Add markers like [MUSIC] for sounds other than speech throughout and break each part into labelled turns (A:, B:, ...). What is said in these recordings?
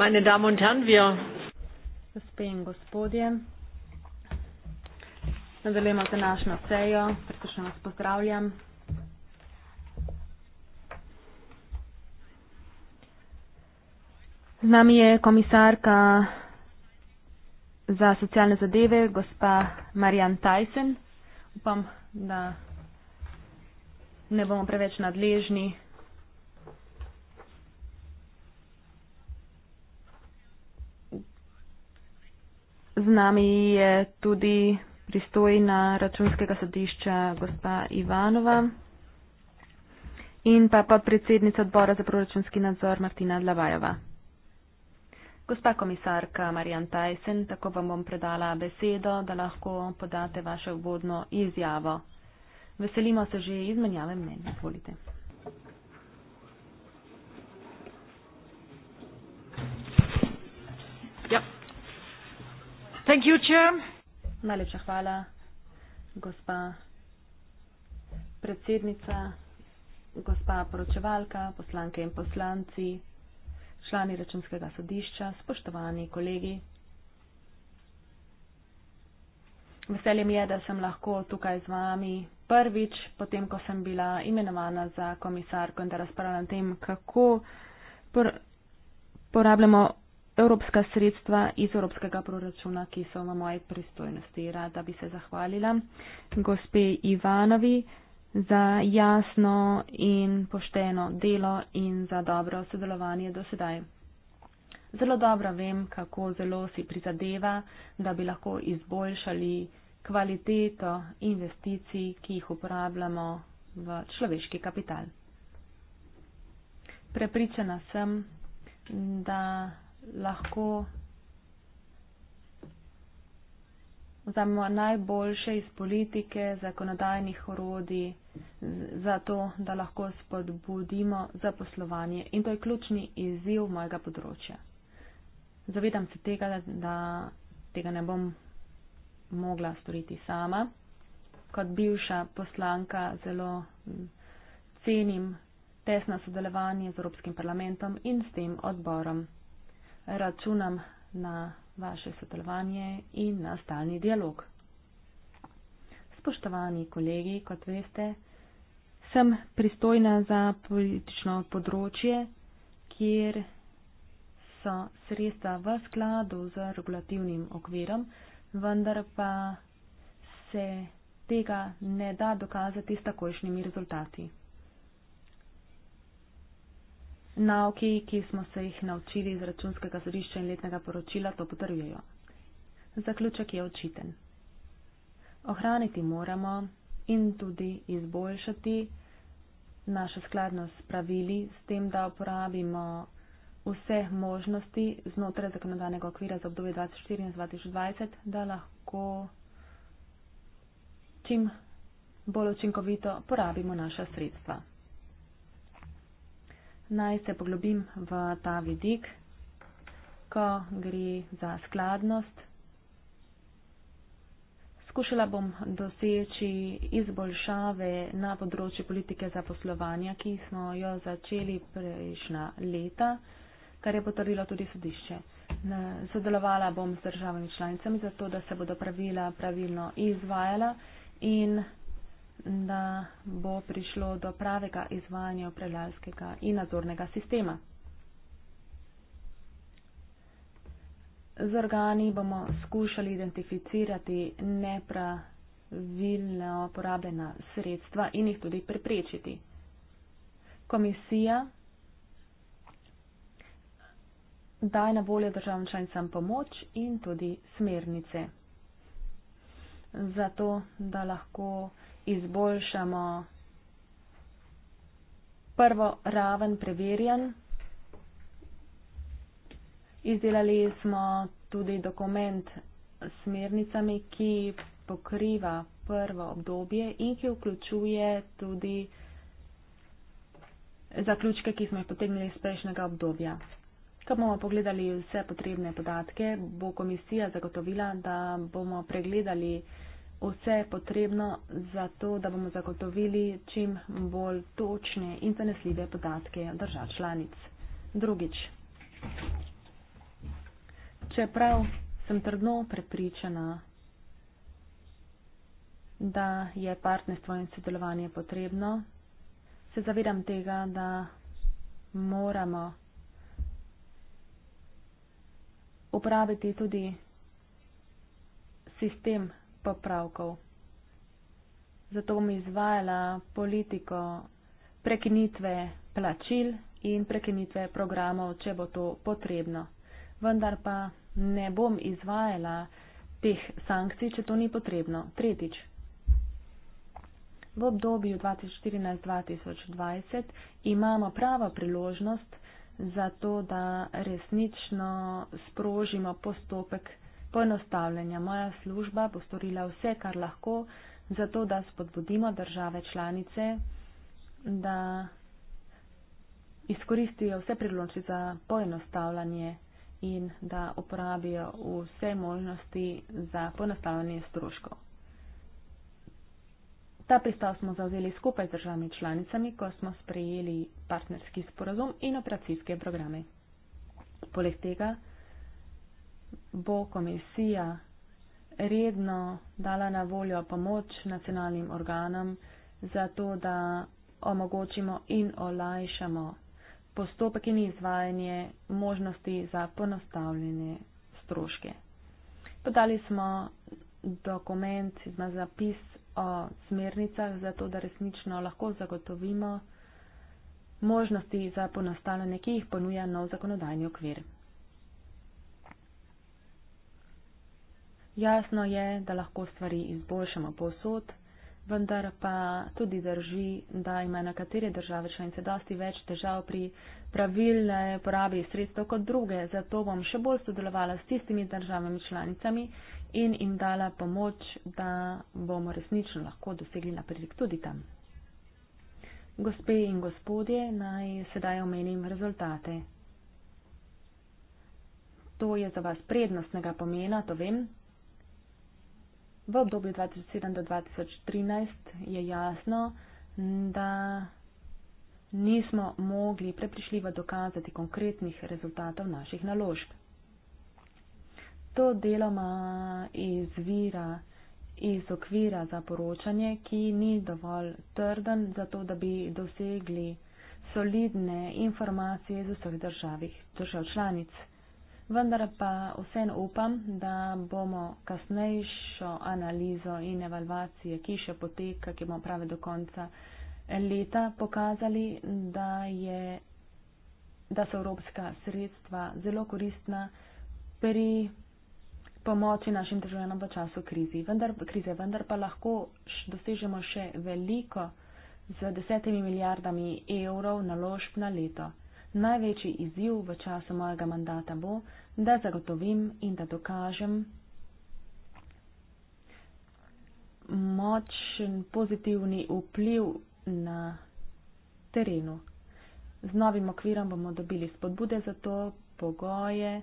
A: Meine Damen und Herren, wir
B: nadaljujemo današnjo sejo, prisrčno vas pozdravljam. Z nami je komisarka za socialne zadeve, gospa Marian Tyson. Upam, da ne bomo preveč nadležni. Z nami je tudi pristojna računskega sodišča gospa Ivanova in pa podpredsednica odbora za proračunski nadzor Martina Dlavajova. Gospa komisarka Marijan Tajsen, tako vam bom predala besedo, da lahko podate vaše vodno izjavo. Veselimo se že izmenjave mnenja, izvolite. Ja, Thank you, Chair. Najlepša hvala, gospa predsednica, gospa poročevalka, poslanke in poslanci, člani računskega sodišča, spoštovani kolegi. Veselim je, da sem lahko tukaj z vami prvič, potem, ko sem bila imenovana za komisarko in da razpravljam tem, kako por porabljamo evropska sredstva iz evropskega proračuna, ki so v moje pristojnosti. Rada bi se zahvalila gospe Ivanovi za jasno in pošteno delo in za dobro sodelovanje do sedaj. Zelo dobro vem, kako zelo si prizadeva, da bi lahko izboljšali kvaliteto investicij, ki jih uporabljamo v človeški kapital. Prepričana sem, da lahko vzamemo najboljše iz politike, zakonodajnih orodij, zato da lahko spodbudimo zaposlovanje. In to je ključni izziv mojega področja. Zavedam se tega, da tega ne bom mogla storiti sama. Kot bivša poslanka zelo cenim tesno sodelovanje z Evropskim parlamentom in s tem odborom računam na vaše sodelovanje in na stalni dialog. Spoštovani kolegi, kot veste, sem pristojna za politično področje, kjer so sredstva v skladu z regulativnim okvirom, vendar pa se tega ne da dokazati s takojšnjimi rezultati. Navki, ki smo se jih naučili iz računskega zorišča in letnega poročila, to potrjujejo. Zaključek je očiten. Ohraniti moramo in tudi izboljšati našo skladnost s pravili, s tem, da uporabimo vse možnosti znotraj zakonodanega okvira za obdobje 2014-2020, da lahko čim bolj učinkovito porabimo naša sredstva naj se poglobim v ta vidik, ko gre za skladnost. Skušala bom doseči izboljšave na področju politike zaposlovanja, ki smo jo začeli prejšnja leta, kar je potrdilo tudi sodišče. Sodelovala bom z državami članicami, zato da se bodo pravila pravilno izvajala in da bo prišlo do pravega izvajanja upravljalskega in nadzornega sistema. Z organi bomo skušali identificirati nepravilno uporabljena sredstva in jih tudi preprečiti. Komisija daje na voljo državam članicam pomoč in tudi smernice, zato da lahko izboljšamo prvo raven preverjanj. Izdelali smo tudi dokument s smernicami, ki pokriva prvo obdobje in ki vključuje tudi zaključke, ki smo jih potegnili iz prejšnjega obdobja. Ko bomo pogledali vse potrebne podatke, bo komisija zagotovila, da bomo pregledali vse potrebno za to, da bomo zagotovili čim bolj točne in zanesljive podatke držav članic. Drugič. Čeprav sem trdno prepričana, da je partnerstvo in sodelovanje potrebno, se zavedam tega, da moramo uporabiti tudi sistem popravkov. Zato bom izvajala politiko prekinitve plačil in prekinitve programov, če bo to potrebno. Vendar pa ne bom izvajala teh sankcij, če to ni potrebno. Tretjič. V obdobju 2014-2020 imamo pravo priložnost za to, da resnično sprožimo postopek poenostavljanja. Moja služba bo storila vse, kar lahko, zato da spodbudimo države članice, da izkoristijo vse priložnosti za poenostavljanje in da uporabijo vse možnosti za poenostavljanje stroškov. Ta pristav smo zauzeli skupaj z državami članicami, ko smo sprejeli partnerski sporazum in operacijske programe. Poleg tega, bo komisija redno dala na voljo pomoč nacionalnim organom za to, da omogočimo in olajšamo postopek in izvajanje možnosti za ponostavljene stroške. Podali smo dokument, ima zapis o smernicah, zato da resnično lahko zagotovimo možnosti za ponostavljanje, ki jih ponuja nov zakonodajni okvir. Jasno je, da lahko stvari izboljšamo posod, vendar pa tudi drži, da ima nekatere države članice dosti več težav pri pravilne porabi sredstev kot druge, zato bom še bolj sodelovala s tistimi državami članicami in jim dala pomoč, da bomo resnično lahko dosegli napredek tudi tam. Gospe in gospodje, naj sedaj omenim rezultate. To je za vas prednostnega pomena, to vem, v obdobju 2007 do 2013 je jasno, da nismo mogli prepričljivo dokazati konkretnih rezultatov naših naložb. To deloma izvira iz okvira za poročanje, ki ni dovolj trden za to, da bi dosegli solidne informacije iz vseh držav članic vendar pa vsem upam, da bomo kasnejšo analizo in evalvacije, ki še poteka, ki bomo prave do konca leta, pokazali, da, je, da so evropska sredstva zelo koristna pri pomoči našim državljanom v času krizi. Vendar, krize. Vendar pa lahko dosežemo še veliko z desetimi milijardami evrov naložb na ložb na leto največji izziv v času mojega mandata bo, da zagotovim in da dokažem močen pozitivni vpliv na terenu. Z novim okvirom bomo dobili spodbude za to, pogoje,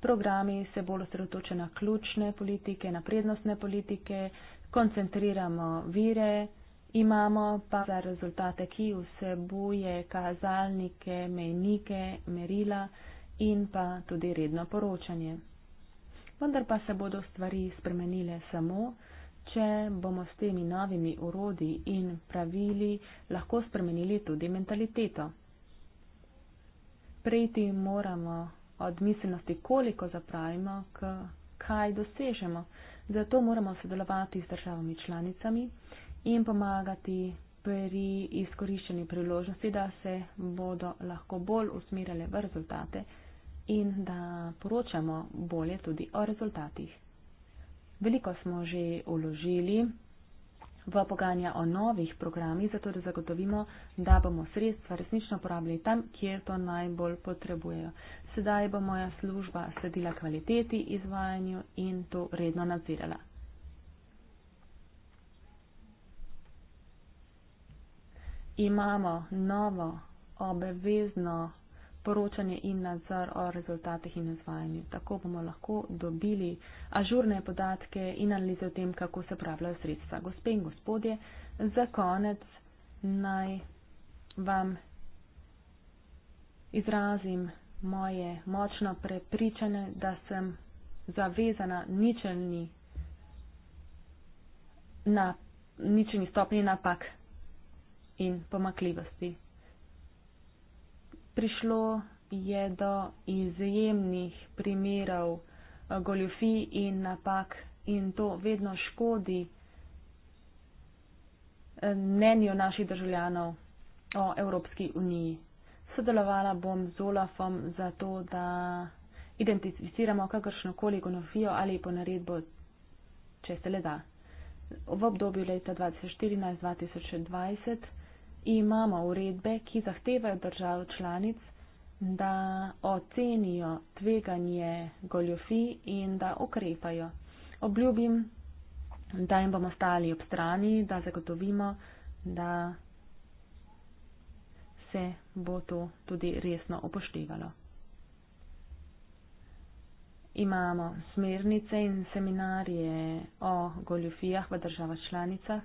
B: programi se bolj osredotočajo na ključne politike, na prednostne politike, koncentriramo vire. Imamo pa za rezultate, ki vsebuje kazalnike, mejnike, merila in pa tudi redno poročanje. Vendar pa se bodo stvari spremenile samo, če bomo s temi novimi urodi in pravili lahko spremenili tudi mentaliteto. Prejti moramo od miselnosti, koliko zapravimo, kaj dosežemo. Zato moramo sodelovati z državami članicami, in pomagati pri izkoriščanju priložnosti, da se bodo lahko bolj usmerjale v rezultate in da poročamo bolje tudi o rezultatih. Veliko smo že uložili v pogajanja o novih programih, zato da zagotovimo, da bomo sredstva resnično uporabljali tam, kjer to najbolj potrebujejo. Sedaj bo moja služba sledila kvaliteti izvajanju in to redno nadzirala. imamo novo obvezno poročanje in nadzor o rezultatih in izvajanju. Tako bomo lahko dobili ažurne podatke in analize o tem, kako se pravljajo sredstva. Gospe in gospodje, za konec naj vam izrazim moje močno prepričanje, da sem zavezana ničelni, na, ničelni stopni napak in pomakljivosti. Prišlo je do izjemnih primerov eh, goljufij in napak in to vedno škodi eh, mnenju naših državljanov o Evropski uniji. Sodelovala bom z Olafom za to, da identificiramo kakršnokoli gonofijo ali po naredbo, če se le da. V obdobju leta 2014-2020 imamo uredbe, ki zahtevajo držav članic, da ocenijo tveganje goljofij in da ukrepajo. Obljubim, da jim bomo stali ob strani, da zagotovimo, da se bo to tudi resno upoštevalo. Imamo smernice in seminarije o goljofijah v državah članicah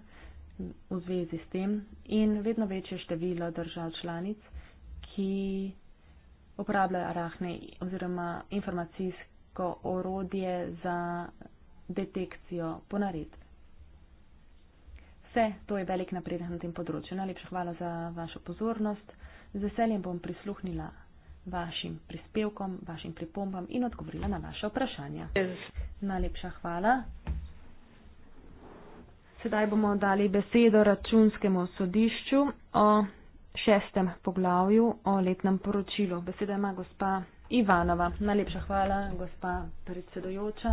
B: v zvezi s tem in vedno večje število držav članic, ki uporabljajo arahne oziroma informacijsko orodje za detekcijo ponaredb. Vse to je velik napredek na tem področju. Najlepša hvala za vašo pozornost. Z veseljem bom prisluhnila vašim prispevkom, vašim pripombam in odgovorila na vaše vprašanja. Najlepša hvala. Sedaj bomo dali besedo računskemu sodišču o šestem poglavju o letnem poročilu. Beseda ima gospa Ivanova. Najlepša hvala, gospa predsedojoča,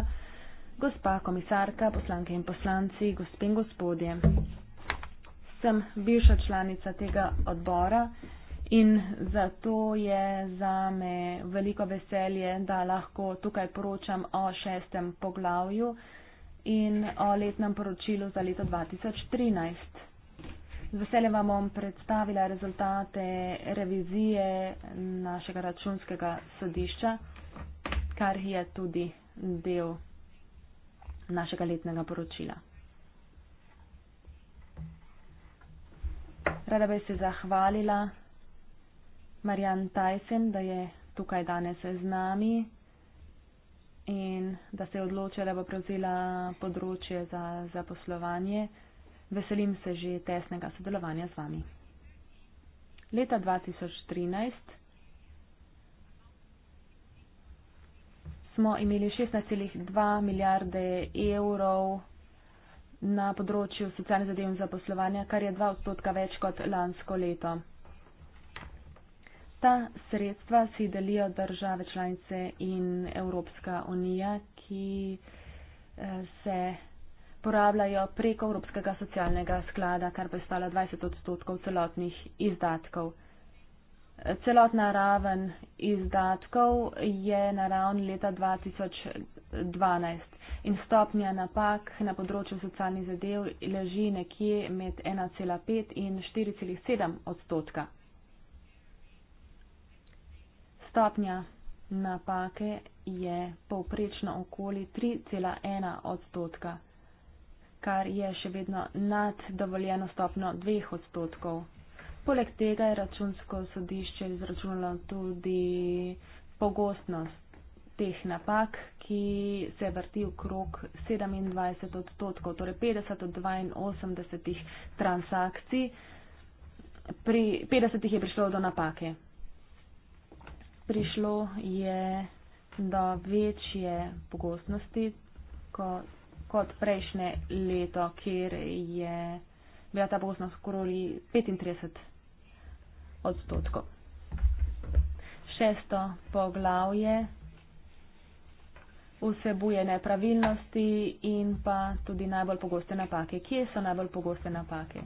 B: gospa komisarka, poslanke in poslanci, gospe in gospodje. Sem bivša članica tega odbora in zato je za me veliko veselje, da lahko tukaj poročam o šestem poglavju in o letnem poročilu za leto 2013. Z veseljem vam bom predstavila rezultate revizije našega računskega sodišča, kar je tudi del našega letnega poročila. Rada bi se zahvalila Marjan Tyson, da je tukaj danes z nami in da se je odločila, da bo prevzela področje za zaposlovanje. Veselim se že tesnega sodelovanja z vami. Leta 2013 smo imeli 16,2 milijarde evrov na področju socialne zadeve in zaposlovanja, kar je 2 odstotka več kot lansko leto. Ta sredstva si delijo države članice in Evropska unija, ki eh, se porabljajo preko Evropskega socialnega sklada, kar bi stala 20 odstotkov celotnih izdatkov. Celotna raven izdatkov je na ravni leta 2012 in stopnja napak na področju socialnih zadev leži nekje med 1,5 in 4,7 odstotka. Stopnja napake je povprečno okoli 3,1 odstotka, kar je še vedno nad dovoljeno stopno 2 odstotkov. Poleg tega je računsko sodišče izračunalo tudi pogostnost teh napak, ki se vrti v krok 27 odstotkov, torej 50 od 82 transakcij, pri 50 je prišlo do napake prišlo, je, da večje pogostnosti kot, kot prejšnje leto, kjer je bila ta pogostnost okoli 35 odstotkov. Šesto poglavje vsebuje nepravilnosti in pa tudi najbolj pogoste napake. Kje so najbolj pogoste napake?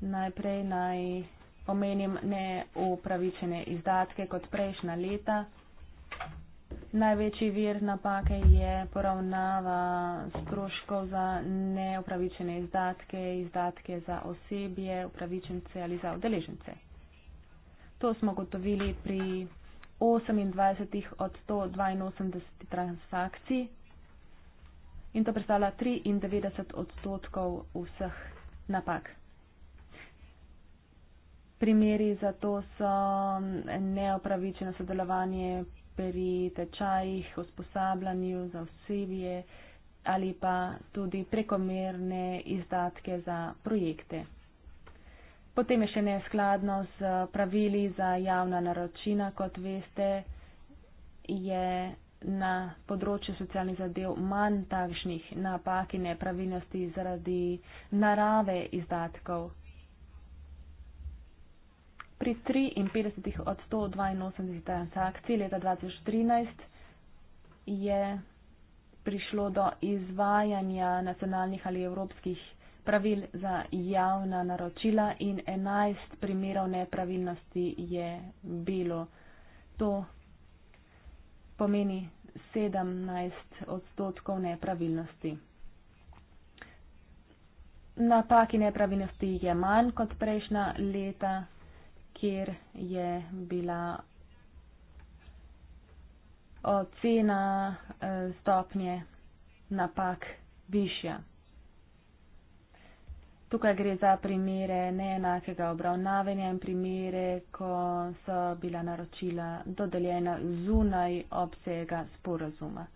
B: Najprej naj omenim neupravičene izdatke kot prejšnja leta. Največji vir napake je poravnava stroškov za neupravičene izdatke, izdatke za osebje, upravičence ali za udeležence. To smo gotovili pri 28 od 182 transakcij in to predstavlja 93 odstotkov vseh napak. Primeri za to so neopravičeno sodelovanje pri tečajih, usposabljanju za osebje ali pa tudi prekomerne izdatke za projekte. Potem je še neskladno z pravili za javna naročina, kot veste, je na področju socialnih zadev manj takšnih napak in nepravilnosti zaradi narave izdatkov pri 53 od 182 transakcij leta 2013 je prišlo do izvajanja nacionalnih ali evropskih pravil za javna naročila in 11 primerov nepravilnosti je bilo. To pomeni 17 odstotkov nepravilnosti. Napaki nepravilnosti je manj kot prejšnja leta, kjer je bila ocena eh, stopnje napak višja. Tukaj gre za primere neenakega obravnavanja in primere, ko so bila naročila dodeljena zunaj obsega sporazuma.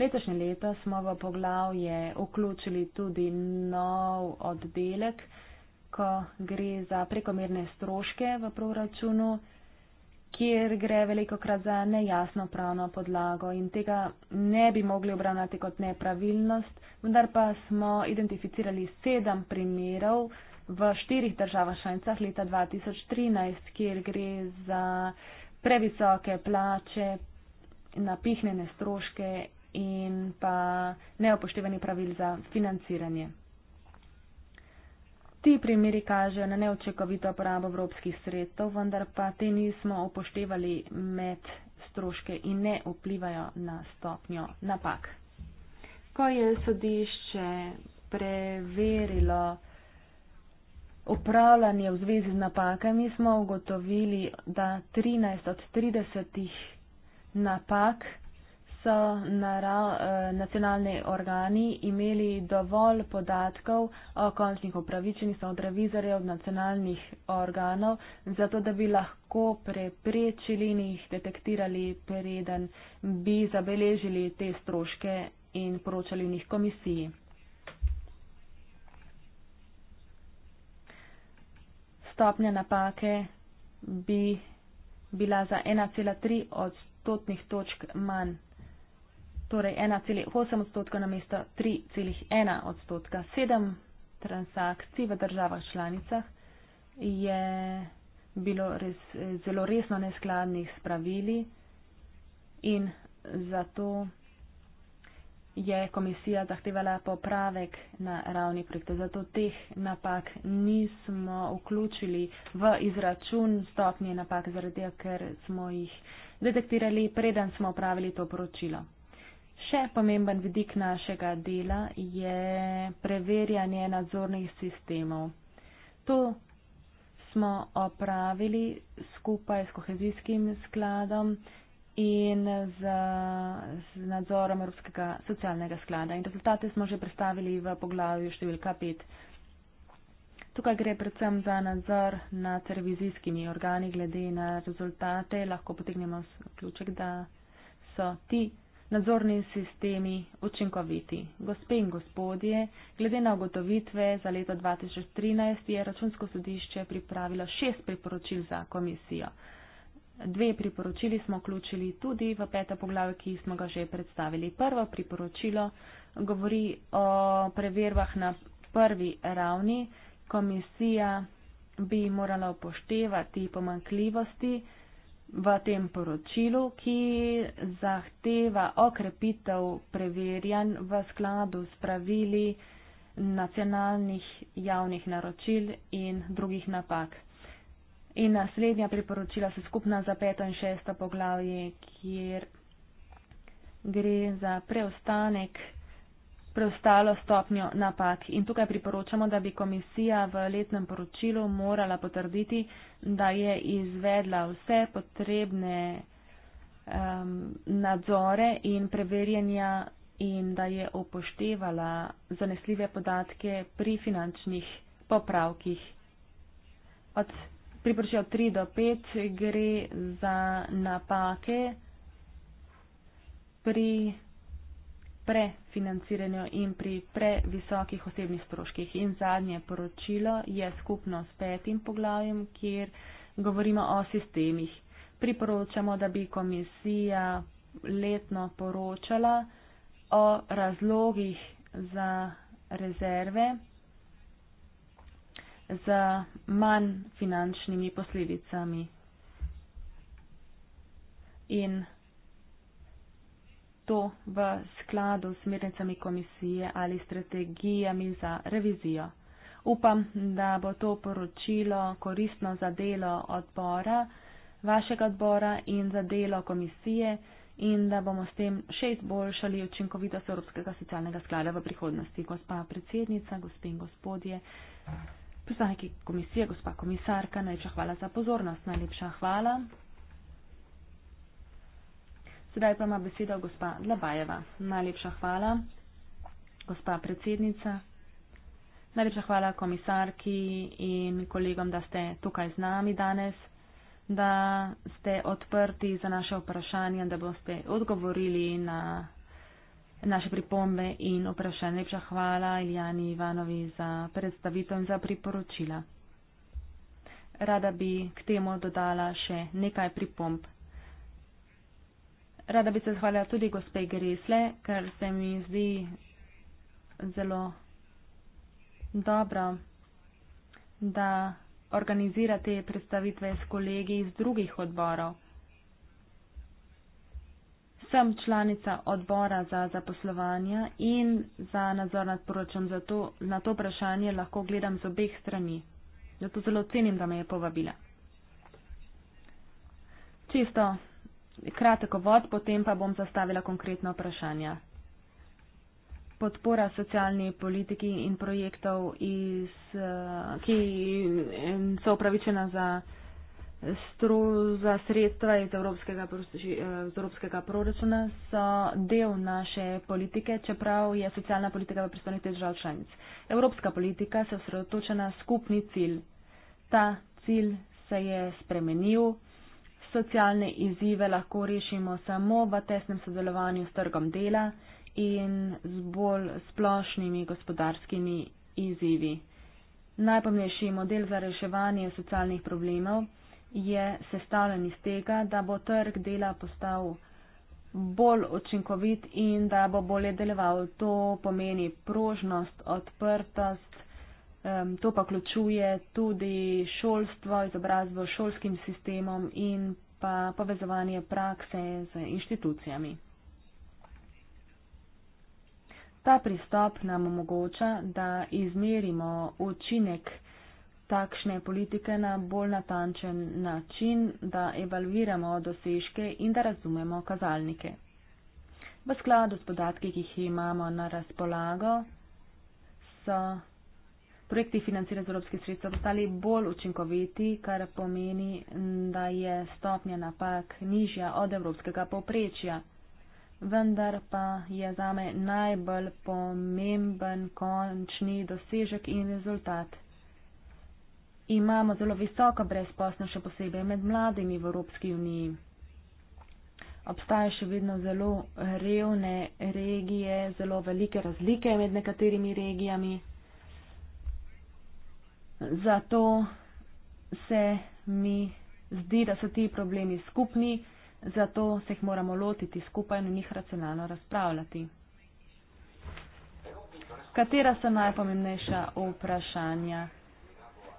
B: Letošnje leto smo v poglavje vključili tudi nov oddelek, ko gre za prekomerne stroške v proračunu, kjer gre veliko krat za nejasno pravno podlago in tega ne bi mogli obravnati kot nepravilnost, vendar pa smo identificirali sedem primerov v štirih državah šanjcah leta 2013, kjer gre za previsoke plače, napihnjene stroške in pa neopoštevanje pravil za financiranje. Ti primeri kažejo na neočekovito porabo evropskih sredstev, vendar pa te nismo upoštevali med stroške in ne vplivajo na stopnjo napak. Ko je sodišče preverilo upravljanje v zvezi z napakami, smo ugotovili, da 13 od 30 napak so nara, eh, nacionalni organi imeli dovolj podatkov o končnih upravičenih sodrevizorjev nacionalnih organov, zato da bi lahko preprečili in jih detektirali, preden bi zabeležili te stroške in poročali njih komisiji. Stopnja napake bi bila za 1,3 odstotnih točk manj torej 1,8 odstotka na mesto 3,1 odstotka. Sedem transakcij v državah članicah je bilo res, zelo resno neskladnih s pravili in zato je komisija zahtevala popravek na ravni projekta. Zato teh napak nismo vključili v izračun stopnje napak, zaradi tega, ker smo jih detektirali, preden smo opravili to poročilo. Še pomemben vidik našega dela je preverjanje nadzornih sistemov. To smo opravili skupaj s kohezijskim skladom in z, z nadzorom Evropskega socialnega sklada. In rezultate smo že predstavili v poglavju številka 5. Tukaj gre predvsem za nadzor nad revizijskimi organi glede na rezultate. Lahko potegnemo ključek, da so ti nadzorni sistemi učinkoviti. Gospe in gospodje, glede na ugotovitve za leto 2013 je računsko sodišče pripravilo šest priporočil za komisijo. Dve priporočili smo vključili tudi v peto poglavje, ki smo ga že predstavili. Prvo priporočilo govori o preverbah na prvi ravni. Komisija bi morala upoštevati pomankljivosti, v tem poročilu, ki zahteva okrepitev preverjanj v skladu s pravili nacionalnih javnih naročil in drugih napak. In naslednja priporočila so skupna za peto in šesto poglavje, kjer gre za preostanek preostalo stopnjo napak. In tukaj priporočamo, da bi komisija v letnem poročilu morala potrditi, da je izvedla vse potrebne um, nadzore in preverjanja in da je upoštevala zanesljive podatke pri finančnih popravkih. Od priporočila 3 do 5 gre za napake pri prefinanciranju in pri previsokih osebnih stroških. In zadnje poročilo je skupno s petim poglavjem, kjer govorimo o sistemih. Priporočamo, da bi komisija letno poročala o razlogih za rezerve z manj finančnimi posledicami. In to v skladu s smernicami komisije ali strategijami za revizijo. Upam, da bo to poročilo koristno za delo odbora, vašega odbora in za delo komisije in da bomo s tem še izboljšali učinkovitost Evropskega socialnega sklada v prihodnosti. Gospa predsednica, gospe in gospodje, poslanki komisije, gospa komisarka, najlepša hvala za pozornost, najlepša hvala. Sedaj pa ima besedo gospa Dlabajeva. Najlepša hvala, gospa predsednica. Najlepša hvala komisarki in kolegom, da ste tukaj z nami danes, da ste odprti za naše vprašanja, da boste odgovorili na naše pripombe in vprašanje. Najlepša hvala Iljani Ivanovi za predstavitev in za priporočila. Rada bi k temu dodala še nekaj pripomb. Rada bi se zahvalila tudi gospe Gresle, ker se mi zdi zelo dobro, da organizira te predstavitve s kolegi iz drugih odborov. Sem članica odbora za zaposlovanja in za nadzor nad poročom, zato na to vprašanje lahko gledam z obeh strani. Zato zelo cenim, da me je povabila. Čisto kratek vod, potem pa bom zastavila konkretna vprašanja. Podpora socialni politiki in projektov, iz, eh, ki so upravičena za, stru, za sredstva iz evropskega, eh, iz evropskega proračuna, so del naše politike, čeprav je socialna politika v pristojnosti držav članic. Evropska politika se osredotoča na skupni cilj. Ta cilj se je spremenil socialne izzive lahko rešimo samo v tesnem sodelovanju s trgom dela in z bolj splošnimi gospodarskimi izzivi. Najpomembnejši model za reševanje socialnih problemov je sestavljen iz tega, da bo trg dela postal bolj učinkovit in da bo bolje deloval. To pomeni prožnost, odprtost, Um, to pa vključuje tudi šolstvo, izobrazbo šolskim sistemom in pa povezovanje prakse z inštitucijami. Ta pristop nam omogoča, da izmerimo učinek takšne politike na bolj natančen način, da evalviramo dosežke in da razumemo kazalnike. V skladu s podatki, ki jih imamo na razpolago, so projekti financirani z evropskih sredstev postali bolj učinkoviti, kar pomeni, da je stopnja napak nižja od evropskega povprečja. Vendar pa je zame najbolj pomemben končni dosežek in rezultat. Imamo zelo visoko brezposnost, še posebej med mladimi v Evropski uniji. Obstajajo še vedno zelo revne regije, zelo velike razlike med nekaterimi regijami. Zato se mi zdi, da so ti problemi skupni, zato se jih moramo lotiti skupaj in o njih racionalno razpravljati. Katera so najpomembnejša vprašanja?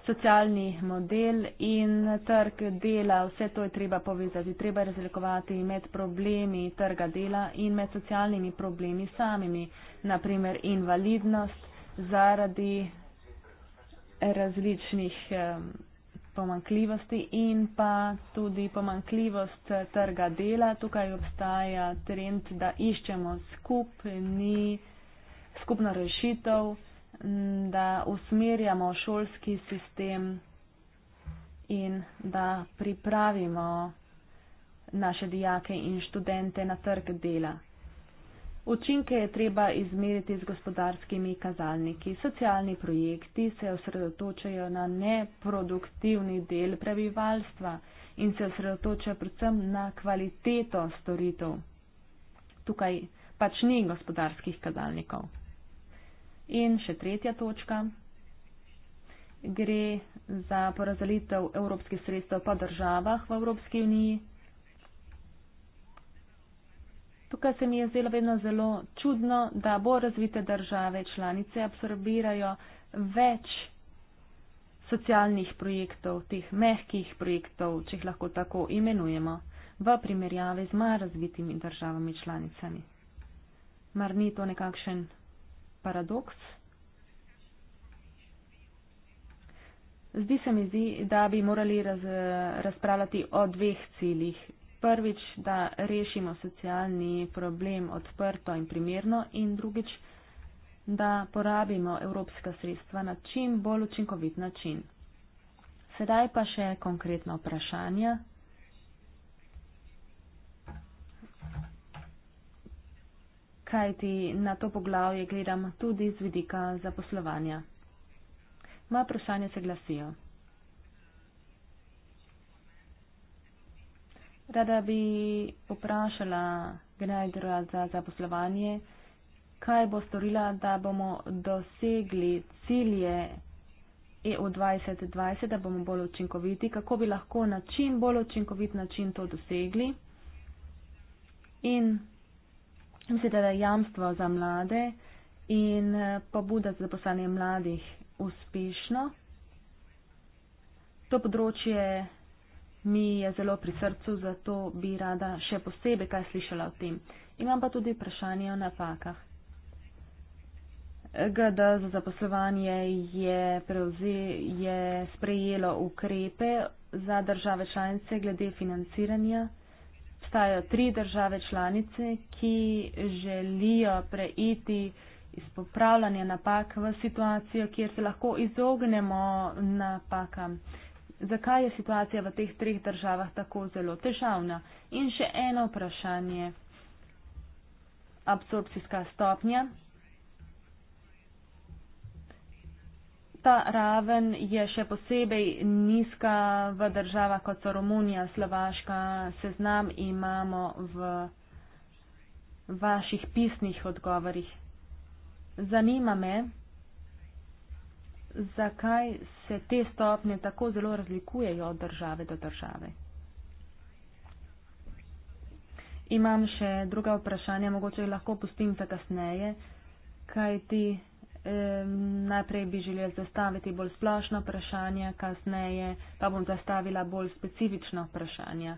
B: Socialni model in trg dela, vse to je treba povezati, treba je razlikovati med problemi trga dela in med socialnimi problemi samimi, naprimer invalidnost zaradi različnih pomankljivosti in pa tudi pomankljivost eh, trga dela. Tukaj obstaja trend, da iščemo skupni, skupno rešitev, da usmerjamo šolski sistem in da pripravimo naše dijake in študente na trg dela. Učinke je treba izmeriti z gospodarskimi kazalniki. Socialni projekti se osredotočajo na neproduktivni del prebivalstva in se osredotočajo predvsem na kvaliteto storitev. Tukaj pač ni gospodarskih kazalnikov. In še tretja točka. Gre za porazdelitev evropskih sredstev po državah v Evropski uniji. Tukaj se mi je zdelo vedno zelo čudno, da bo razvite države članice absorbirajo več socialnih projektov, teh mehkih projektov, če jih lahko tako imenujemo, v primerjavi z manj razvitimi državami članicami. Mar ni to nekakšen paradoks? Zdi se mi, zdi, da bi morali raz, razpravljati o dveh ciljih prvič, da rešimo socialni problem odprto in primerno in drugič, da porabimo evropska sredstva na čim bolj učinkovit način. Sedaj pa še konkretno vprašanje. Kajti na to poglavje gledam tudi z vidika zaposlovanja. Moje vprašanje se glasijo. Rada bi vprašala generaldora za zaposlovanje, kaj bo storila, da bomo dosegli cilje EU 2020, da bomo bolj učinkoviti, kako bi lahko na čim bolj učinkovit način to dosegli. In mislite, da je jamstvo za mlade in eh, pobuda za zaposlanje mladih uspešno. To področje mi je zelo pri srcu, zato bi rada še posebej kaj slišala o tem. Imam pa tudi vprašanje o napakah. GD za zaposlovanje je, prevze, je sprejelo ukrepe za države članice glede financiranja. Vstajajo tri države članice, ki želijo preiti iz popravljanja napak v situacijo, kjer se lahko izognemo napakam zakaj je situacija v teh treh državah tako zelo težavna. In še eno vprašanje. Absorpcijska stopnja. Ta raven je še posebej nizka v državah kot so Romunija, Slovaška. Seznam imamo v vaših pisnih odgovorih. Zanima me, zakaj se te stopnje tako zelo razlikujejo od države do države. Imam še druga vprašanja, mogoče jih lahko pustim za kasneje, kaj ti eh, najprej bi želel zastaviti bolj splošno vprašanje, kasneje pa bom zastavila bolj specifično vprašanje.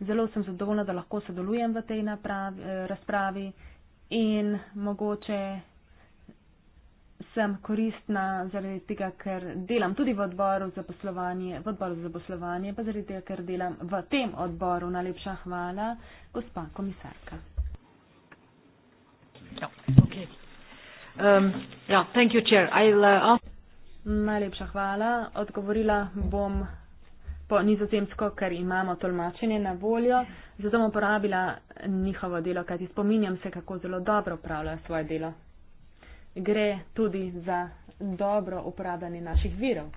B: Zelo sem zadovoljna, da lahko sodelujem v tej napravi, eh, razpravi in mogoče sem koristna zaradi tega, ker delam tudi v odboru za poslovanje, v odboru za poslovanje, pa zaradi tega, ker delam v tem odboru. Najlepša hvala, gospa komisarka.
A: Ja, okay.
B: um, ja, thank you, chair. I'll, uh, Najlepša hvala. Odgovorila bom po nizozemsko, ker imamo tolmačenje na voljo, zato bom uporabila njihovo delo, kajti spominjam se, kako zelo dobro upravljajo svoje delo gre tudi za dobro upravljanje naših virov. [LAUGHS] uh,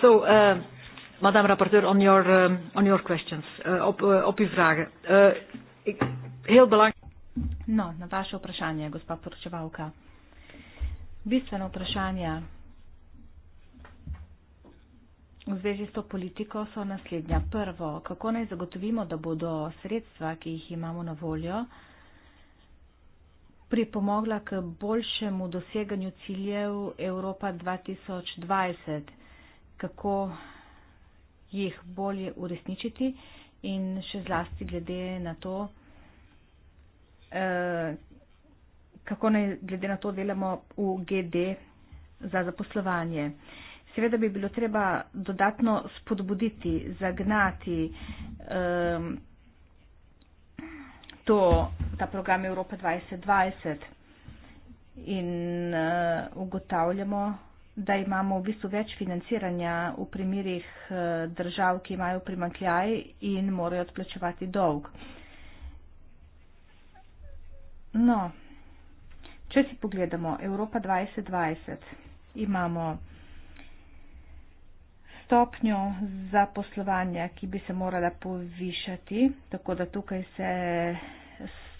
A: so, uh, madam rapporteur, on your, um, on your questions, uh, op, uh, opi vrage. Uh, belang...
C: No, na vaše vprašanje, gospa poročevalka. Bistveno vprašanje v zvezi s to politiko so naslednja. Prvo, kako naj zagotovimo, da bodo sredstva, ki jih imamo na voljo, pripomogla k boljšemu doseganju ciljev Evropa 2020, kako jih bolje uresničiti in še zlasti glede na to, eh, kako naj glede na to delamo v GD za zaposlovanje. Seveda bi bilo treba dodatno spodbuditi, zagnati. Um, to, ta program Evropa 2020 in uh, ugotavljamo, da imamo v bistvu več financiranja v primerih uh, držav, ki imajo primankljaj in morajo odplačevati dolg. No, če si pogledamo Evropa 2020, imamo stopnjo zaposlovanja, ki bi se morala povišati, tako da tukaj se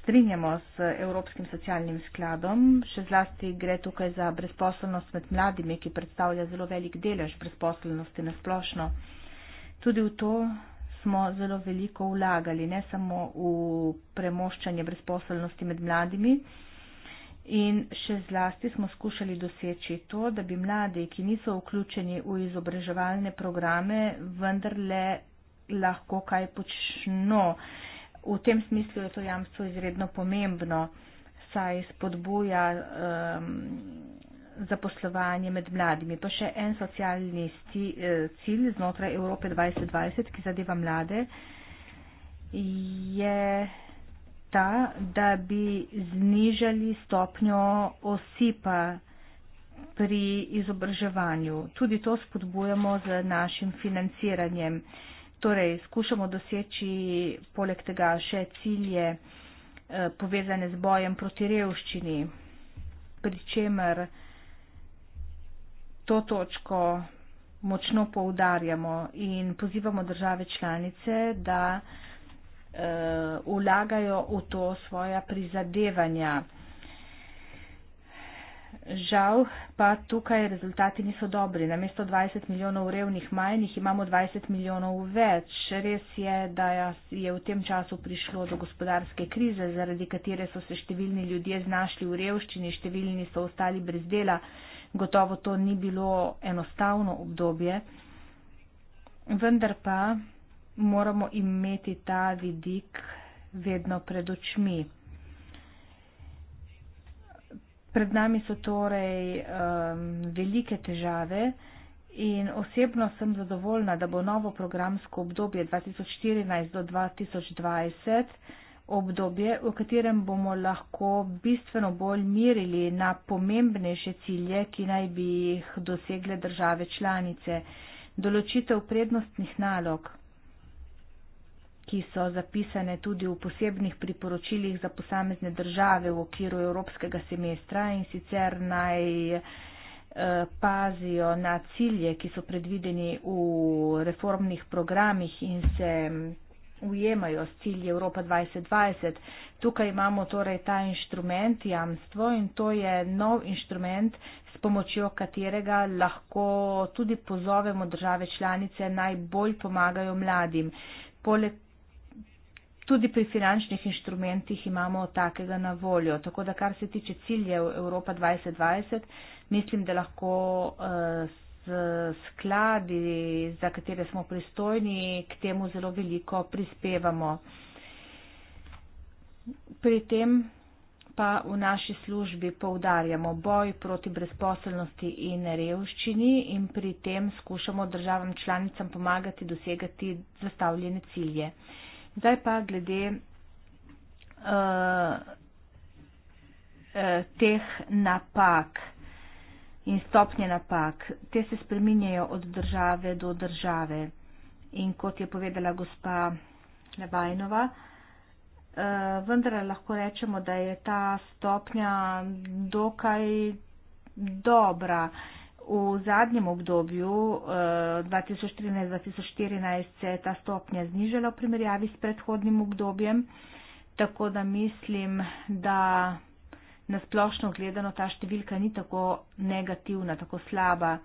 C: strinjamo s Evropskim socialnim skladom. Še zlasti gre tukaj za brezposelnost med mladimi, ki predstavlja zelo velik delež brezposelnosti na splošno. Tudi v to smo zelo veliko vlagali, ne samo v premoščanje brezposelnosti med mladimi, In še zlasti smo skušali doseči to, da bi mladi, ki niso vključeni v izobraževalne programe, vendarle lahko kaj počno. V tem smislu je to jamstvo izredno pomembno, saj spodbuja um, zaposlovanje med mladimi. To je še en socialni sti, eh, cilj znotraj Evrope 2020, ki zadeva mlade. Je, ta, da bi znižali stopnjo osipa pri izobraževanju. Tudi to spodbujamo z našim financiranjem. Torej, skušamo doseči poleg tega še cilje eh, povezane z bojem proti revščini, pri čemer to točko močno poudarjamo in pozivamo države članice, da uh, vlagajo v to svoja prizadevanja. Žal pa tukaj rezultati niso dobri. Namesto 20 milijonov revnih majnih imamo 20 milijonov več. Res je, da je v tem času prišlo do gospodarske krize, zaradi katere so se številni ljudje znašli v revščini, številni so ostali brez dela. Gotovo to ni bilo enostavno obdobje. Vendar pa moramo imeti ta vidik vedno pred očmi. Pred nami so torej um, velike težave in osebno sem zadovoljna, da bo novo programsko obdobje 2014 do 2020 obdobje, v katerem bomo lahko bistveno bolj mirili na pomembnejše cilje, ki naj bi jih dosegle države članice. Določitev prednostnih nalog ki so zapisane tudi v posebnih priporočilih za posamezne države v okviru evropskega semestra in sicer naj eh, pazijo na cilje, ki so predvideni v reformnih programih in se mm, ujemajo s cilji Evropa 2020. Tukaj imamo torej ta inštrument, jamstvo in to je nov inštrument, s pomočjo katerega lahko tudi pozovemo države članice najbolj pomagajo mladim. Poleg tudi pri finančnih inštrumentih imamo takega na voljo. Tako da kar se tiče ciljev Evropa 2020, mislim, da lahko z eh, skladi, za katere smo pristojni, k temu zelo veliko prispevamo. Pri tem pa v naši službi poudarjamo boj proti brezposelnosti in revščini in pri tem skušamo državam članicam pomagati dosegati zastavljene cilje. Zdaj pa glede uh, uh, teh napak in stopnje napak. Te se spreminjajo od države do države. In kot je povedala gospa Levajnova, uh, vendar lahko rečemo, da je ta stopnja dokaj dobra. Uh, V zadnjem obdobju 2013-2014 eh, se je ta stopnja znižala v primerjavi s predhodnim obdobjem, tako da mislim, da nasplošno gledano ta številka ni tako negativna, tako slaba.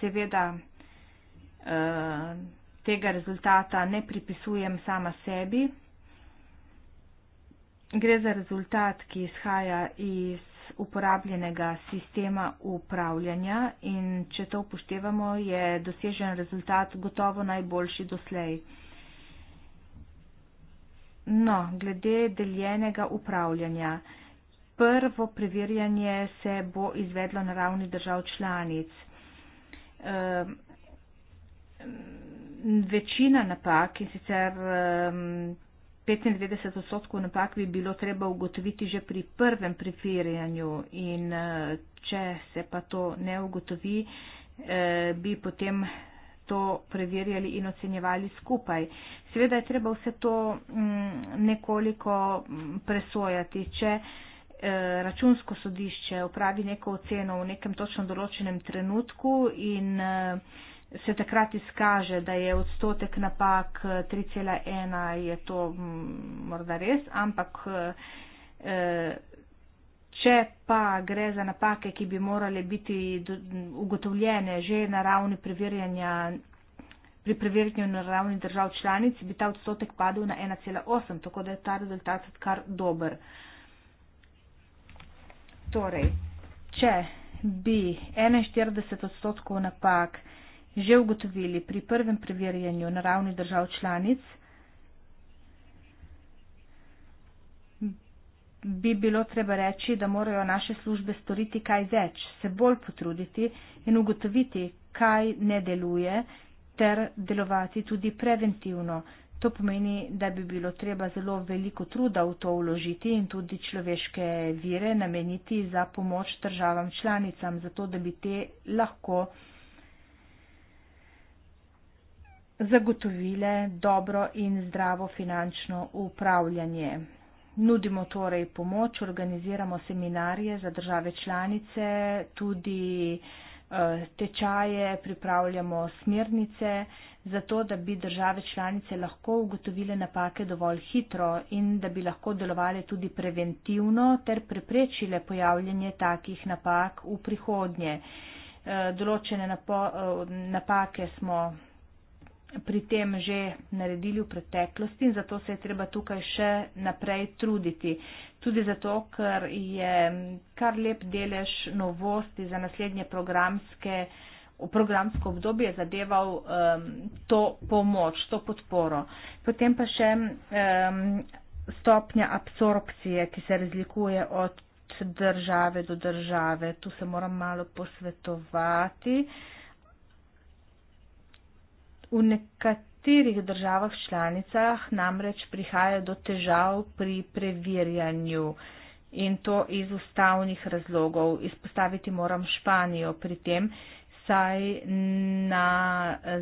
C: Seveda eh, tega rezultata ne pripisujem sama sebi gre za rezultat, ki izhaja iz uporabljenega sistema upravljanja in če to upoštevamo, je dosežen rezultat gotovo najboljši doslej. No, glede deljenega upravljanja. Prvo preverjanje se bo izvedlo na ravni držav članic. Um, večina napak in sicer um, 95 odstotkov napak bi bilo treba ugotoviti že pri prvem prefiranju in eh, če se pa to ne ugotovi, eh, bi potem to preverjali in ocenjevali skupaj. Seveda je treba vse to mm, nekoliko mm, presojati. Če eh, računsko sodišče upravi neko oceno v nekem točno določenem trenutku in se takrat izkaže, da je odstotek napak 3,1, eh, je to mm, morda res, ampak eh, če pa gre za napake, ki bi morale biti ugotovljene že na ravni preverjanja, pri preverjanju na ravni držav članic, bi ta odstotek padel na 1,8, tako da je ta rezultat kar dober. Torej, če bi 41 odstotkov napak že ugotovili pri prvem preverjanju na ravni držav članic, bi bilo treba reči, da morajo naše službe storiti kaj več, se bolj potruditi in ugotoviti, kaj ne deluje, ter delovati tudi preventivno. To pomeni, da bi bilo treba zelo veliko truda v to vložiti in tudi človeške vire nameniti za pomoč državam članicam, zato da bi te lahko zagotovile dobro in zdravo finančno upravljanje. Nudimo torej pomoč, organiziramo seminarije za države članice, tudi eh, tečaje, pripravljamo smernice, zato da bi države članice lahko ugotovile napake dovolj hitro in da bi lahko delovali tudi preventivno ter preprečile pojavljanje takih napak v prihodnje. Eh, določene napo, eh, napake smo pri tem že naredili v preteklosti in zato se je treba tukaj še naprej truditi. Tudi zato, ker je kar lep delež novosti za naslednje programske, programsko obdobje zadeval um, to pomoč, to podporo. Potem pa še um, stopnja absorpcije, ki se razlikuje od države do države. Tu se moram malo posvetovati. Uh, V nekaterih državah članicah namreč prihaja do težav pri preverjanju in to iz ustavnih razlogov. Izpostaviti moram Španijo pri tem, saj na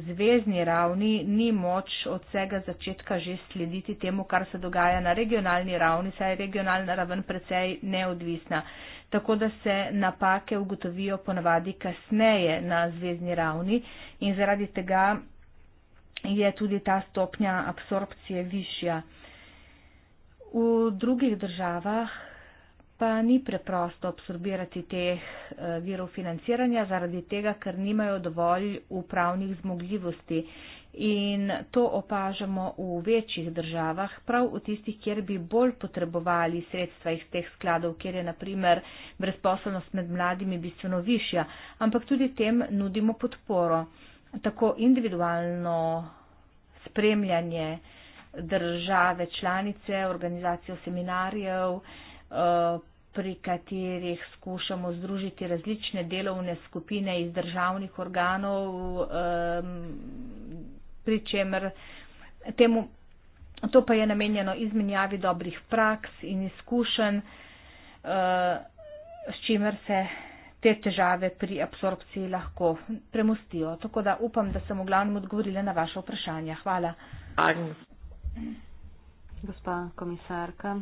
C: zvezdni ravni ni moč od vsega začetka že slediti temu, kar se dogaja na regionalni ravni, saj je regionalna raven precej neodvisna. Tako da se napake ugotovijo ponavadi kasneje na zvezdni ravni in zaradi tega je tudi ta stopnja absorpcije višja. V drugih državah pa ni preprosto absorbirati teh eh, virov financiranja zaradi tega, ker nimajo dovolj upravnih zmogljivosti. In to opažamo v večjih državah, prav v tistih, kjer bi bolj potrebovali sredstva iz teh skladov, kjer je naprimer brezposobnost med mladimi bistveno višja, ampak tudi tem nudimo podporo tako individualno spremljanje države članice, organizacijo seminarjev, eh, pri katerih skušamo združiti različne delovne skupine iz državnih organov, pri čemer temu, to pa je namenjeno izmenjavi dobrih praks in izkušenj, eh, s čimer se te težave pri absorpciji lahko premustijo. Tako da upam, da sem v glavnem odgovorila na vaše vprašanje. Hvala. Agnes. Gospa komisarka,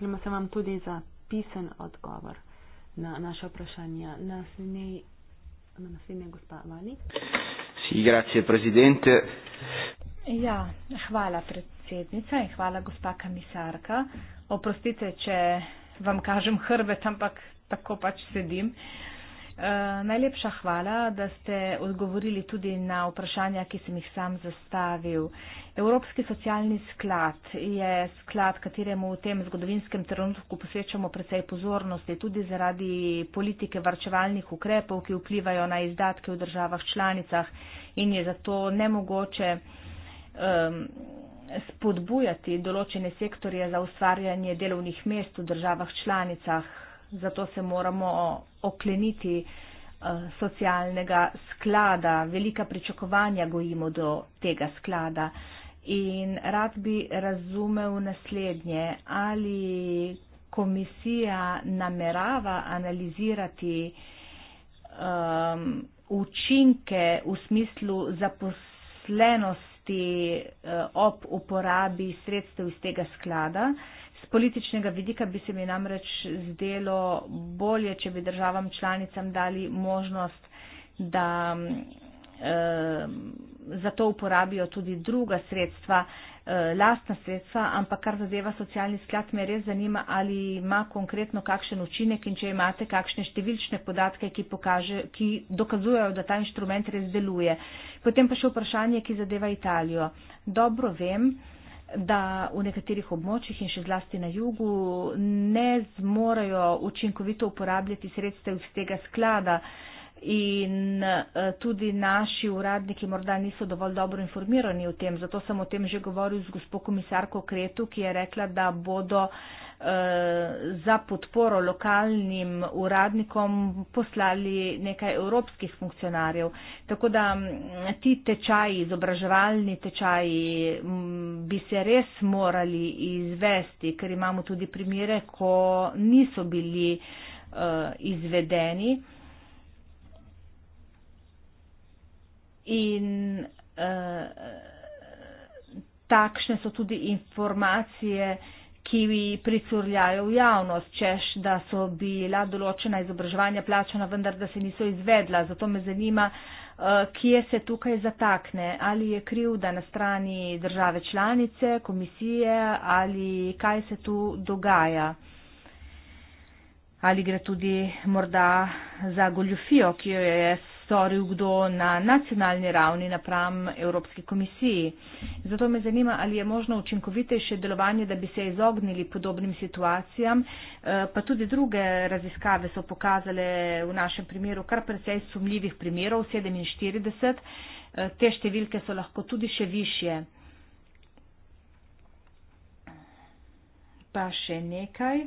B: želimo se vam tudi za pisen odgovor na naše vprašanje. Na naslednje, gospa Vali.
C: Si, grazie, prezidente. Ja, hvala, predsednica in hvala, gospa komisarka. Oprostite, če vam kažem hrbet, ampak tako pač sedim. E, najlepša hvala, da ste odgovorili tudi na vprašanja, ki sem jih sam zastavil. Evropski socialni sklad je sklad, kateremu v tem zgodovinskem trenutku posvečamo precej pozornosti, tudi zaradi politike varčevalnih ukrepov, ki vplivajo na izdatke v državah članicah in je zato nemogoče um, spodbujati določene sektorje za ustvarjanje delovnih mest v državah članicah zato se moramo okleniti eh, socialnega sklada, velika pričakovanja gojimo do tega sklada. In rad bi razumel naslednje, ali komisija namerava analizirati um, učinke v smislu zaposlenosti uh, ob uporabi sredstev iz tega sklada, uh, Z političnega vidika bi se mi namreč zdelo bolje, če bi državam članicam dali možnost, da eh, za to uporabijo tudi druga sredstva, eh, lastna sredstva, ampak kar zadeva socialni sklad, me res zanima, ali ima konkretno kakšen učinek in če imate kakšne številčne podatke, ki, pokaže, ki dokazujejo, da ta inštrument res deluje. Potem pa še vprašanje, ki zadeva Italijo. Dobro vem, da v nekaterih območjih in še zlasti na jugu ne zmorajo učinkovito uporabljati sredstev iz tega sklada in eh, tudi naši uradniki morda niso dovolj dobro informirani o tem. Zato sem o tem že govoril z gospod komisarko Kretu, ki je rekla, da bodo eh, za podporo lokalnim uradnikom poslali nekaj evropskih funkcionarjev. Tako da mm, ti tečaji, izobraževalni tečaji mm, bi se res morali izvesti, ker imamo tudi primere, ko niso bili uh, izvedeni. Uh, in uh, takšne so tudi informacije, ki mi pricurljajo v javnost, češ, da so bila določena izobraževanja plačena, vendar da se niso izvedla. Zato me zanima, uh, kje se tukaj zatakne. Ali je kriv, da na strani države članice, komisije ali kaj se tu dogaja. Ali gre tudi morda za goljufijo, ki jo je s storil kdo na nacionalni ravni napram Evropski komisiji. Zato me zanima, ali je možno učinkovitejše delovanje, da bi se izognili podobnim situacijam, eh, pa tudi druge raziskave so pokazale v našem primeru kar precej sumljivih primerov, 47, eh, te številke so lahko tudi še više. Pa še nekaj.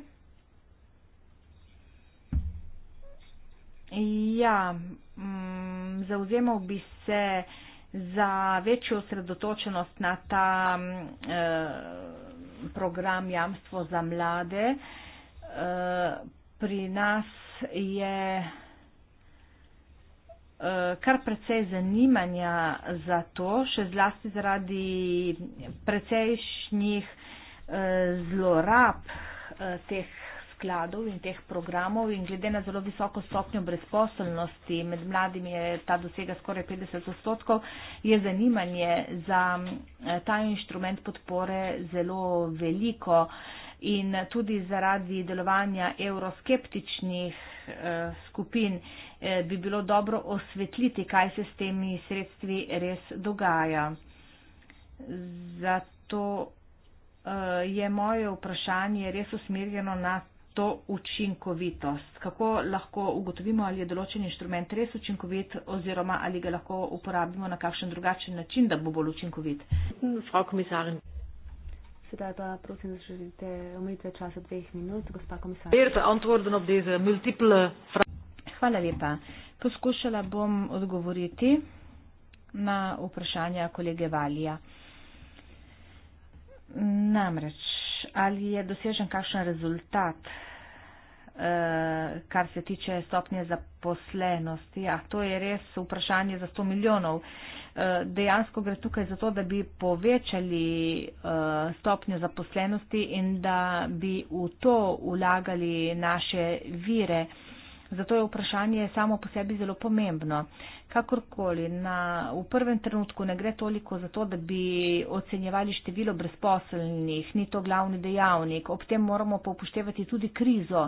C: Ja, mm, zauzemal bi se za večjo osredotočenost na ta mm, eh, program Jamstvo za mlade. E, pri nas je eh, kar precej zanimanja za to, še zlasti zaradi precejšnjih zlorab teh skladov in teh programov in glede na zelo visoko stopnjo brezposobnosti, med mladimi je ta dosega skoraj 50 odstotkov, je zanimanje za eh, ta inštrument podpore zelo veliko in tudi zaradi delovanja euroskeptičnih eh, skupin eh, bi bilo dobro osvetliti, kaj se s temi sredstvi res dogaja. Zato je moje vprašanje res usmerjeno na to učinkovitost? Kako lahko ugotovimo, ali je določen inštrument res učinkovit oziroma ali ga lahko uporabimo na kakšen drugačen način, da bo bolj
A: učinkovit? Frau komisarin.
B: Sedaj pa prosim, da želite omejitve časa dveh minut, gospa
A: komisarin. Hvala lepa.
C: Poskušala bom odgovoriti na vprašanja kolege Valija. Namreč ali je dosežen kakšen rezultat, eh, kar se tiče stopnje zaposlenosti. Ja, to je res vprašanje za 100 milijonov. Eh, dejansko gre tukaj za to, da bi povečali eh, stopnjo zaposlenosti in da bi v to vlagali naše vire. Zato je vprašanje samo po sebi zelo pomembno. Kakorkoli, na, v prvem trenutku ne gre toliko za to, da bi ocenjevali število brezposelnih, ni to glavni dejavnik. Ob tem moramo pa upoštevati tudi krizo.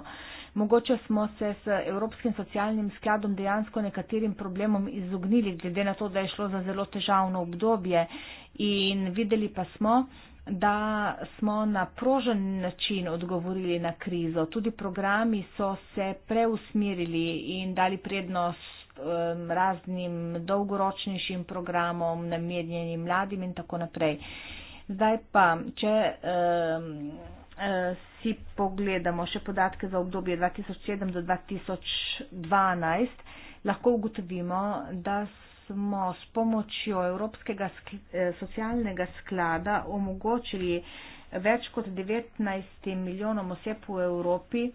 C: Mogoče smo se s Evropskim socialnim skladom dejansko nekaterim problemom izognili, glede na to, da je šlo za zelo težavno obdobje in videli pa smo, da smo na prožen način odgovorili na krizo. Tudi programi so se preusmerili in dali prednost um, raznim dolgoročnejšim programom, namenjenim mladim in tako naprej. Zdaj pa, če um, si pogledamo še podatke za obdobje 2007 do 2012, lahko ugotovimo, da so smo s pomočjo Evropskega eh, socialnega sklada omogočili več kot 19 milijonom oseb v Evropi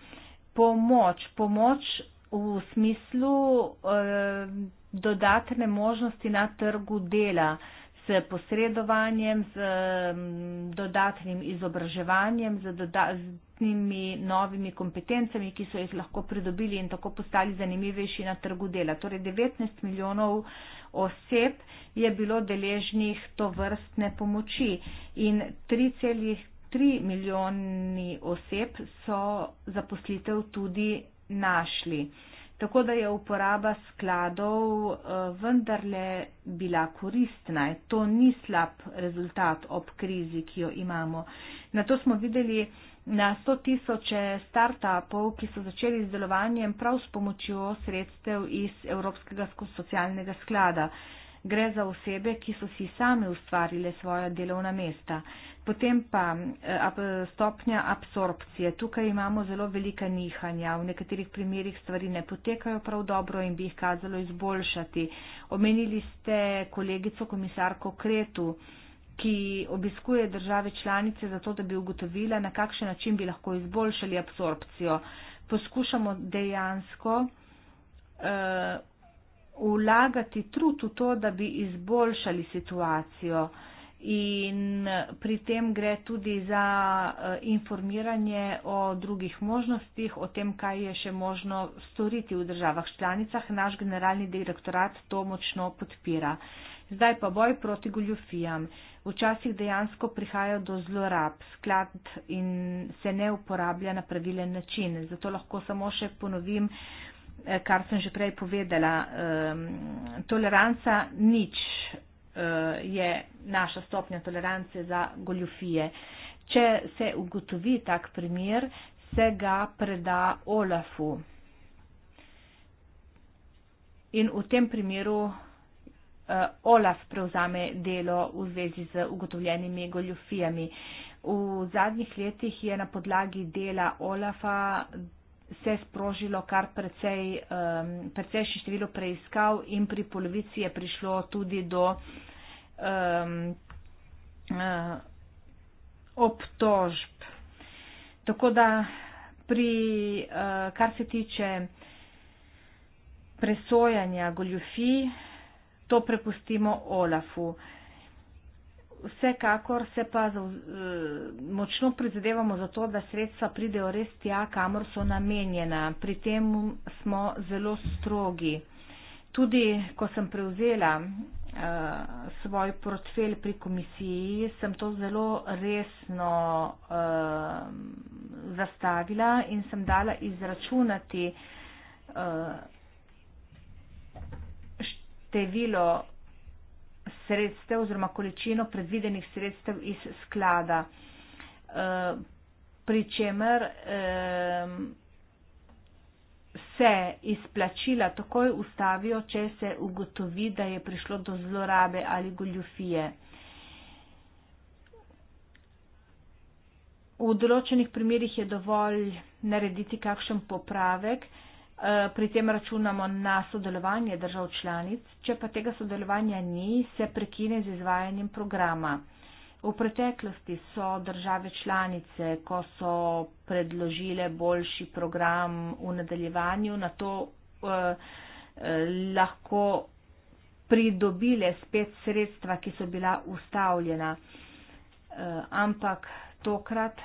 C: pomoč, pomoč v smislu eh, dodatne možnosti na trgu dela s posredovanjem, z eh, dodatnim izobraževanjem, z dodatnimi novimi kompetencami, ki so jih lahko pridobili in tako postali zanimivejši na trgu dela. Torej 19 milijonov eh, oseb je bilo deležnih to vrstne pomoči in 3,3 milijoni oseb so zaposlitev tudi našli. Tako da je uporaba skladov eh, vendarle bila koristna. To ni slab rezultat ob krizi, ki jo imamo. Na to smo videli, Na 100 tisoče startupov, ki so začeli z delovanjem prav s pomočjo sredstev iz Evropskega socialnega sklada. Gre za osebe, ki so si same ustvarile svoja delovna mesta. Potem pa eh, stopnja absorpcije. Tukaj imamo zelo velika nihanja. V nekaterih primerjih stvari ne potekajo prav dobro in bi jih kazalo izboljšati. Omenili ste kolegico komisarko Kretu ki obiskuje države članice, zato da bi ugotovila, na kakšen način bi lahko izboljšali absorpcijo. Poskušamo dejansko uh, vlagati trud v to, da bi izboljšali situacijo. In pri tem gre tudi za eh, informiranje o drugih možnostih, o tem, kaj je še možno storiti v državah članicah. Naš generalni direktorat to močno podpira. Uh, zdaj pa boj proti goljufijam. Včasih dejansko prihaja do zlorab, sklad in se ne uporablja na pravilen način. Zato lahko samo še ponovim, eh, kar sem že prej povedala. Ehm, toleranca nič eh, je naša stopnja tolerance za goljufije. Če se ugotovi tak primer, se ga preda Olafu. In v tem primeru Eh, Olaf prevzame delo v zvezi z ugotovljenimi goljofijami. V zadnjih letih je na podlagi dela Olafa se sprožilo kar precej, um, precejšnje število preiskav in pri polovici je prišlo tudi do um, uh, obtožb. Tako da pri, uh, kar se tiče presojanja goljofij, uh, to prepustimo Olafu. Vsekakor se pa eh, močno prizadevamo za to, da sredstva pridejo res tja, kamor so namenjena. Pri tem smo zelo strogi. Tudi ko sem prevzela uh, svoj portfelj pri komisiji, sem to zelo resno uh, zastavila in sem dala izračunati uh, število sredstev oziroma količino predvidenih sredstev iz sklada. Eh, Pričemer se izplačila takoj ustavijo, če se ugotovi, da je prišlo do zlorabe ali goljufije. V določenih primerjih je dovolj narediti kakšen popravek, Eh, pri tem računamo na sodelovanje držav članic, če pa tega sodelovanja ni, se prekine z izvajanjem programa. V preteklosti so države članice, ko so predložile boljši program v nadaljevanju, na to eh, eh lahko pridobile spet sredstva, ki so bila ustavljena. Eh, ampak tokrat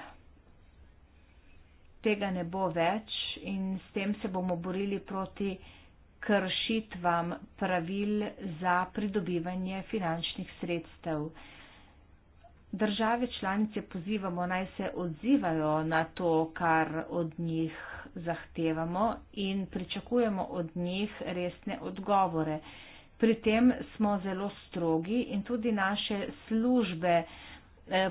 C: tega ne bo več in s tem se bomo borili proti kršitvam pravil za pridobivanje finančnih sredstev. Države članice pozivamo naj se odzivajo na to, kar od njih zahtevamo in pričakujemo od njih resne odgovore. Pri tem smo zelo strogi in tudi naše službe eh,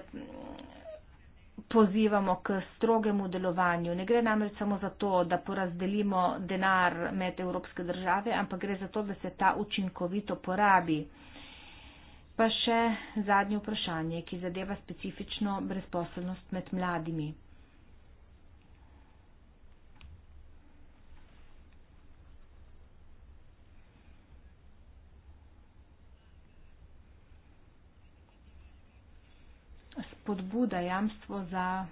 C: pozivamo k strogemu delovanju. Ne gre namreč samo za to, da porazdelimo denar med evropske države, ampak gre za to, da se ta učinkovito porabi. Pa še zadnje vprašanje, ki zadeva specifično brezposelnost med mladimi. spodbuda, jamstvo za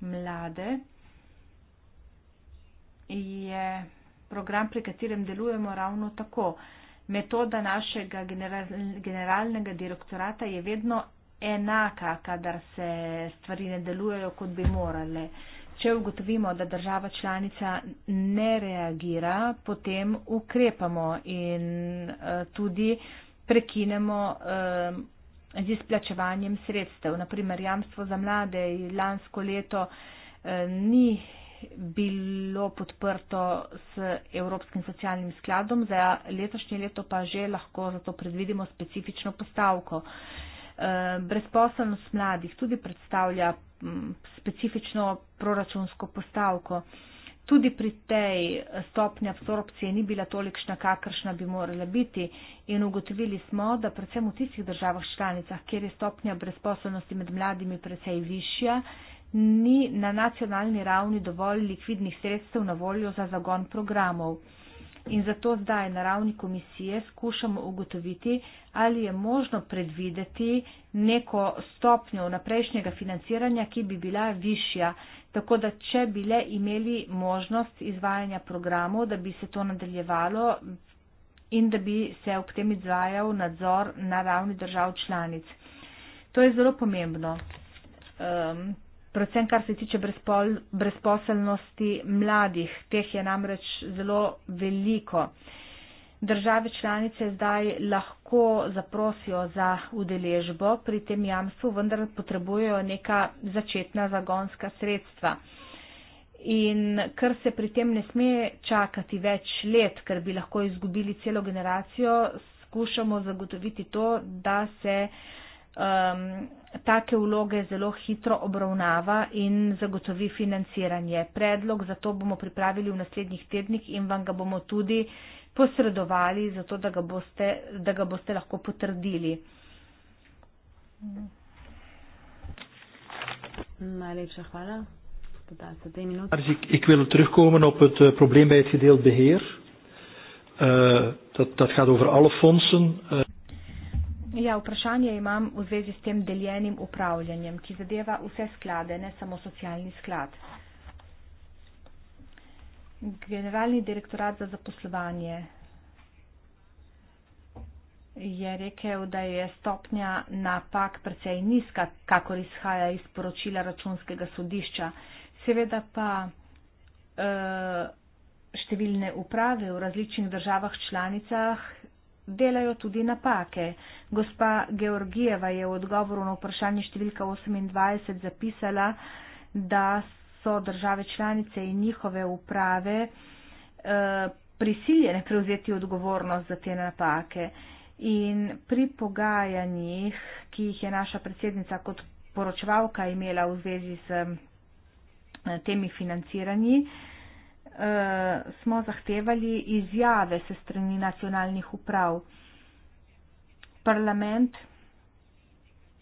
C: mlade je program, pri katerem delujemo ravno tako. Metoda našega general, generalnega direktorata je vedno enaka, kadar se stvari ne delujejo, kot bi morale. Če ugotovimo, da država članica ne reagira, potem ukrepamo in uh, tudi prekinemo uh, z izplačevanjem sredstev. Naprimer, jamstvo za mlade lansko leto eh, ni bilo podprto s Evropskim socialnim skladom, za letošnje leto pa že lahko zato predvidimo specifično postavko. Eh, Brezposobnost mladih tudi predstavlja mm, specifično proračunsko postavko tudi pri tej eh, stopnji absorpcije ni bila tolikšna, kakršna bi morala biti in ugotovili smo, da predvsem v tistih državah članicah, kjer je stopnja brezposobnosti med mladimi predvsej višja, ni na nacionalni ravni dovolj likvidnih sredstev na voljo za zagon programov. In zato zdaj na ravni komisije skušamo ugotoviti, ali je možno predvideti neko stopnjo naprejšnjega financiranja, ki bi bila višja. Tako da, če bi le imeli možnost izvajanja programov, da bi se to nadaljevalo in da bi se ob tem izvajal nadzor na ravni držav članic. To je zelo pomembno, um, predvsem kar se tiče brezpol, brezposelnosti mladih, teh je namreč zelo veliko. Uh, Države članice zdaj lahko zaprosijo za udeležbo pri tem jamstvu, vendar potrebujejo neka začetna zagonska sredstva. In ker se pri tem ne sme čakati več let, ker bi lahko izgubili celo generacijo, skušamo zagotoviti to, da se um, take vloge zelo hitro obravnava in zagotovi financiranje. Predlog za to bomo pripravili v naslednjih tednih in vam ga bomo tudi posredovali, zato da ga boste, da ga boste lahko potrdili.
B: Najlepša hvala.
D: Als ik, ik wil terugkomen op het uh, probleem bij het gedeeld beheer. Uh, dat, dat gaat over alle fondsen. Uh.
C: Ja, vprašanje imam v zvezi s tem deljenim upravljanjem, ki zadeva vse sklade, ne samo socialni sklad. Uh, generalni direktorat za zaposlovanje je rekel, da je stopnja napak precej nizka, kakor izhaja iz poročila računskega sodišča. Seveda pa eh, številne uprave v različnih državah članicah delajo tudi napake. Gospa Georgijeva je v odgovoru na vprašanje številka 28 zapisala, da so države članice in njihove uprave eh, prisiljene prevzeti odgovornost za te napake. In pri pogajanjih, ki jih je naša predsednica kot poročevalka imela v zvezi s eh, temi financiranji, eh, smo zahtevali izjave se strani nacionalnih uprav. Parlament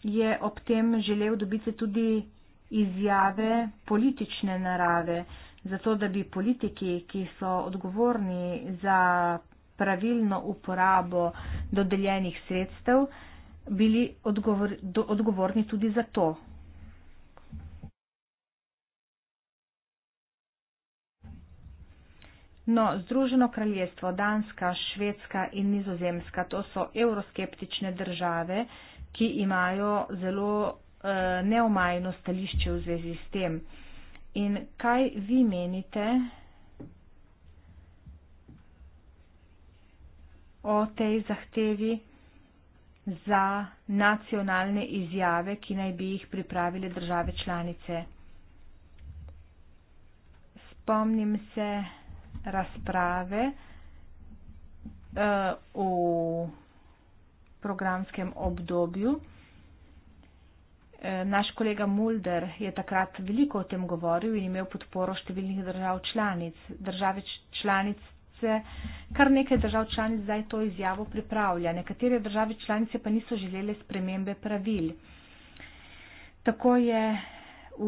C: je ob tem želel dobiti tudi izjave politične narave, zato da bi politiki, ki so odgovorni za pravilno uporabo dodeljenih sredstev, bili odgovor, do, odgovorni tudi za to. No, Združeno kraljestvo, Danska, Švedska in Nizozemska, to so evroskeptične države, ki imajo zelo Eh, neomajno stališče v zvezi s tem. In kaj vi menite o tej zahtevi za nacionalne izjave, ki naj bi jih pripravile države članice? Spomnim se razprave uh, v programskem obdobju 2014-2020 Eh, naš kolega Mulder je takrat veliko o tem govoril in imel podporo številnih držav članic. Države članice, kar nekaj držav članic zdaj to izjavo pripravlja. Nekatere države članice pa niso želele spremembe pravil. Tako je v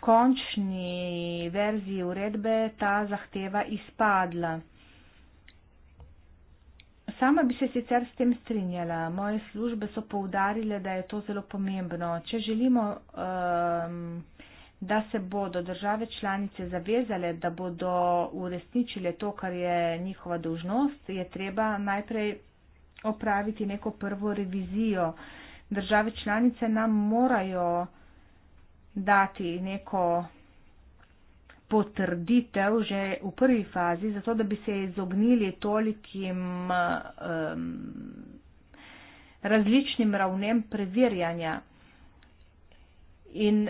C: končni verziji uredbe ta zahteva izpadla. Sama bi se sicer s tem strinjala. Moje službe so poudarile, da je to zelo pomembno. Če želimo, um, da se bodo države članice zavezale, da bodo uresničile to, kar je njihova dožnost, je treba najprej opraviti neko prvo revizijo. Države članice nam morajo dati neko potrditev že v prvi fazi, zato da bi se izognili tolikim um, različnim ravnem preverjanja. In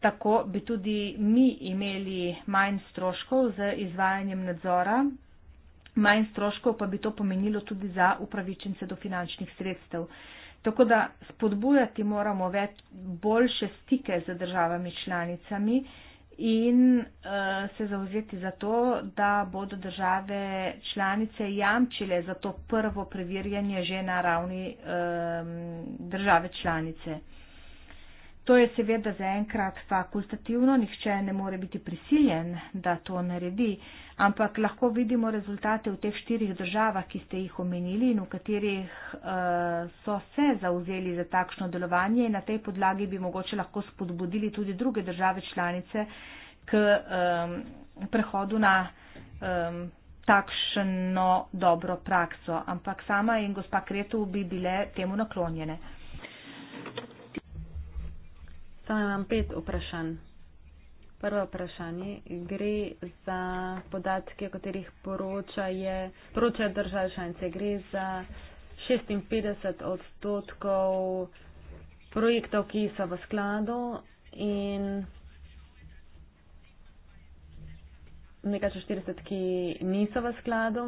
C: tako bi tudi mi imeli manj stroškov z izvajanjem nadzora, manj stroškov pa bi to pomenilo tudi za upravičence do finančnih sredstev. Tako da spodbujati moramo več boljše stike z državami članicami, uh, in uh, se zauzeti za to, da bodo države članice jamčile za to prvo preverjanje že na ravni um, države članice. To je seveda zaenkrat fakultativno, nihče ne more biti prisiljen, da to naredi, ampak lahko vidimo rezultate v teh štirih državah, ki ste jih omenili in v katerih uh, so se zauzeli za takšno delovanje in na tej podlagi bi mogoče lahko spodbudili tudi druge države članice k um, prehodu na um, takšno dobro prakso. Ampak sama in gospa Kretu bi bile temu naklonjene. Samo imam pet
B: vprašanj. Prvo vprašanje gre za podatke, o katerih poročajo poroča države članice. Gre za 56 odstotkov projektov, ki so v skladu in nekaj še 40, ki niso v skladu.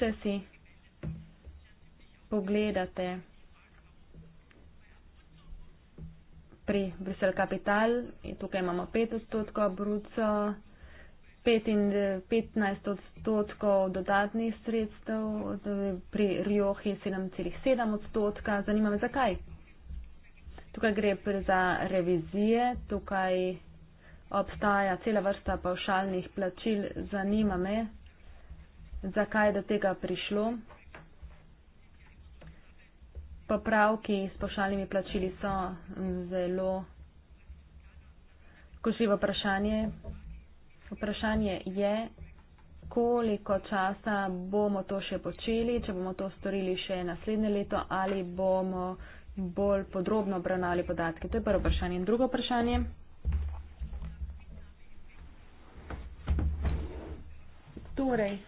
B: Če si pogledate pri Bruselj Capital, tukaj imamo 5 odstotkov bruco, 15 odstotkov dodatnih sredstev, pri Riohi 7,7 odstotka. Zanima me, zakaj? Tukaj gre za revizije, tukaj obstaja cela vrsta pavšalnih plačil. Zanima me, zakaj je do tega prišlo popravki s pošaljnimi plačili so mm, zelo koživo vprašanje. Vprašanje je, koliko časa bomo to še počeli, če bomo to storili še naslednje leto ali bomo bolj podrobno obravnavali podatke. To je prvo vprašanje. In drugo vprašanje. Torej,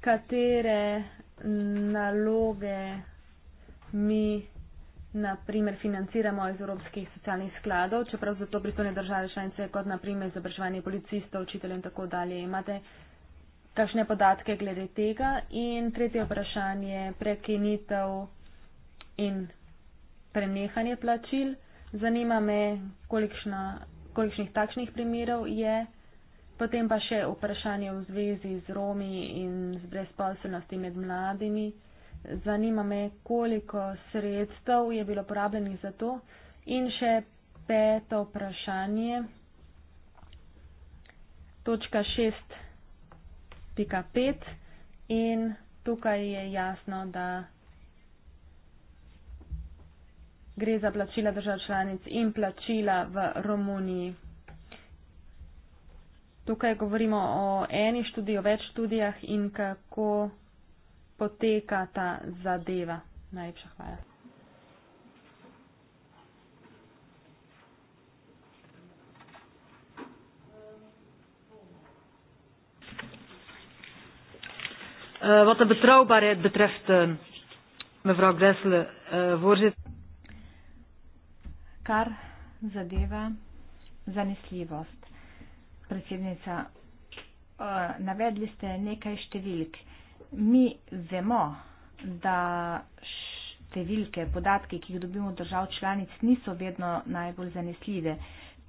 B: katere naloge mi, naprimer, financiramo iz evropskih socialnih skladov, čeprav za to pristojne države članice, kot naprimer izobraževanje policistov, učiteljev in tako dalje, imate kakšne podatke glede tega. In tretje vprašanje, prekinitev in prenehanje plačil. Zanima me, kolikšna, kolikšnih takšnih primerov je. Potem pa še vprašanje v zvezi z Romi in z brezposobnosti med mladimi. Zanima me, koliko sredstev je bilo porabljenih za to. In še peto vprašanje. Točka 6.5 in tukaj je jasno, da gre za plačila držav članic in plačila v Romuniji tukaj govorimo o eni študiji, o več študijah in kako poteka ta zadeva. Najlepša hvala.
A: Uh, wat de betrouwbaarheid betreft, uh, mevrouw Gressle, uh, voorzitter.
C: Kar zadeva zanesljivost predsednica. Uh, navedli ste nekaj številk. Mi vemo, da številke, podatke, ki jih dobimo od držav članic, niso vedno najbolj zanesljive.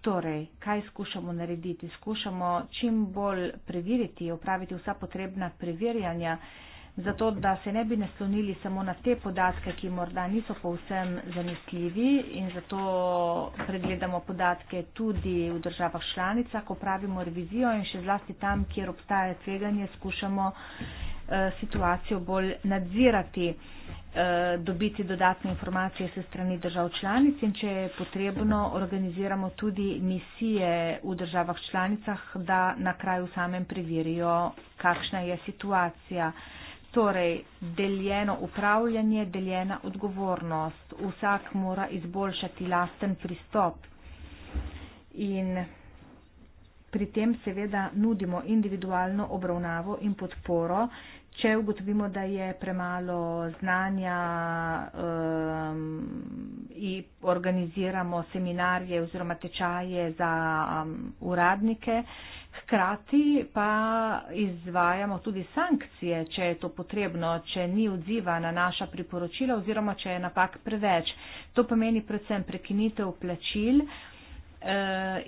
C: Torej, kaj skušamo narediti? Skušamo čim bolj preveriti, opraviti vsa potrebna preverjanja, uh, Zato, da se ne bi naslonili samo na te podatke, ki morda niso povsem zanesljivi in zato pregledamo podatke tudi v državah članicah, ko pravimo revizijo in še zlasti tam, kjer obstaja tveganje, skušamo eh, situacijo bolj nadzirati, eh, dobiti dodatne informacije se strani držav članic in če je potrebno, organiziramo tudi misije v državah članicah, da na kraju samem preverijo, kakšna je situacija. Torej, deljeno upravljanje, deljena odgovornost. Vsak mora izboljšati lasten pristop. In pri tem seveda nudimo individualno obravnavo in podporo, če ugotovimo, da je premalo znanja um, in organiziramo seminarje oziroma tečaje za um, uradnike. Uh, Hkrati pa izvajamo tudi sankcije, če je to potrebno, če ni odziva na naša priporočila oziroma če je napak preveč. To pomeni predvsem prekinitev plačil eh,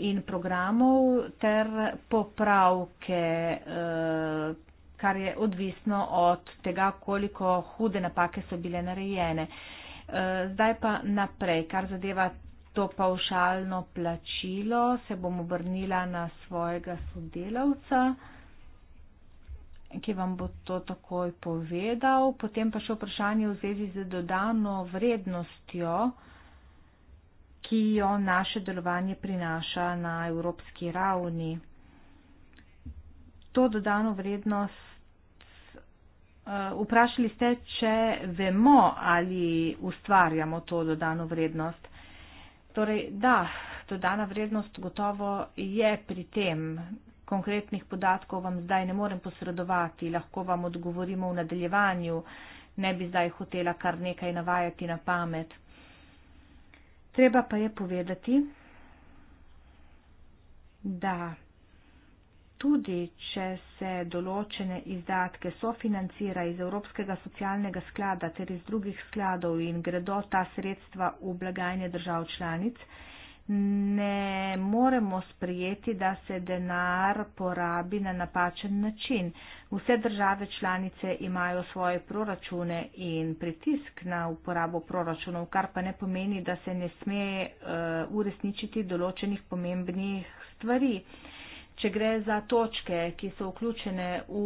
C: in programov ter popravke, eh, kar je odvisno od tega, koliko hude napake so bile narejene. Eh, zdaj pa naprej, kar zadeva to pavšalno plačilo, se bom obrnila na svojega sodelavca, ki vam bo to takoj povedal. Potem pa še vprašanje v zvezi z dodano vrednostjo, ki jo naše delovanje prinaša na evropski ravni. To dodano vrednost. Eh, vprašali ste, če vemo, ali ustvarjamo to dodano vrednost. Torej, da, dodana vrednost gotovo je pri tem. Konkretnih podatkov vam zdaj ne morem posredovati, lahko vam odgovorimo v nadaljevanju, ne bi zdaj hotela kar nekaj navajati na pamet. Treba pa je povedati, da tudi če se določene izdatke sofinancira iz Evropskega socialnega sklada ter iz drugih skladov in gredo ta sredstva v blagajne držav članic, ne moremo sprijeti, da se denar porabi na napačen način. Vse države članice imajo svoje proračune in pritisk na uporabo proračunov, kar pa ne pomeni, da se ne sme uh, uresničiti določenih pomembnih stvari. Uh, Če gre za točke, ki so vključene v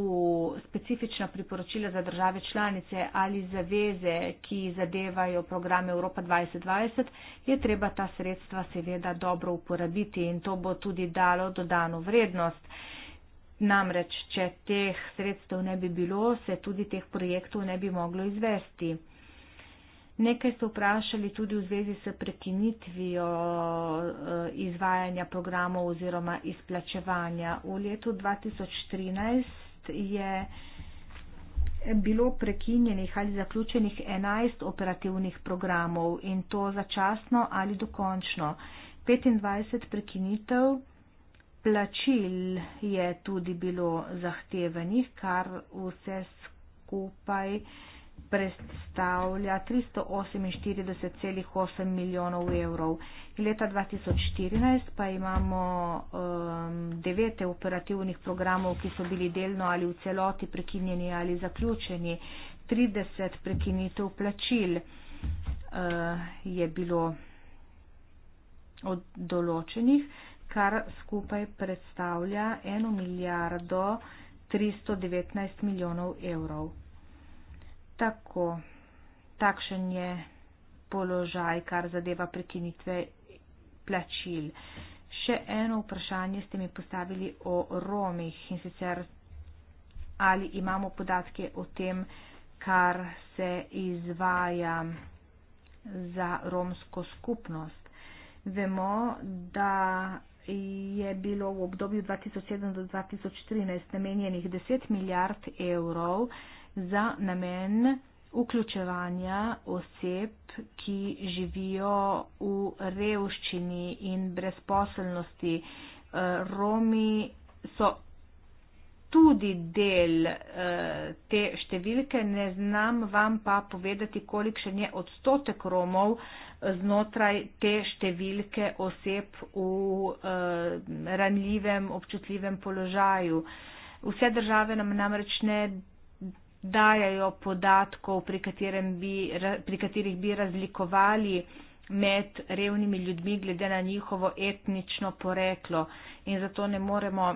C: specifična priporočila za države članice ali zaveze, ki zadevajo program Evropa 2020, je treba ta sredstva seveda dobro uporabiti in to bo tudi dalo dodano vrednost. Namreč, če teh sredstev ne bi bilo, se tudi teh projektov ne bi moglo izvesti. Nekaj ste vprašali tudi v zvezi s prekinitvijo eh, izvajanja programov oziroma izplačevanja. V letu 2013 je bilo prekinjenih ali zaključenih 11 operativnih programov in to začasno ali dokončno. 25 prekinitev plačil je tudi bilo zahtevenih, kar vse skupaj predstavlja 348,8 milijonov evrov. Leta 2014 pa imamo um, devete operativnih programov, ki so bili delno ali v celoti prekinjeni ali zaključeni. 30 prekinitev plačil uh, je bilo od določenih, kar skupaj predstavlja 1 milijardo 319 milijonov evrov. Tako, takšen je položaj, kar zadeva prekinitve plačil. Še eno vprašanje ste mi postavili o romih in sicer ali imamo podatke o tem, kar se izvaja za romsko skupnost. Vemo, da je bilo v obdobju 2007 do 2013 namenjenih 10 milijard evrov za namen vključevanja oseb, ki živijo v revščini in brezposelnosti. Eh, Romi so tudi del eh, te številke, ne znam vam pa povedati, kolikšen je odstotek Romov eh, znotraj te številke oseb v ranljivem, občutljivem položaju. Vse države nam namreč ne dajajo podatkov, pri, bi, pri katerih bi razlikovali med revnimi ljudmi glede na njihovo etnično poreklo. In zato ne moremo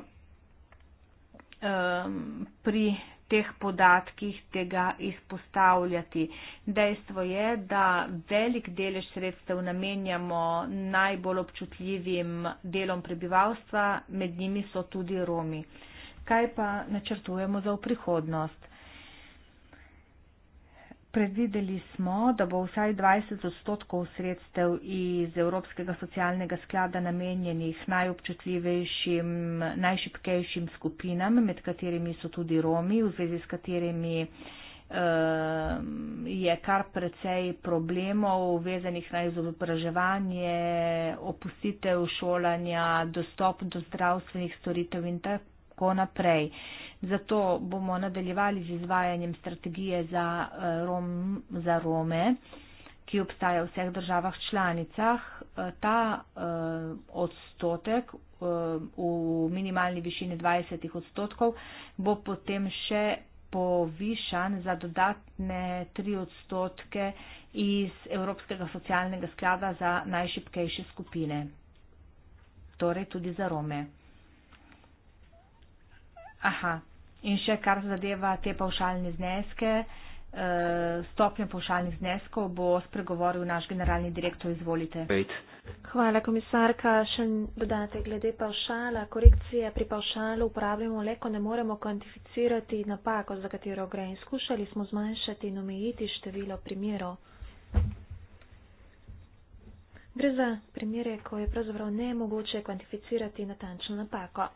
C: um, pri teh podatkih tega izpostavljati. Dejstvo je, da velik delež sredstev namenjamo najbolj občutljivim delom prebivalstva, med njimi so tudi Romi. Kaj pa načrtujemo za prihodnost? Predvideli smo, da bo vsaj 20 odstotkov sredstev iz Evropskega socialnega sklada namenjenih najobčutljivejšim, najšipkejšim skupinam, med katerimi so tudi Romi, v zvezi s katerimi ehm, je kar precej problemov vezanih na izobraževanje, opustitev šolanja, dostop do zdravstvenih storitev in tak, tako naprej. Zato bomo nadaljevali z izvajanjem strategije za, eh, Rom, za Rome, ki obstaja v vseh državah članicah. Eh, ta eh, odstotek v minimalni višini 20 odstotkov bo potem še povišan za dodatne 3 odstotke iz Evropskega socialnega sklada za najšipkejše skupine, torej tudi za Rome. Aha. In še kar zadeva te pavšalne zneske, eh, stopnje pavšalnih zneskov bo spregovoril naš generalni direktor. Izvolite.
D: Hvala, komisarka. Še dodatek glede pavšala. Korekcije pri pavšalu uporabljamo le, ko ne moremo kvantificirati napako, za katero gre. In skušali smo zmanjšati in omejiti število primerov. Gre za primere, ko je pravzaprav nemogoče kvantificirati natančno napako.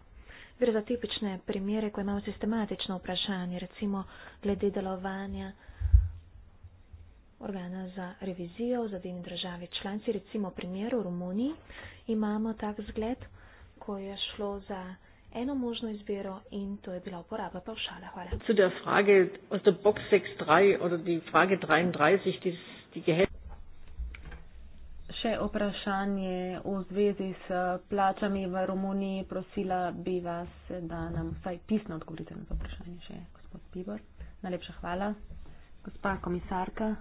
D: Gre za tipične primere, ko imamo sistematično vprašanje, recimo glede delovanja organa za revizijo v zadnji državi članci. Recimo primer v Romuniji imamo tak zgled, ko je šlo za eno možno izbiro in to je bila uporaba pavšala. Hvala. Zu der
A: Frage aus der Box 63 oder die Frage 33, die, die Gehälter še
B: vprašanje v zvezi s plačami v Romuniji, prosila bi vas, da nam vsaj pisno odgovorite na to vprašanje še, gospod Pibor. Najlepša hvala. Gospa komisarka,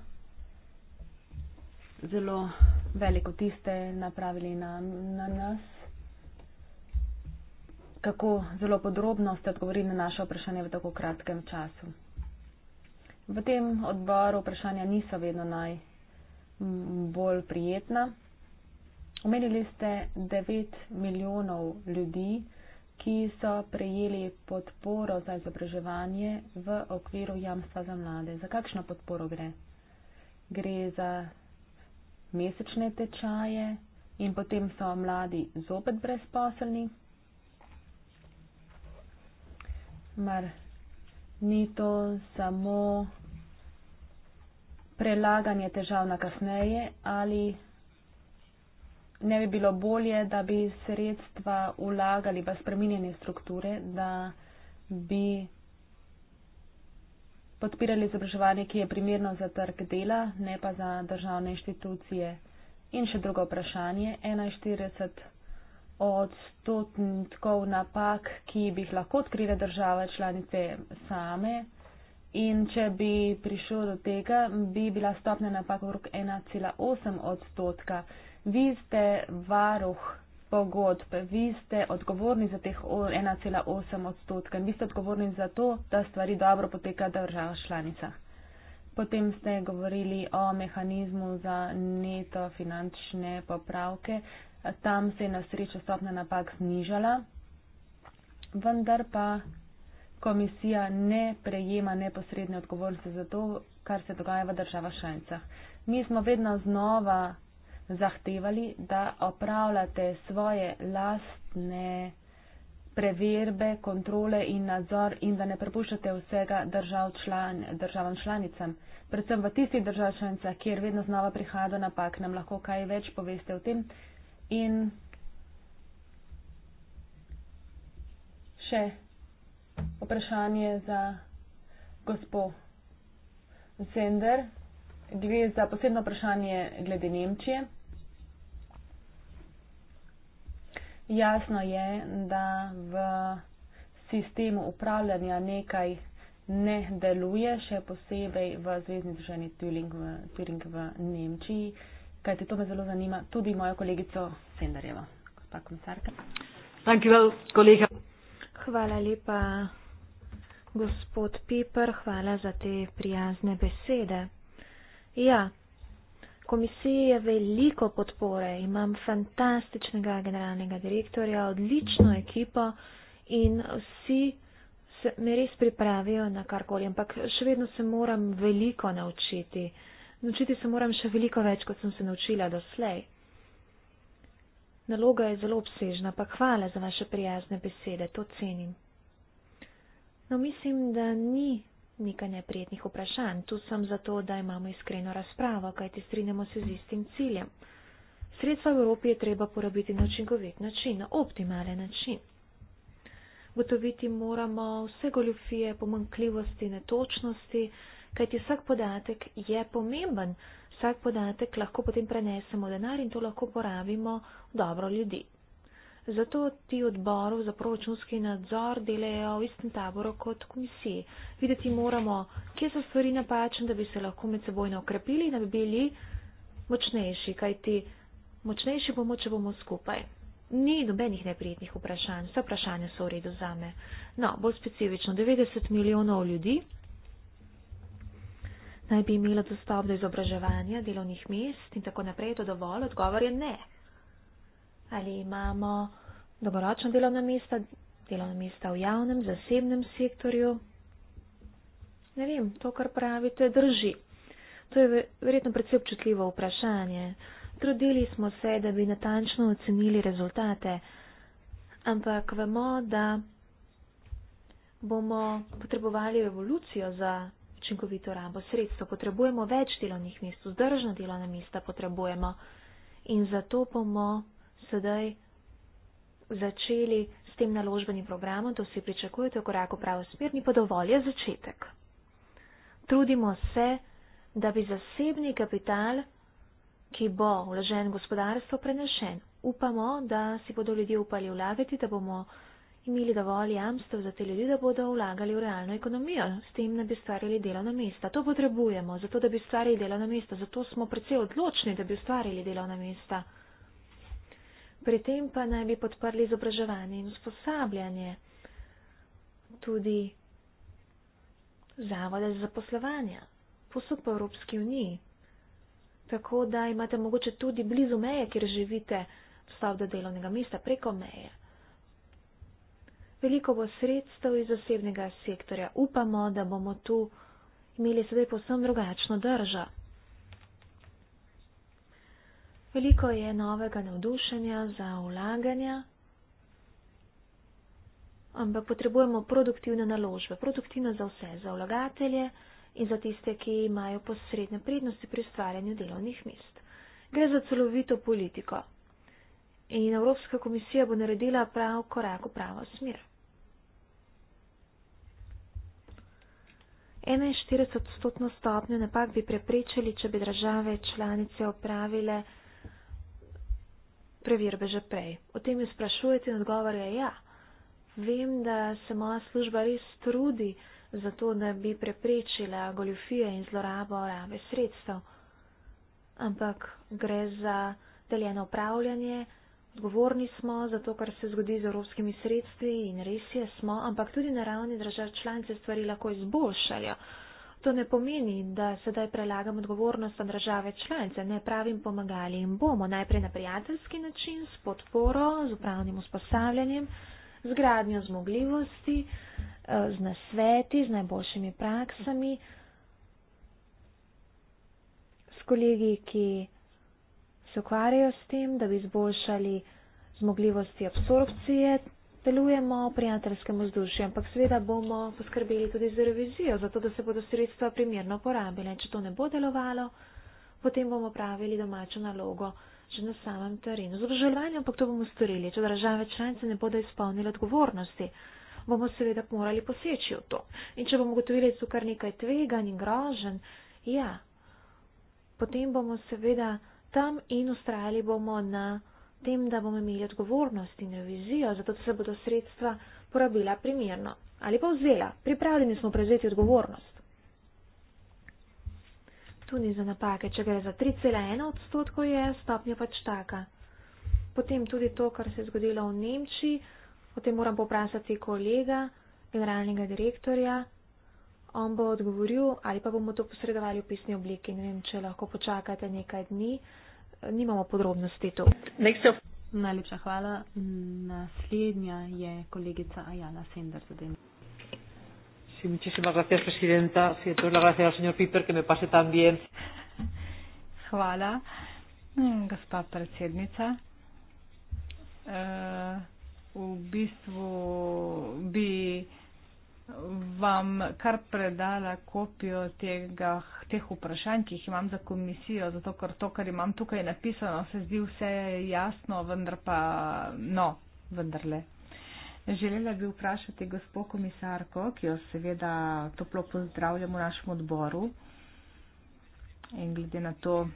B: zelo veliko tiste napravili na, na nas. Kako zelo podrobno ste odgovorili na naše vprašanje v tako kratkem času. V tem odboru vprašanja niso vedno naj bolj prijetna. Omenili ste 9 milijonov ljudi, ki so prejeli podporo za izobraževanje v okviru jamstva za mlade. Za kakšno podporo gre? Gre za mesečne tečaje in potem so mladi zopet brezposelni. Mar ni to samo prelaganje težav na kasneje ali ne bi bilo bolje, da bi sredstva ulagali v spreminjanje strukture, da bi podpirali izobraževanje, ki je primerno za trg dela, ne pa za državne inštitucije. In še drugo vprašanje, 41 odstotkov napak, ki bi jih lahko odkrile države članice same, In če bi prišlo do tega, bi bila stopnja napak okrog 1,8 odstotka. Vi ste varuh pogodb, vi ste odgovorni za teh 1,8 odstotka in vi ste odgovorni za to, da stvari dobro poteka v državah članicah. Potem ste govorili o mehanizmu za neto finančne popravke. Tam se je na srečo stopnja napak znižala, vendar pa komisija ne prejema neposredne odgovornosti za to, kar se dogaja v državah šanjcah. Mi smo vedno znova zahtevali, da opravljate svoje lastne preverbe, kontrole in nadzor in da ne prepuščate vsega držav član, državam članicam. Predvsem v tistih držav članicah, kjer vedno znova prihaja do napak, nam lahko kaj več poveste o tem. In še vprašanje za gospo Sender. Gre za posebno vprašanje glede Nemčije. Jasno je, da v sistemu upravljanja nekaj ne deluje, še posebej v Zvezdni državi Turing v, v Nemčiji, kajti to me zelo zanima tudi mojo kolegico Senderjevo. Gospa komisarka.
A: Thank you, well, colleague. Hvala
D: lepa, gospod Piper, hvala za te prijazne besede. Ja, komisiji je veliko podpore, imam fantastičnega generalnega direktorja, odlično ekipo in vsi se me res pripravijo na karkoli, ampak še vedno se moram veliko naučiti. Naučiti se moram še veliko več, kot sem se naučila doslej. Naloga je zelo obsežna, pa hvala za vaše prijazne besede, to cenim. No, mislim, da ni nekaj neprijetnih vprašanj. Tu sem zato, da imamo iskreno razpravo, kajti strinjamo se z istim ciljem. Sredstva v Evropi je treba porabiti na učinkovit način, na optimalen način. Gotoviti moramo vse goljufije, pomankljivosti, netočnosti, kajti vsak podatek je pomemben vsak podatek lahko potem prenesemo v denar in to lahko porabimo dobro ljudi. Zato ti odborov za proračunski nadzor delajo v istem taboru kot komisiji. Videti moramo, kje so stvari napačne, da bi se lahko med seboj naokrepili in da bi bili močnejši, kajti močnejši bomo, če bomo skupaj. Ni nobenih neprijetnih vprašanj, vse vprašanja so v redu zame. No, bolj specifično, 90 milijonov ljudi, naj bi imela dostop do izobraževanja, delovnih mest in tako naprej, je to dovolj? Odgovor je ne. Ali imamo dolgoročno delovna mesta, delovna mesta v javnem, zasebnem sektorju? Ne vem, to, kar pravite, drži. To je verjetno predvsej občutljivo vprašanje. Trudili smo se, da bi natančno ocenili rezultate, ampak vemo, da bomo potrebovali evolucijo za učinkovito rabo sredstva, potrebujemo več delovnih mest, vzdržna delovna mesta potrebujemo in zato bomo sedaj začeli s tem naložbenim programom, to vsi pričakujete, korak v pravo smer, ni pa dovolj je začetek. Trudimo se, da bi zasebni kapital, ki bo vložen v gospodarstvo, prenešen. Upamo, da si bodo ljudje upali vlagati, da bomo imeli dovolj jamstv za te ljudi, da bodo vlagali v realno ekonomijo, s tem, da bi ustvarjali delovna mesta. To potrebujemo, zato da bi ustvarjali delovna mesta, zato smo predvsej odločni, da bi ustvarjali delovna mesta. Pri tem pa naj bi podprli izobraževanje in usposabljanje tudi zavode za poslovanje, posod po Evropski uniji. Tako da imate mogoče tudi blizu meje, kjer živite, vstav do delovnega mesta preko meje veliko bo sredstev iz osebnega sektorja. Upamo, da bomo tu imeli sedaj posebno drugačno držo. Veliko je novega navdušenja za ulaganja, ampak potrebujemo produktivne naložbe. Produktivno za vse, za vlagatelje in za tiste, ki imajo posredne prednosti pri stvarjanju delovnih mest. Gre za celovito politiko. In Evropska komisija bo naredila prav korak v pravo smer. 41 odstotno stopnjo napak bi preprečili, če bi države članice opravile preverbe že prej. O tem jo sprašujete in odgovor je ja. Vem, da se moja služba res trudi za to, da bi preprečila goljufije in zlorabo rabe sredstev. Ampak gre za deljeno upravljanje. Odgovorni smo za to, kar se zgodi z evropskimi sredstvi in res je smo, ampak tudi na ravni držav članice stvari lahko izboljšajo. To ne pomeni, da sedaj prelagam odgovornost na države članice. Ne pravim, pomagali jim bomo najprej na prijateljski način, s podporo, z upravnim usposabljanjem, z gradnjo zmogljivosti, z nasveti, z najboljšimi praksami, s kolegi, ki se ukvarjajo s tem, da bi izboljšali zmogljivosti absorpcije, delujemo pri antarskem vzdušju, ampak seveda bomo poskrbeli tudi za revizijo, zato da se bodo sredstva primerno porabile. Če to ne bo delovalo, potem bomo pravili domačo nalogo že na samem terenu. Z obžalovanjem pa to bomo storili. Če države članice ne bodo izpolnile odgovornosti, bomo seveda morali poseči v to. In če bomo gotovili, da so kar nekaj tvegan in grožen, ja, potem bomo seveda tam in ustrajali bomo na tem, da bomo imeli odgovornost in revizijo, zato da se bodo sredstva porabila primerno ali pa vzela. Pripravljeni smo prevzeti odgovornost. Tu ni za napake, če gre za 3,1 odstotkov, je stopnja pač taka. Potem tudi to, kar se je zgodilo v Nemčiji, o tem moram poprasati kolega, generalnega direktorja. On bo odgovoril ali pa bomo to posredovali v pisni obliki. Ne vem, če lahko počakate nekaj dni nimamo podrobnosti tu. Najlepša hvala. Naslednja je kolegica Ajana Sender
B: za
A: den. Sí, muchísimas gracias, presidenta. Sí, esto es la gracia del señor Piper, que me pase tan bien.
C: [LAUGHS] Hvala, mm, gospa predsednica. Uh, v bistvu bi vam kar predala kopijo tega, teh vprašanj, ki jih imam za komisijo, zato ker to, kar imam tukaj napisano, se zdi vse jasno, vendar pa no, vendarle. Želela bi vprašati gospo komisarko, ki jo seveda toplo pozdravljam v našem odboru in glede na to,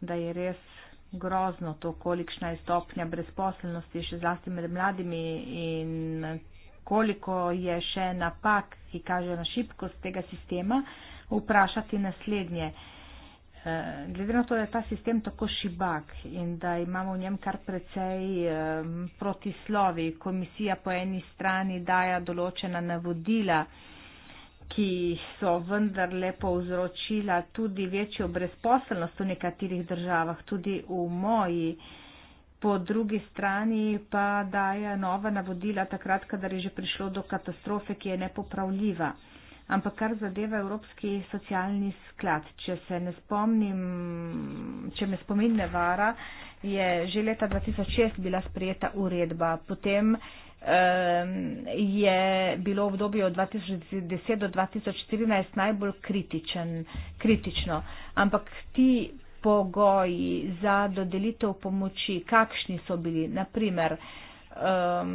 C: da je res grozno to, kolikšna je stopnja brezposelnosti še zlasti med mladimi in koliko je še napak, ki kaže na šibkost tega sistema, vprašati naslednje. Eh, glede na to, da je ta sistem tako šibak in da imamo v njem kar precej eh, protislovi, komisija po eni strani daja določena navodila, ki so vendarle povzročila tudi večjo brezposelnost v nekaterih državah, tudi v moji državi. Po drugi strani pa daje nova navodila takrat, kadar je že prišlo do katastrofe, ki je nepopravljiva. Ampak kar zadeva Evropski socialni sklad, če se ne spomnim, če me spomin ne vara, je že leta 2006 bila sprejeta uredba. Potem ehm, je bilo v obdobju od 2010 do 2014 najbolj kritičen, kritično. Ampak ti pogoji za dodelitev pomoči, kakšni so bili, naprimer, um,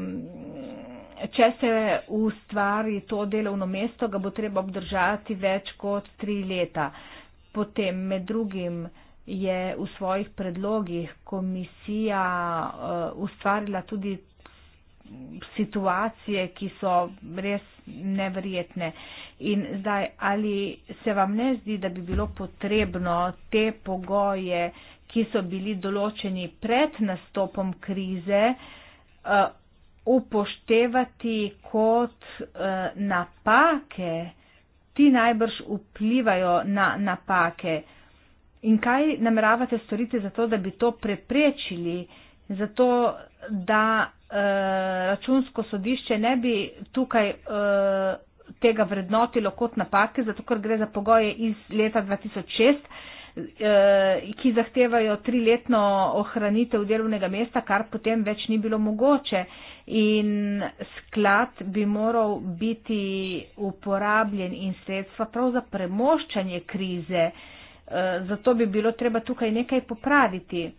C: če se ustvari to delovno mesto, ga bo treba obdržati več kot tri leta. Potem med drugim je v svojih predlogih komisija uh, ustvarila tudi situacije, ki so res nevrjetne. In zdaj, ali se vam ne zdi, da bi bilo potrebno te pogoje, ki so bili določeni pred nastopom krize, eh, upoštevati kot eh, napake? Ti najbrž vplivajo na napake. In kaj nameravate storiti za to, da bi to preprečili, zato da Eh, računsko sodišče ne bi tukaj uh, tega vrednotilo kot napake, zato ker gre za pogoje iz leta 2006, uh, eh, ki zahtevajo triletno ohranitev delovnega mesta, kar potem več ni bilo mogoče. In sklad bi moral biti uporabljen in sredstva prav za premoščanje krize. Uh, zato bi bilo treba tukaj nekaj popraviti.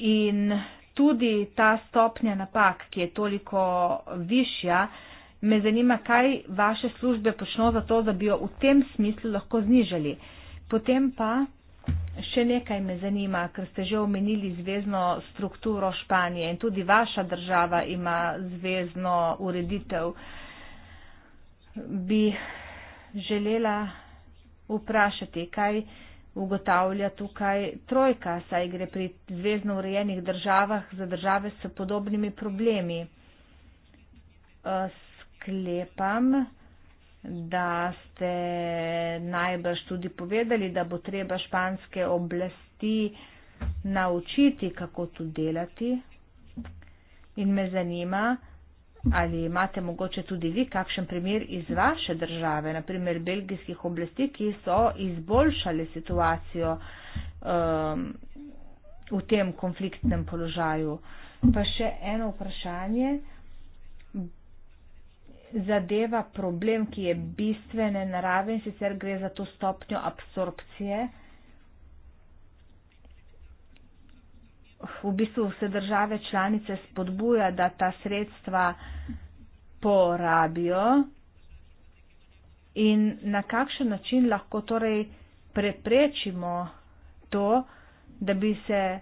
C: in tudi ta stopnja napak, ki je toliko višja, me zanima, kaj vaše službe počno za to, da bi jo v tem smislu lahko znižali. Potem pa še nekaj me zanima, ker ste že omenili zvezno strukturo Španije in tudi vaša država ima zvezno ureditev. Bi želela vprašati, kaj ugotavlja tukaj trojka, saj gre pri zvezdno urejenih državah za države s podobnimi problemi. Eh, sklepam, da ste najbrž tudi povedali, da bo treba španske oblasti naučiti, kako to delati. In me zanima, ali imate mogoče tudi vi kakšen primer iz vaše države, naprimer belgijskih oblasti, ki so izboljšali situacijo um, v tem konfliktnem položaju. Pa še eno vprašanje zadeva problem, ki je bistvene narave in sicer gre za to stopnjo absorpcije. v bistvu vse države članice spodbuja, da ta sredstva porabijo in na kakšen način lahko torej preprečimo to, da bi se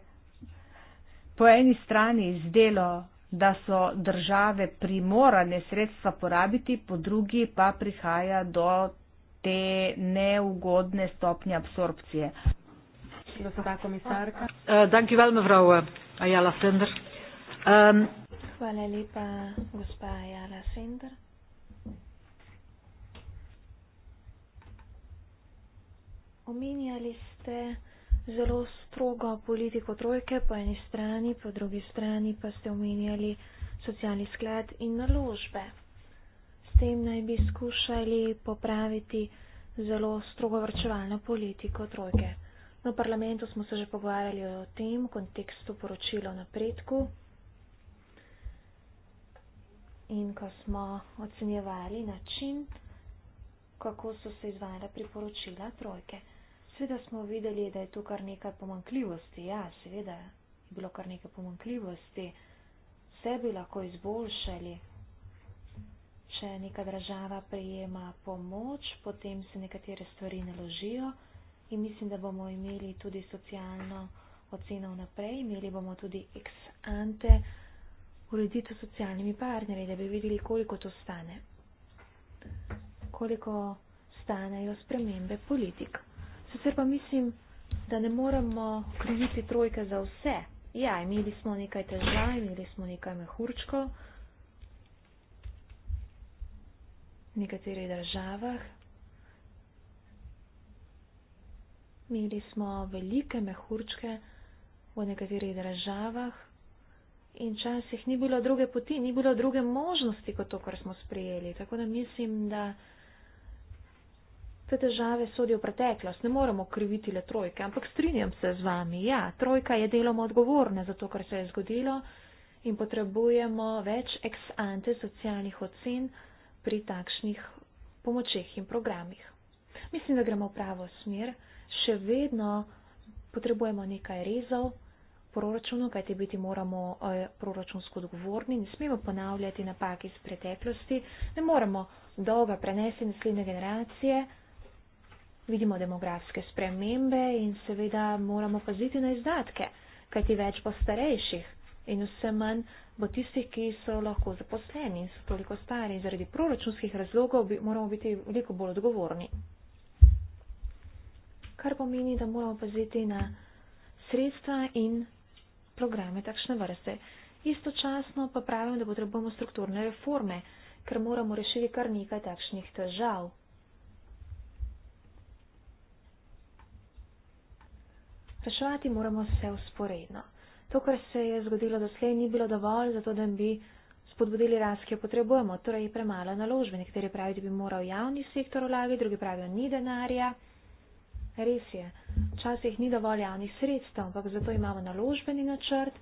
C: po eni strani zdelo, da so države primorane sredstva porabiti, po drugi pa prihaja do te neugodne stopnje absorpcije. Gospa komisarka.
A: Eh, dank u wel, mevrouw eh, Ayala Sender. Um,
D: Hvala lepa, gospa Jara Sender. Omenjali ste zelo strogo politiko trojke po eni strani, po drugi strani pa ste omenjali socialni sklad in naložbe. S tem naj bi skušali popraviti zelo strogo vrčevalno politiko trojke. V parlamentu smo se že pogovarjali o tem kontekstu poročila o napredku in ko smo ocenjevali način, kako so se izvajala priporočila trojke. Seveda smo videli, da je tu kar nekaj pomankljivosti. Ja, seveda je bilo kar nekaj pomankljivosti. Vse bi lahko izboljšali. Če neka država prijema pomoč, potem se nekatere stvari naložijo. Ne in mislim, da bomo imeli tudi socialno oceno vnaprej, imeli bomo tudi ex ante ureditev s socialnimi partnerji, da bi videli, koliko to stane, koliko stanejo spremembe politik. Sicer pa mislim, da ne moremo kriviti trojke za vse. Ja, imeli smo nekaj težav, imeli smo nekaj mehurčkov v nekaterih državah, imeli smo velike mehurčke v nekaterih državah in časih ni bilo druge poti, ni bilo druge možnosti kot to, kar smo sprejeli. Tako da mislim, da te težave sodijo v preteklost. Ne moremo kriviti le trojke, ampak strinjam se z vami. Ja, trojka je deloma odgovorna za to, kar se je zgodilo in potrebujemo več ex ante socialnih ocen pri takšnih pomočeh in programih. Mislim, da gremo v pravo smer še vedno potrebujemo nekaj rezov v proračunu, kajti biti moramo eh, proračunsko odgovorni, ne smemo ponavljati napak iz preteklosti, ne moremo dolga prenesti naslednje generacije. Vidimo demografske spremembe in seveda moramo paziti na izdatke, kajti več bo starejših in vse manj bo tistih, ki so lahko zaposleni in so toliko stari in zaradi proračunskih razlogov bi, moramo biti veliko bolj odgovorni kar pomeni, da moramo paziti na sredstva in programe takšne vrste. Istočasno pa pravim, da potrebujemo strukturne reforme, ker moramo rešiti kar nekaj takšnih težav. Reševati moramo vse usporedno. To, kar se je zgodilo doslej, ni bilo dovolj, zato da bi spodbudili rast, ki jo potrebujemo, torej premalo naložbe. Nekateri pravijo, da bi moral javni sektor vlagati, drugi pravijo, ni denarja. Res je, včasih ni dovolj javnih sredstev, ampak zato imamo naložbeni načrt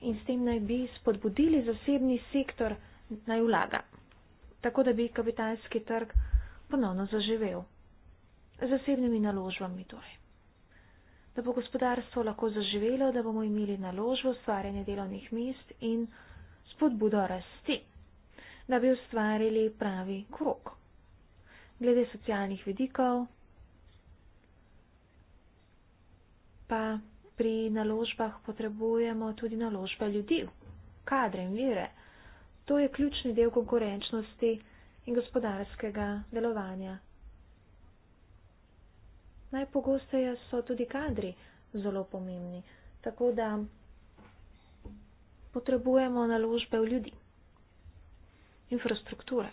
D: in s tem naj bi spodbudili zasebni sektor naj vlaga, tako da bi kapitalski trg ponovno zaživel. Zasebnimi naložbami torej. Da bo gospodarstvo lahko zaživelo, da bomo imeli naložbo ustvarjanje delovnih mest in spodbudo rasti, da bi ustvarili pravi krok. Glede socialnih vidikov, pa pri naložbah potrebujemo tudi naložbe ljudi, kadre in vire. To je ključni del konkurenčnosti in gospodarskega delovanja. Najpogosteje so tudi kadri zelo pomembni, tako da potrebujemo naložbe v ljudi, infrastrukture.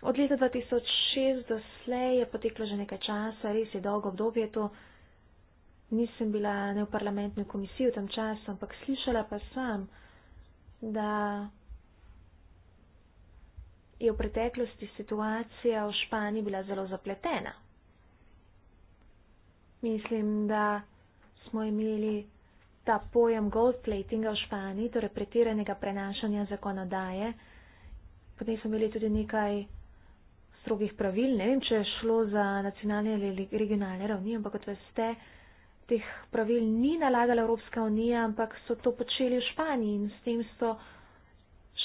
D: Od leta 2006 do slej je poteklo že nekaj časa, res je dolgo obdobje to. Nisem bila ne v parlamentni komisiji v tem času, ampak slišala pa sem, da je v preteklosti situacija v Španiji bila zelo zapletena. Mislim, da smo imeli ta pojem goldplatinga v Španiji, torej pretiranega prenašanja zakonodaje. Potem smo imeli tudi nekaj strogih pravil, ne vem, če je šlo za nacionalne ali regionalne ravni, ampak kot veste, teh pravil ni nalagala Evropska unija, ampak so to počeli v Španiji in s tem so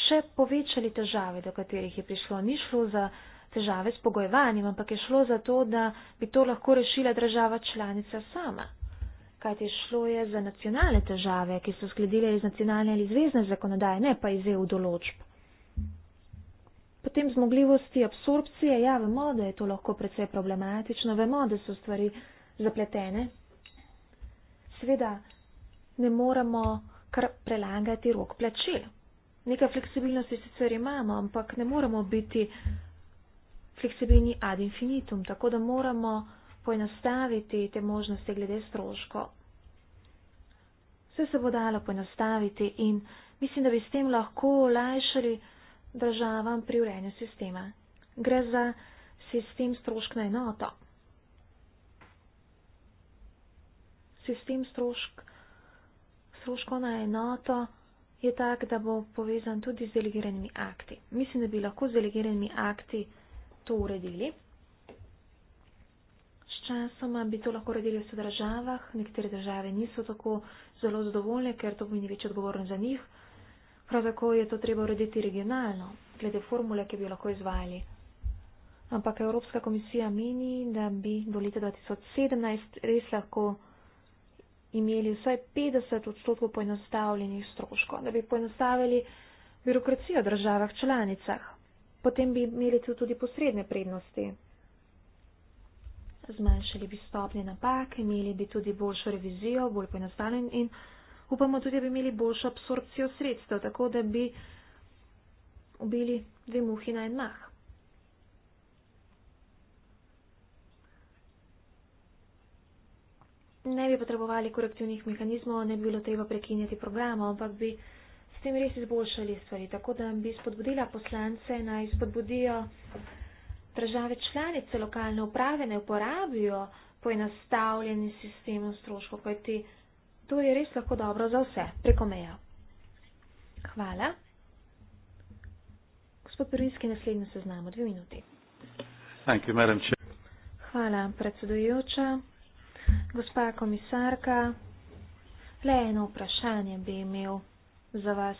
D: še povečali težave, do katerih je prišlo. Ni šlo za težave s pogojevanjem, ampak je šlo za to, da bi to lahko rešila država članica sama. Kajti šlo je za nacionalne težave, ki so skledile iz nacionalne ali zvezdne zakonodaje, ne pa iz EU določb. Potem zmogljivosti absorpcije, ja, vemo, da je to lahko precej problematično, vemo, da so stvari zapletene. Seveda ne moramo kar prelangati rok plačil. Nekaj fleksibilnosti sicer imamo, ampak ne moramo biti fleksibilni ad infinitum, tako da moramo poenostaviti te možnosti glede stroško. Vse se bo dalo poenostaviti in mislim, da bi s tem lahko olajšali državam pri urejanju sistema. Gre za sistem strošk na enoto. Sistem strošk, stroškov na enoto je tak, da bo povezan tudi z delegiranimi akti. Mislim, da bi lahko z delegiranimi akti to uredili. S časoma bi to lahko uredili v vseh državah. Nekatere države niso tako zelo zadovoljne, ker to pomeni več odgovornosti za njih. Prav tako je to treba urediti regionalno, glede formule, ki bi jo lahko izvajali. Ampak Evropska komisija meni, da bi do leta 2017 res lahko imeli vsaj 50 odstotkov poenostavljenih stroškov, da bi poenostavili birokracijo v državah članicah. Potem bi imeli tu tudi posredne prednosti. Zmanjšali bi stopnje napak, imeli bi tudi boljšo revizijo, bolj poenostavljen in. Upamo tudi, da bi imeli boljšo absorpcijo sredstev, tako da bi ubili dve muhi na en mah. Ne bi potrebovali korekcijnih mehanizmov, ne bi bilo treba prekinjati programa, ampak bi s tem res izboljšali stvari. Tako da bi spodbudila poslance naj spodbudijo države članice lokalne uprave, ne uporabijo poenostavljeni sistem stroškov, kajti. To je res lahko dobro za vse, preko meja. Hvala. Gospod Prvinski, naslednji seznam, dve minuti.
A: Thank you, madam chair.
D: Hvala, predsedujoča. Gospa komisarka, le eno vprašanje bi imel za vas.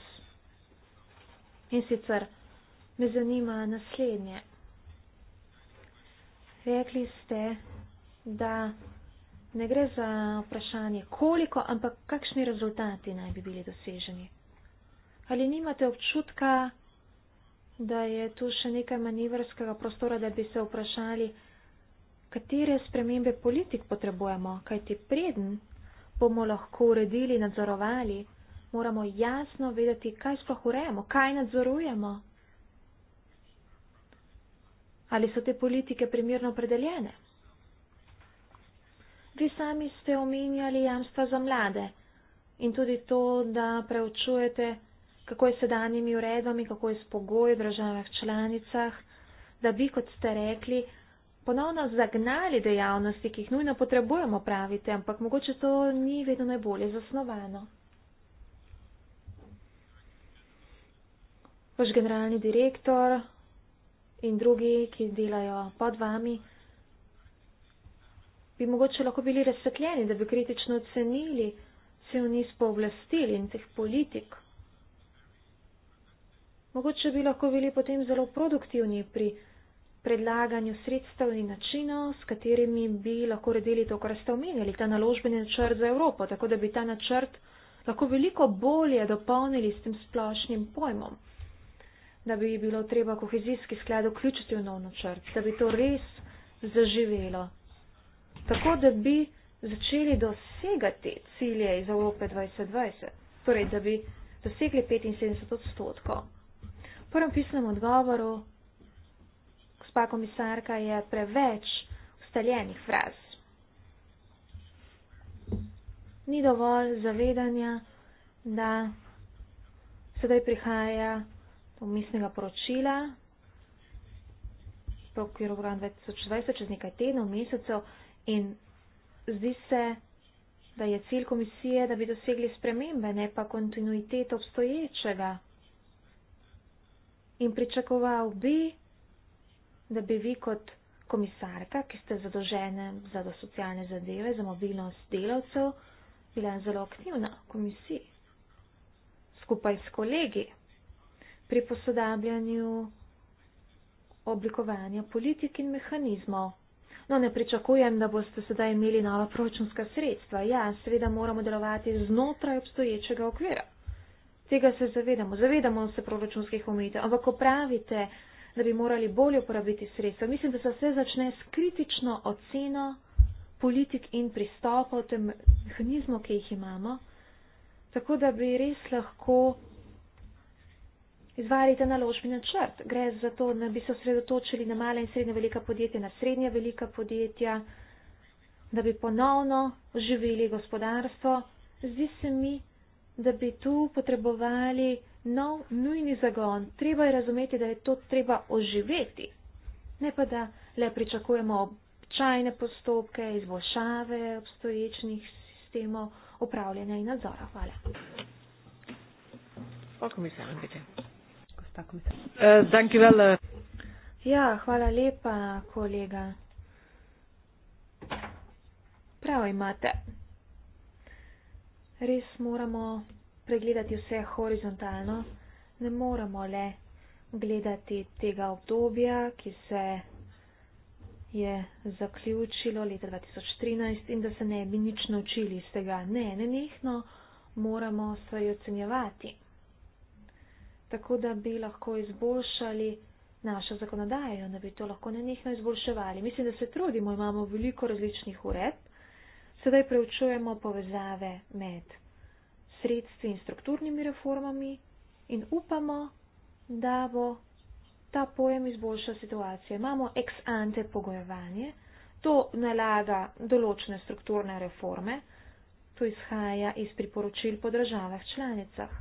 D: In sicer me zanima naslednje. Rekli ste, da Ne gre za vprašanje, koliko, ampak kakšni rezultati naj bi bili doseženi. Ali nimate občutka, da je tu še nekaj manevrskega prostora, da bi se vprašali, katere spremembe politik potrebujemo, kajti preden bomo lahko uredili, nadzorovali, moramo jasno vedeti, kaj sploh urejamo, kaj nadzorujemo. Ali so te politike primerno opredeljene? Vi sami ste omenjali jamstva za mlade in tudi to, da preučujete, kako je sedanjimi uredbami, kako je s pogoji v državah članicah, da bi, kot ste rekli, ponovno zagnali dejavnosti, ki jih nujno potrebujemo, pravite, ampak mogoče to ni vedno najbolje zasnovano. Vaš generalni direktor in drugi, ki delajo pod vami, bi mogoče lahko bili razsvetljeni, da bi kritično ocenili cel niz povlastil in teh politik. Mogoče bi lahko bili potem zelo produktivni pri predlaganju sredstev in načinov, s katerimi bi lahko redili to, kar ste omenjali, ta naložbeni načrt za Evropo, tako da bi ta načrt lahko veliko bolje dopolnili s tem splošnim pojmom, da bi bilo treba kohezijski sklad vključiti v nov načrt, da bi to res zaživelo tako da bi začeli dosegati cilje iz Evrope 2020, torej da bi dosegli 75 odstotkov. V prvem pisnem odgovoru gospa komisarka je preveč ustaljenih fraz. Ni dovolj zavedanja, da sedaj prihaja do mislnega poročila, po okviru 2020, čez nekaj tednov, mesecev, In zdi se, da je cilj komisije, da bi dosegli spremembe, ne pa kontinuitet obstoječega. In pričakoval bi, da bi vi kot komisarka, ki ste zadolžene za do socialne zadeve, za mobilnost delavcev, bila zelo aktivna v komisiji, skupaj s kolegi, pri posodabljanju oblikovanja politik in mehanizmov. No, ne pričakujem, da boste sedaj imeli nova proračunska sredstva. Ja, seveda moramo delovati znotraj obstoječega okvira. Tega se zavedamo. Zavedamo se proračunskih omejitev. Ampak, ko pravite, da bi morali bolje uporabiti sredstva, mislim, da se vse začne s kritično oceno politik in pristopov, tem mehanizmov, ki jih imamo, tako da bi res lahko Izvajate naložbi načrt, gre za to, da bi se osredotočili na mala in srednja velika podjetja, na srednja velika podjetja, da bi ponovno oživili gospodarstvo. Zdi se mi, da bi tu potrebovali nov nujni zagon. Treba je razumeti, da je to treba oživeti, ne pa da le pričakujemo občajne postopke, izboljšave obstoječnih sistemov upravljanja in nadzora. Hvala.
A: Spokojno, mislim, da je tako mislim. Uh, thank you well. Uh.
D: Ja, hvala lepa, kolega. Prav imate. Res moramo pregledati vse horizontalno. Ne moramo le gledati tega obdobja, ki se je zaključilo leta 2013 in da se ne bi nič naučili iz tega. Ne, ne njihno moramo stvari ocenjevati tako da bi lahko izboljšali našo zakonodajo, da bi to lahko nenehno izboljševali. Mislim, da se trudimo, imamo veliko različnih ureb, sedaj preučujemo povezave med sredstvi in strukturnimi reformami in upamo, da bo ta pojem izboljšal situacijo. Imamo ex ante pogojevanje, to nalaga določene strukturne reforme, to izhaja iz priporočil po državah članicah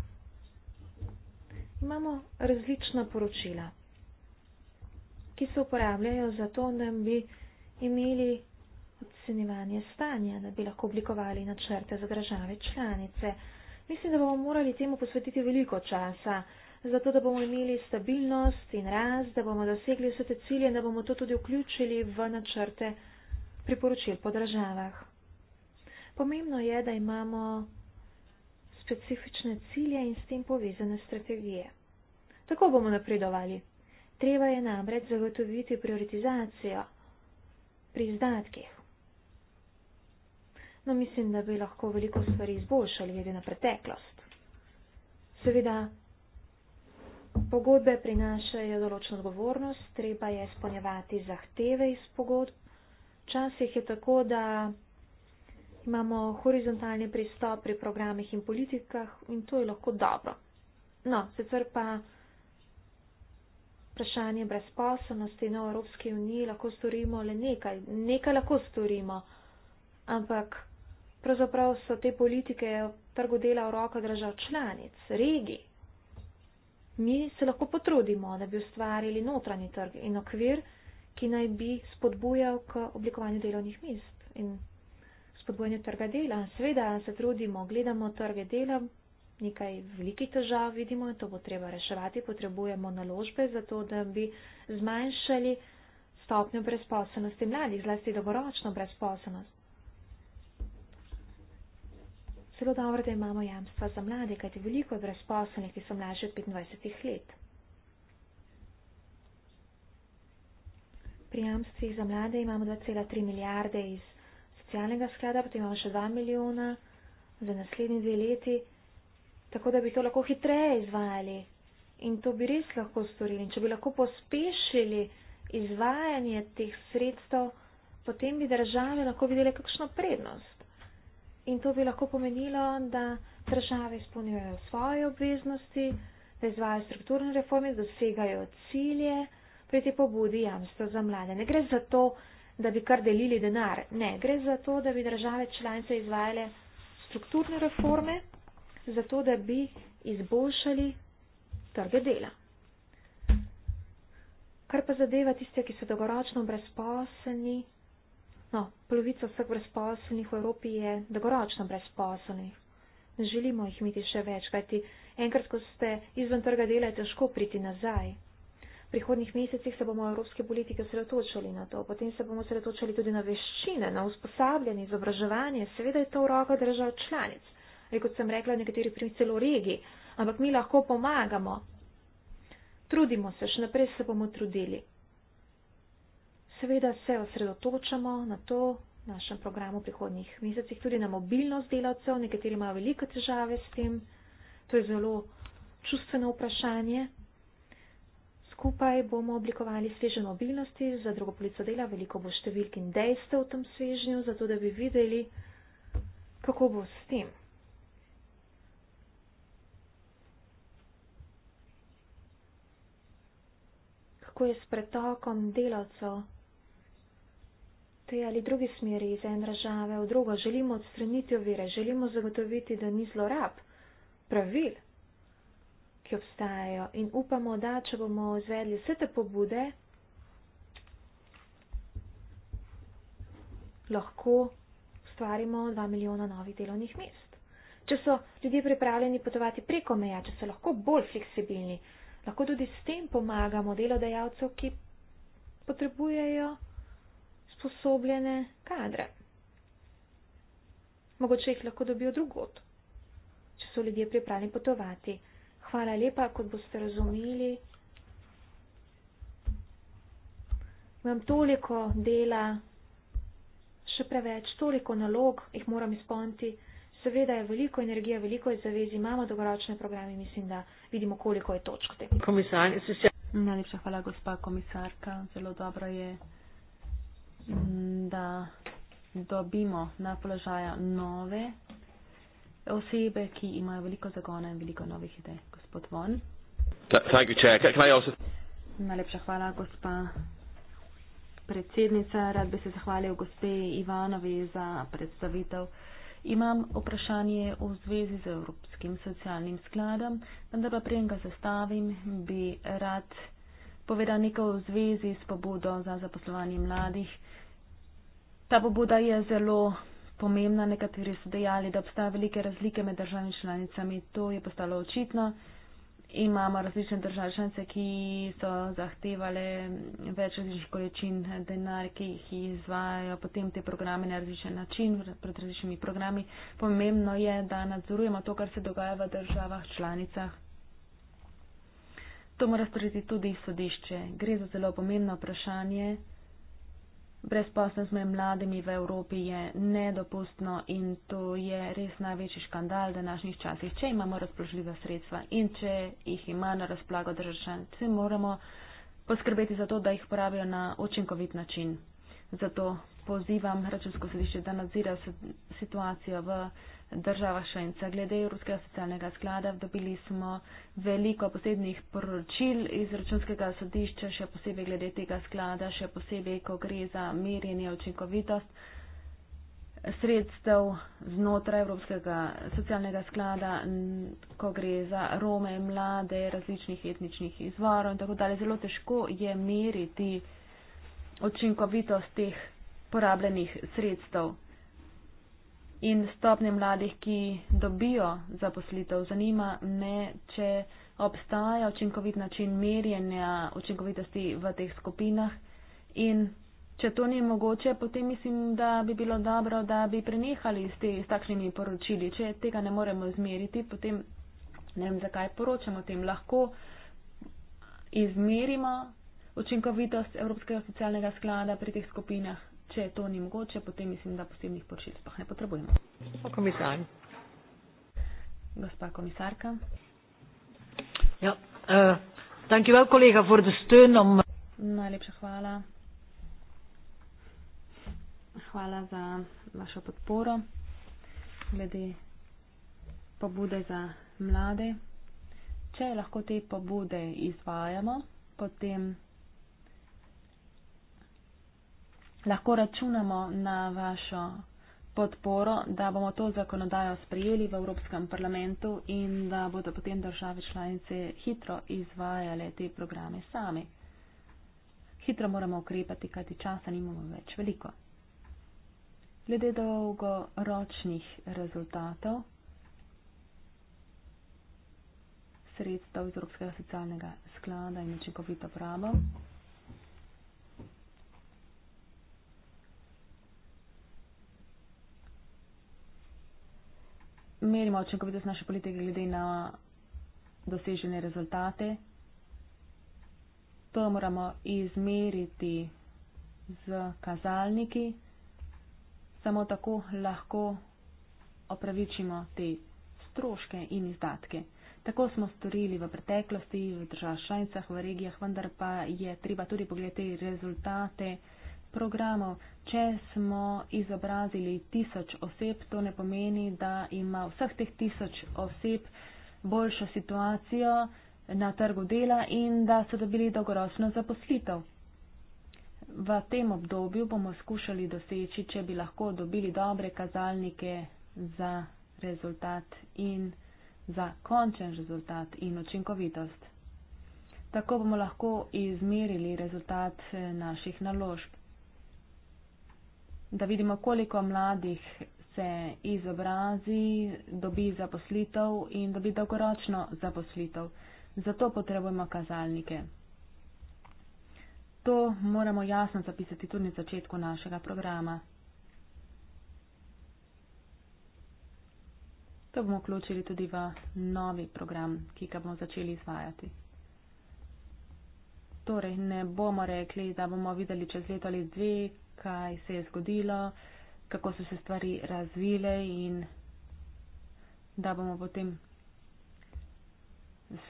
D: imamo različna poročila, ki se uporabljajo za to, da bi imeli ocenjevanje stanja, da bi lahko oblikovali načrte za države članice. Mislim, da bomo morali temu posvetiti veliko časa, zato da bomo imeli stabilnost in rast, da bomo dosegli vse te cilje in da bomo to tudi vključili v načrte priporočil po državah. Pomembno je, da imamo specifične cilje in s tem povezane strategije. Tako bomo napredovali. Treba je namreč zagotoviti prioritizacijo pri izdatkih. No, mislim, da bi lahko veliko stvari izboljšali, glede na preteklost. Seveda, pogodbe prinašajo določeno odgovornost, treba je izpolnjevati zahteve iz pogodb. Včasih je tako, da Imamo horizontalni pristop pri programih in politikah in to je lahko dobro. No, sicer pa vprašanje brezposobnosti na no, Evropski uniji lahko storimo le nekaj. Nekaj lahko storimo, ampak pravzaprav so te politike trgu dela v roko držav članic, regij. Mi se lahko potrudimo, da bi ustvarili notranji trg in okvir, ki naj bi spodbujal k oblikovanju delovnih mest. In spodbojanju trga dela. Sveda se trudimo, gledamo trge dela, nekaj velikih težav vidimo in to bo treba reševati. Potrebujemo naložbe za to, da bi zmanjšali stopnjo brezposobnosti mladih, zlasti dolgoročno brezposobnost. Zelo dobro, da imamo jamstva za mlade, kajti veliko je brezposobnih, ki so mlajši od 25 let. Pri jamstvih za mlade imamo 2,3 milijarde iz socialnega sklada, potem imamo še 2 milijona za naslednji dve leti, tako da bi to lahko hitreje izvajali. In to bi res lahko storili. In če bi lahko pospešili izvajanje teh sredstev, potem bi države lahko videli kakšno prednost. In to bi lahko pomenilo, da države izpolnjujejo svoje obveznosti, da izvajajo strukturne reforme, dosegajo cilje pri tej pobudi jamstva za mlade. Ne gre za to, da bi kar delili denar. Ne, gre za to, da bi države članice izvajale strukturne reforme, zato da bi izboljšali trge dela. Kar pa zadeva tiste, ki so dolgoročno brezposelni, no, polovica vseh brezposelnih v Evropi je dolgoročno brezposelnih. Ne želimo jih imeti še več, kajti enkrat, ko ste izven trga dela, je težko priti nazaj prihodnih mesecih se bomo evropske politike sredotočili na to, potem se bomo sredotočili tudi na veščine, na usposabljanje, izobraževanje, seveda je to v roka držav članic. Ali kot sem rekla, nekateri primi celo regiji, ampak mi lahko pomagamo. Trudimo se, še naprej se bomo trudili. Seveda se osredotočamo na to v našem programu v prihodnjih mesecih, tudi na mobilnost delavcev, nekateri imajo velike težave s tem, to je zelo čustveno vprašanje skupaj bomo oblikovali svežen mobilnosti, za drugo polico dela veliko bo številk in dejstev v tem svežnju, zato da bi videli, kako bo s tem. Kako je s pretokom delavcev te ali druge smeri iz ene države v drugo, želimo odstraniti ovire, želimo zagotoviti, da ni zlorab pravil ki obstajajo in upamo, da če bomo izvedli vse te pobude, lahko ustvarimo 2 milijona novih delovnih mest. Če so ljudje pripravljeni potovati preko meja, če so lahko bolj fleksibilni, lahko tudi s tem pomagamo delodajalcev, ki potrebujejo sposobljene kadre. Mogoče jih lahko dobijo drugot, če so ljudje pripravljeni potovati. Hvala lepa, kot boste razumeli. Imam toliko dela, še preveč, toliko nalog, jih moram izpolniti. Seveda je veliko energije, veliko je zavezi, imamo dolgoročne programe, mislim, da vidimo, koliko je točk te.
B: Najlepša hvala, gospa komisarka. Zelo dobro je, da dobimo na položaja nove osebe, ki imajo veliko zagona in veliko novih idej. Gospod Von. Najlepša hvala, gospa predsednica. Rad bi se zahvalil gospe Ivanovi za predstavitev. Imam vprašanje v zvezi z Evropskim socialnim skladom, vendar pa prej ga zastavim, bi rad povedal nekaj v zvezi s pobudo za zaposlovanje mladih. Ta pobuda je zelo pomembna. Nekateri so dejali, da obstaja velike razlike med državami članicami. To je postalo očitno. Imamo različne države članice, ki so zahtevale več različnih količin denar, ki jih izvajajo potem te programe na različen način, pred različnimi programi. Pomembno je, da nadzorujemo to, kar se dogaja v državah članicah. To mora storiti tudi sodišče. Gre za zelo pomembno vprašanje. Brezposelnost med mladimi v Evropi je nedopustno in to je res največji škandal v današnjih časih. Če imamo razpoložljiva sredstva in če jih ima na razplago državljanci, moramo poskrbeti za to, da jih porabijo na učinkovit način. Zato pozivam računsko sodišče, da nadzira situacijo v država Švenca. Glede Evropskega socialnega sklada dobili smo veliko posebnih poročil iz računskega sodišča, še posebej glede tega sklada, še posebej, ko gre za merjenje učinkovitost sredstev znotraj Evropskega socialnega sklada, ko gre za Rome, mlade, različnih etničnih izvorov in tako dalje. Zelo težko je meriti učinkovitost teh porabljenih sredstev in stopnje mladih, ki dobijo zaposlitev. Zanima me, če obstaja učinkovit način merjenja učinkovitosti v teh skupinah in če to ni mogoče, potem mislim, da bi bilo dobro, da bi prenehali s, te, s takšnimi poročili. Če tega ne moremo izmeriti, potem ne vem, zakaj poročamo tem. Lahko izmerimo učinkovitost Evropskega socialnega sklada pri teh skupinah če to ni mogoče, potem mislim, da posebnih poročil sploh ne potrebujemo. Komisar.
A: Gospa komisarka. Ja, uh, thank you, kolega, for the steun. Om... Najlepša hvala.
B: Hvala za vašo podporo glede pobude za mlade. Če lahko te pobude izvajamo, potem lahko računamo na vašo podporo, da bomo to zakonodajo sprejeli v Evropskem parlamentu in da bodo potem države članice hitro izvajale te programe sami. Hitro moramo ukrepati, kajti časa nimamo več veliko. Glede dolgoročnih rezultatov sredstev iz Evropskega socialnega sklada in učinkovito pravo. merimo očinkovitost naše politike glede na dosežene rezultate. To moramo izmeriti z kazalniki. Samo tako lahko opravičimo te stroške in izdatke. Tako smo storili v preteklosti v državah šlanicah, v regijah, vendar pa je treba tudi pogledati rezultate programov, Če smo izobrazili tisoč oseb, to ne pomeni, da ima vseh teh tisoč oseb boljšo situacijo na trgu dela in da so dobili dolgoročno zaposlitev. V tem obdobju bomo skušali doseči, če bi lahko dobili dobre kazalnike za rezultat in za končen rezultat in očinkovitost. Tako bomo lahko izmerili rezultat naših naložb da vidimo, koliko mladih se izobrazi, dobi zaposlitev in dobi dolgoročno zaposlitev. Zato potrebujemo kazalnike. To moramo jasno zapisati tudi na začetku našega programa. To bomo vključili tudi v novi program, ki ga bomo začeli izvajati. Torej, ne bomo rekli, da bomo videli čez leto ali dve, kaj se je zgodilo, kako so se stvari razvile in da bomo potem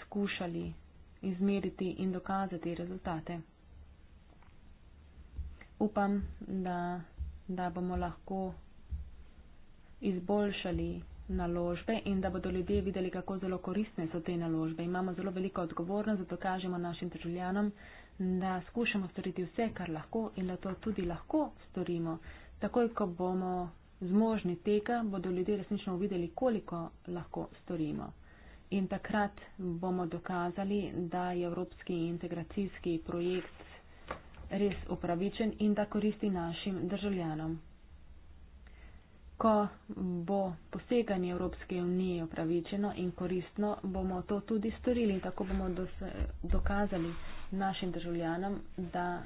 B: skušali izmeriti in dokazati rezultate. Upam, da, da bomo lahko izboljšali naložbe in da bodo ljudje videli, kako zelo koristne so te naložbe. Imamo zelo veliko odgovornost, zato kažemo našim državljanom, da skušamo storiti vse, kar lahko in da to tudi lahko storimo. Takoj, ko bomo zmožni tega, bodo ljudje resnično uvideli, koliko lahko storimo. In takrat bomo dokazali, da je evropski integracijski projekt res upravičen in da koristi našim državljanom. Ko bo poseganje Evropske unije upravičeno in koristno, bomo to tudi storili in tako bomo dokazali našim državljanom, da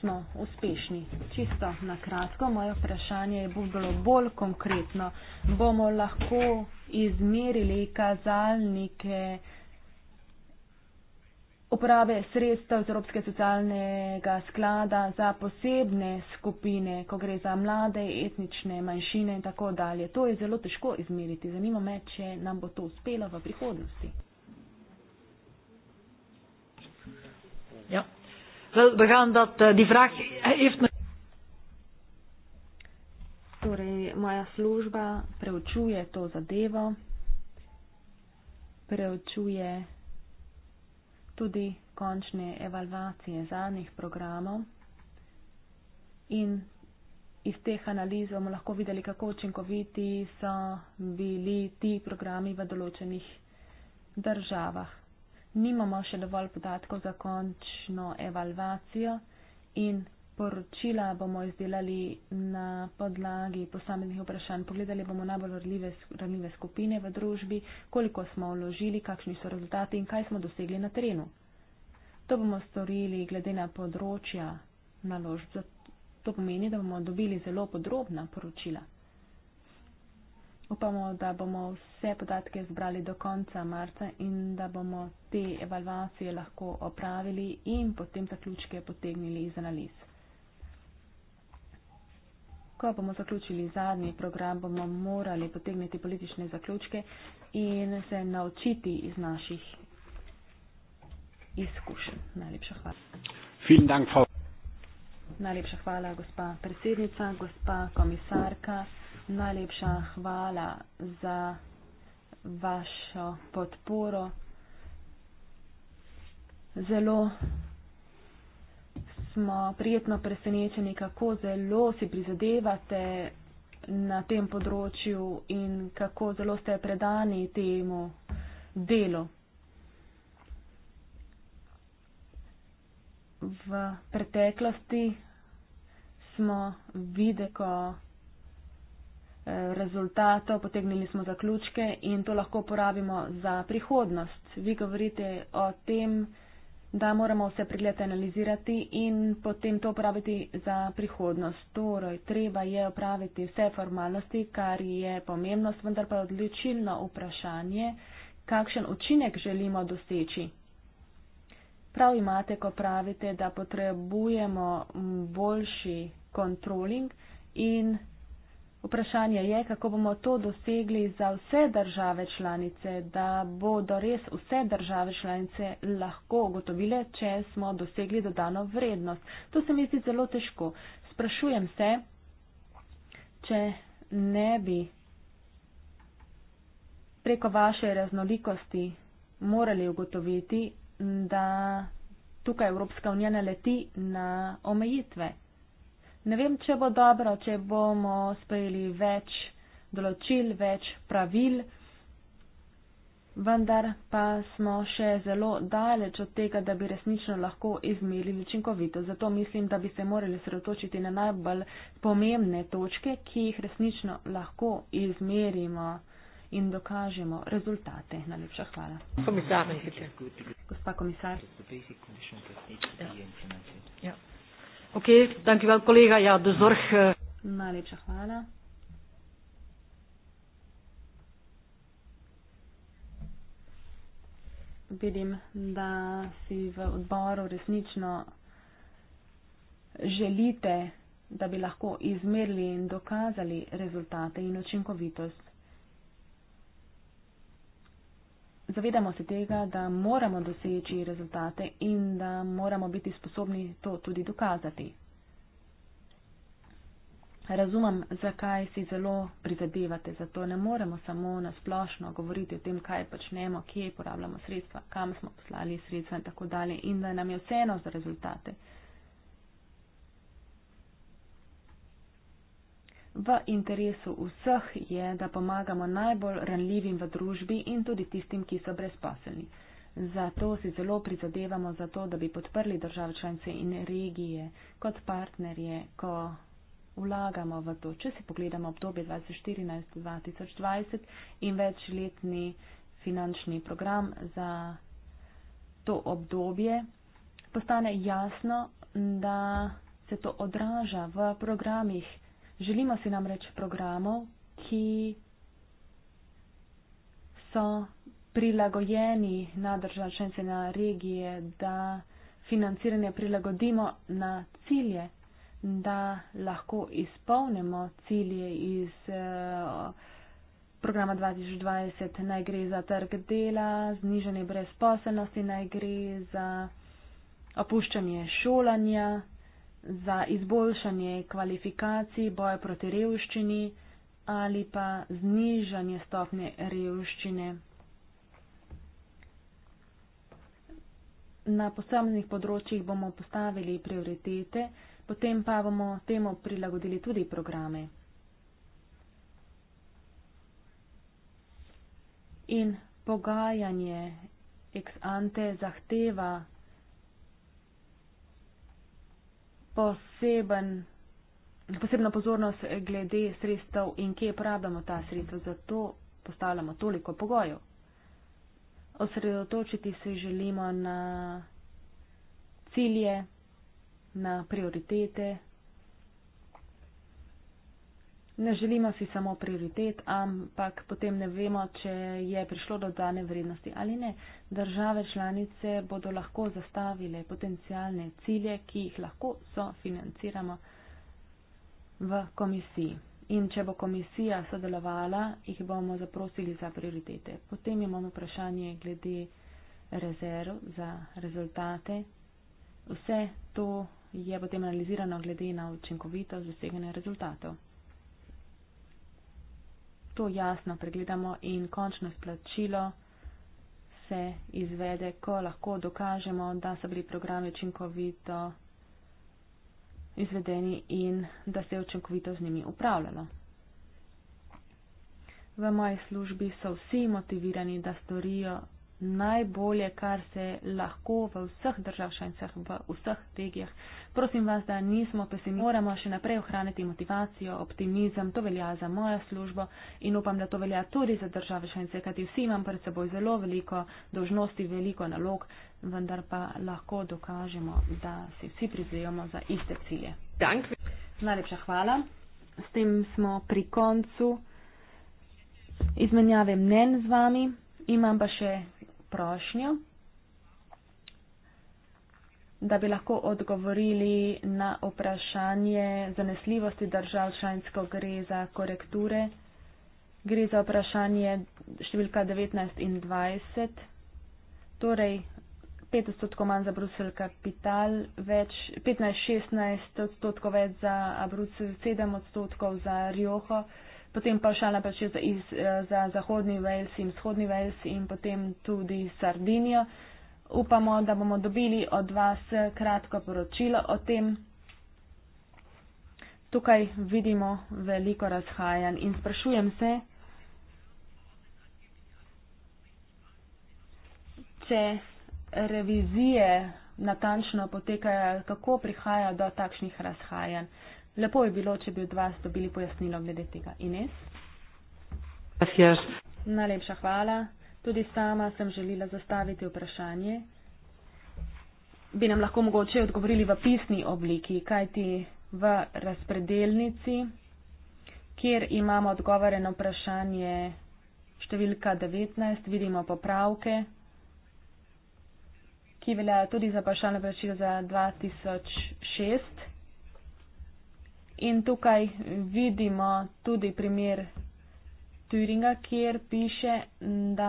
B: smo uspešni. Čisto na kratko, moje vprašanje je bilo bolj konkretno. Bomo lahko izmerili kazalnike, uporabe sredstev z Evropske socialnega sklada za posebne skupine, ko gre za mlade, etnične manjšine in tako dalje. To je zelo težko izmeriti. Zanima me, če nam bo to uspelo v prihodnosti.
A: Ja. Eh,
B: torej, moja služba preučuje to zadevo, preučuje tudi končne evalvacije zadnjih programov in iz teh analiz bomo lahko videli, kako učinkoviti so bili ti programi v določenih državah. Nimamo še dovolj podatkov za končno evalvacijo in poročila bomo izdelali na podlagi posameznih vprašanj. Pogledali bomo najbolj ranljive skupine v družbi, koliko smo vložili, kakšni so rezultati in kaj smo dosegli na terenu. To bomo storili glede na področja naložb. To pomeni, da bomo dobili zelo podrobna poročila. Upamo, da bomo vse podatke zbrali do konca marca in da bomo te evalvacije lahko opravili in potem zaključke potegnili iz analiz ko bomo zaključili zadnji program, bomo morali potegniti politične zaključke in se naučiti iz naših izkušenj. Najlepša hvala. Dank, Frau... Najlepša hvala, gospa predsednica, gospa komisarka. Najlepša hvala za vašo podporo. Zelo smo prijetno presenečeni, kako zelo si prizadevate na tem področju in kako zelo ste predani temu delu. V preteklosti smo videko eh, rezultatov, potegnili smo zaključke in to lahko porabimo za prihodnost. Vi govorite o tem, da moramo vse pregled analizirati in potem to uporabiti za prihodnost. Torej, treba je upraviti vse formalnosti, kar je pomembnost, vendar pa je odločilno vprašanje, kakšen učinek želimo doseči. Prav imate, ko pravite, da potrebujemo boljši kontroling in Vprašanje je, kako bomo to dosegli za vse države članice, da bodo res vse države članice lahko ugotovile, če smo dosegli dodano vrednost. To se mi zdi zelo težko. Sprašujem se, če ne bi preko vaše raznolikosti morali ugotoviti, da tukaj Evropska unija naleti na omejitve ne vem, če bo dobro, če bomo sprejeli več določil, več pravil, vendar pa smo še zelo daleč od tega, da bi resnično lahko izmerili učinkovito. Zato mislim, da bi se morali sredotočiti na najbolj pomembne točke, ki jih resnično lahko izmerimo in dokažemo rezultate. Najlepša hvala. Komisar, Gospa komisar.
A: Ja. Ja. Ok, dankjewel collega. Ja, de zorg. Eh. Najlepša hvala.
B: Vidim, da si v odboru resnično želite, da bi lahko izmerili in dokazali rezultate in učinkovitost zavedamo se tega, da moramo doseči rezultate in da moramo biti sposobni to tudi dokazati. Razumem, zakaj si zelo prizadevate, zato ne moremo samo nasplošno govoriti o tem, kaj počnemo, kje porabljamo sredstva, kam smo poslali sredstva in tako dalje in da nam je vseeno za rezultate. V interesu vseh je, da pomagamo najbolj ranljivim v družbi in tudi tistim, ki so brezposelni. Zato si zelo prizadevamo za to, da bi podprli države članice in regije kot partnerje, ko vlagamo v to. Če si pogledamo obdobje 2014-2020 in večletni finančni program za to obdobje, postane jasno, da se to odraža v programih Želimo si namreč programov, ki so prilagojeni na državne članice, na regije, da financiranje prilagodimo na cilje, da lahko izpolnimo cilje iz eh, programa 2020, naj gre za trg dela, znižanje brezposelnosti, naj gre za opuščanje šolanja za izboljšanje kvalifikacij, boj proti revščini ali pa znižanje stopne revščine. Na posameznih področjih bomo postavili prioritete, potem pa bomo temu prilagodili tudi programe. In pogajanje ex ante zahteva poseben, posebno pozornost glede sredstev in kje pravdamo ta sredstva, zato postavljamo toliko pogojev. Osredotočiti se želimo na cilje, na prioritete, ne želimo si samo prioritet, ampak potem ne vemo, če je prišlo do dane vrednosti ali ne. Države članice bodo lahko zastavile potencijalne cilje, ki jih lahko sofinanciramo v komisiji. In če bo komisija sodelovala, jih bomo zaprosili za prioritete. Potem imamo vprašanje glede rezerv za rezultate. Vse to je potem analizirano glede na učinkovitost zasegane rezultatov to jasno pregledamo in končno splačilo se izvede, ko lahko dokažemo, da so bili programi učinkovito izvedeni in da se je učinkovito z njimi upravljalo. V moji službi so vsi motivirani, da storijo najbolje, kar se lahko v vseh državah članicah, v vseh regijah. Prosim vas, da nismo pesimisti. Moramo še naprej ohraniti motivacijo, optimizem. To velja za mojo službo in upam, da to velja tudi za države članice, kajti vsi imam pred seboj zelo veliko dožnosti, veliko nalog, vendar pa lahko dokažemo, da si vsi prizrejamo za iste cilje. Dank. Najlepša hvala. S tem smo pri koncu izmenjave mnen z vami. Imam pa še prošnjo, da bi lahko odgovorili na vprašanje zanesljivosti držav članskega gre za korekture. Gre za vprašanje številka 19 in 20, torej 5 odstotkov manj za Brusel kapital, 15-16 odstotkov več za Brusel, 7 odstotkov za Rjoho potem pa šala pač za, iz, eh, za zahodni Wales in vzhodni Wales in potem tudi Sardinijo. Upamo, da bomo dobili od vas eh, kratko poročilo o tem. Tukaj vidimo veliko razhajanj in sprašujem se, če revizije natančno potekajo, kako prihaja do takšnih razhajanj. Lepo je bilo, če bi od vas dobili pojasnilo glede tega. Ines? Gracias. Najlepša hvala. Tudi sama sem želela zastaviti vprašanje. Bi nam lahko mogoče odgovorili v pisni obliki, kajti v razpredelnici, kjer imamo odgovore na vprašanje številka 19, vidimo popravke, ki veljajo tudi za vprašanje vprašanje za 2006. In tukaj vidimo tudi primer Turinga, kjer piše, da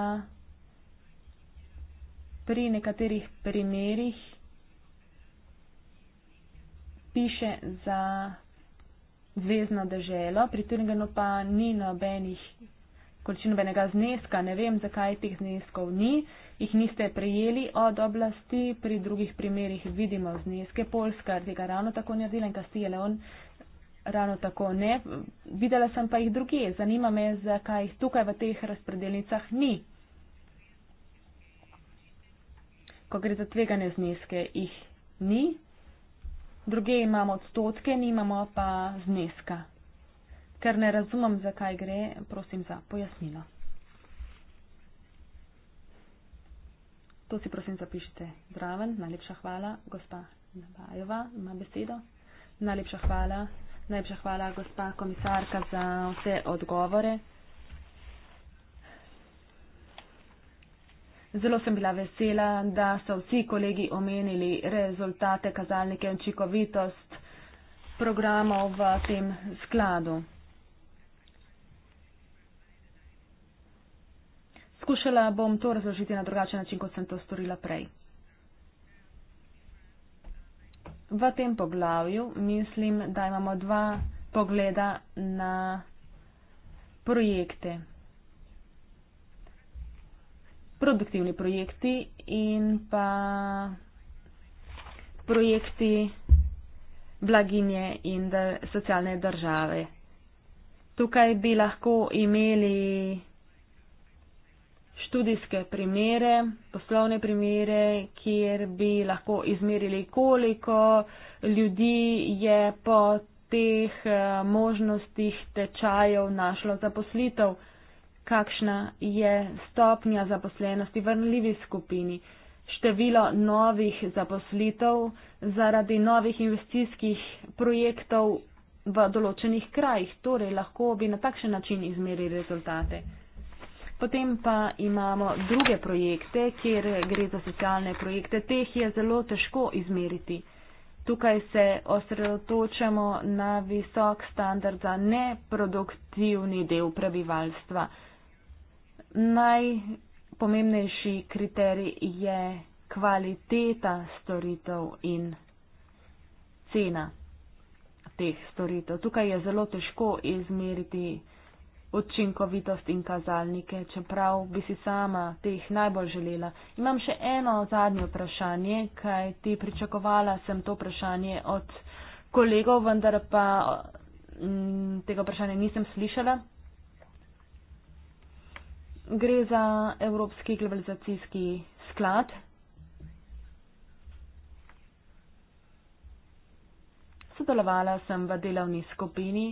B: pri nekaterih primerih piše za zvezdno deželo, pri Turingu pa ni nobenih količinobenega zneska, ne vem, zakaj teh zneskov ni, jih niste prijeli od oblasti, pri drugih primerjih vidimo zneske, Poljska tega ravno tako ni naredila in Kastilja Leon ravno tako ne. Videla sem pa jih druge. Zanima me, zakaj jih tukaj v teh razpredelnicah ni. Ko gre za tvegane zneske, jih ni. Druge imamo odstotke, nimamo pa zneska. Ker ne razumem, zakaj gre, prosim za pojasnilo. To si prosim zapišite zraven. Najlepša hvala, gospa Nabajova ima besedo. Najlepša hvala. Najprej hvala, gospa komisarka, za vse odgovore. Zelo sem bila vesela, da so vsi kolegi omenili rezultate, kazalnike in učinkovitost programov v tem skladu. Skušala bom to razložiti na drugačen način, kot sem to storila prej. V tem poglavju mislim, da imamo dva pogleda na projekte. Produktivni projekti in pa projekti blaginje in socialne države. Tukaj bi lahko imeli študijske primere, poslovne primere, kjer bi lahko izmerili, koliko ljudi je po teh eh, možnostih tečajev našlo zaposlitev, kakšna je stopnja zaposlenosti v vrnljivi skupini, število novih zaposlitev zaradi novih investicijskih projektov v določenih krajih. Torej, lahko bi na takšen način izmerili rezultate. Potem pa imamo druge projekte, kjer gre za socialne projekte. Teh je zelo težko izmeriti. Tukaj se osredotočamo na visok standard za neproduktivni del prebivalstva. Najpomembnejši kriterij je kvaliteta storitev in cena teh storitev. Tukaj je zelo težko izmeriti učinkovitost in kazalnike, čeprav bi si sama teh najbolj želela. Imam še eno zadnje vprašanje, kaj ti pričakovala sem to vprašanje od kolegov, vendar pa mm, tega vprašanja nisem slišala. Gre za Evropski globalizacijski sklad. Sodelovala sem v delovni skupini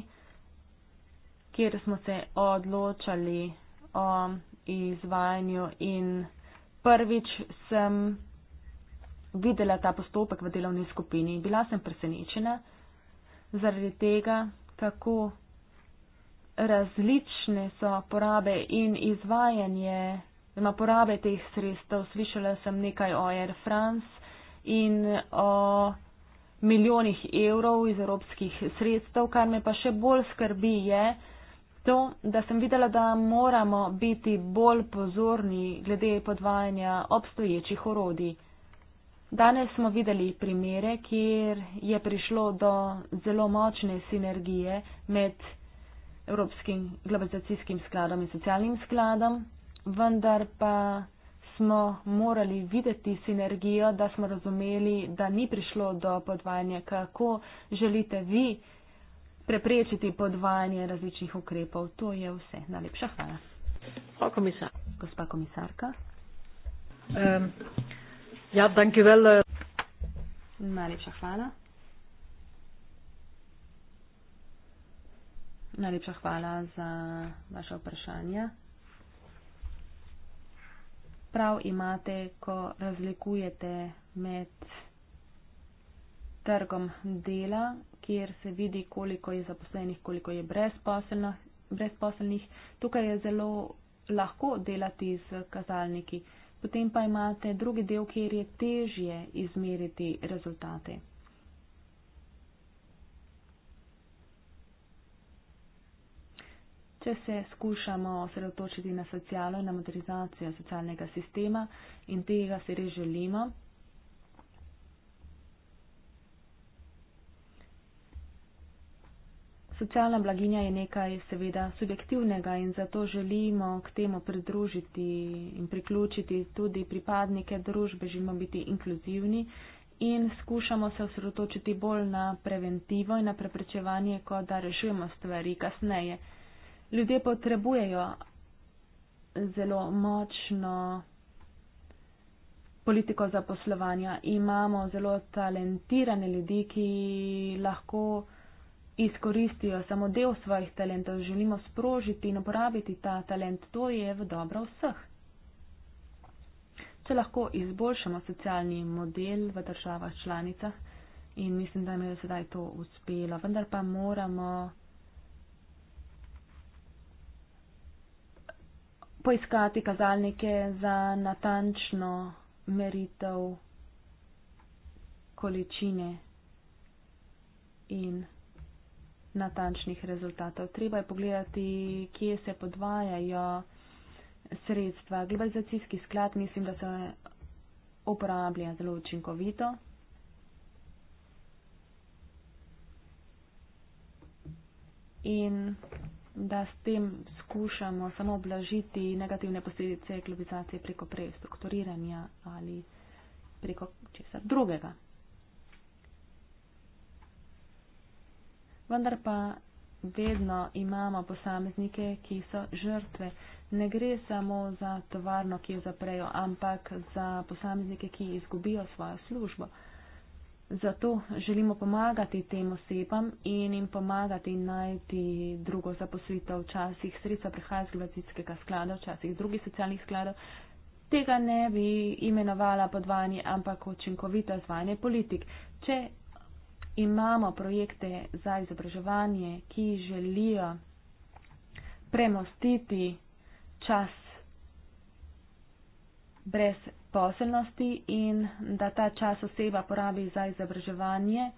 B: kjer smo se odločali o izvajanju in prvič sem videla ta postopek v delovni skupini. Bila sem presenečena zaradi tega, kako različne so porabe in izvajanje, oziroma porabe teh sredstev. Slišala sem nekaj o Air France in o milijonih evrov iz evropskih sredstev, kar me pa še bolj skrbi je, To, da sem videla, da moramo biti bolj pozorni glede podvajanja obstoječih orodij. Danes smo videli primere, kjer je prišlo do zelo močne sinergije med Evropskim globalizacijskim skladom in socialnim skladom, vendar pa smo morali videti sinergijo, da smo razumeli, da ni prišlo do podvajanja, kako želite vi preprečiti podvajanje različnih ukrepov. To je vse. Najlepša hvala.
A: Pa komisar. Gospa komisarka. Um, ja, danke vel. Eh. Najlepša hvala.
B: Najlepša hvala za vaše vprašanje. Prav imate, ko razlikujete med trgom dela kjer se vidi, koliko je zaposlenih, koliko je brezposelnih. brezposelnih. Tukaj je zelo lahko delati z kazalniki. Potem pa imate drugi del, kjer je težje izmeriti rezultate. Če se skušamo osredotočiti na socialno in na modernizacijo socialnega sistema in tega si res želimo, Socialna blaginja je nekaj seveda subjektivnega in zato želimo k temu pridružiti in priključiti tudi pripadnike družbe, želimo biti inkluzivni in skušamo se osredotočiti bolj na preventivo in na preprečevanje, kot da rešujemo stvari kasneje. Ljudje potrebujejo zelo močno politiko zaposlovanja. Imamo zelo talentirane ljudi, ki lahko izkoristijo samo del svojih talentov, želimo sprožiti in uporabiti ta talent, to je v dobro vseh. Če lahko izboljšamo socialni model v državah članicah in mislim, da nam je sedaj to uspelo, vendar pa moramo poiskati kazalnike za natančno meritev količine in natančnih rezultatov. Treba je pogledati, kje se podvajajo sredstva. Globalizacijski sklad mislim, da se uporablja zelo učinkovito. In da s tem skušamo samo oblažiti negativne posledice globalizacije preko prestrukturiranja ali preko česar drugega. vendar pa vedno imamo posameznike, ki so žrtve. Ne gre samo za tovarno, ki jo zaprejo, ampak za posameznike, ki izgubijo svojo službo. Zato želimo pomagati tem osebam in jim pomagati najti drugo zaposlitev. Včasih sredstva prihajajo iz gledalskega sklada, včasih iz drugih socialnih skladov. Tega ne bi imenovala podvajanje, ampak učinkovito izvajanje politik. Če imamo projekte za izobraževanje, ki želijo premostiti čas brez poselnosti in da ta čas oseba porabi za izobraževanje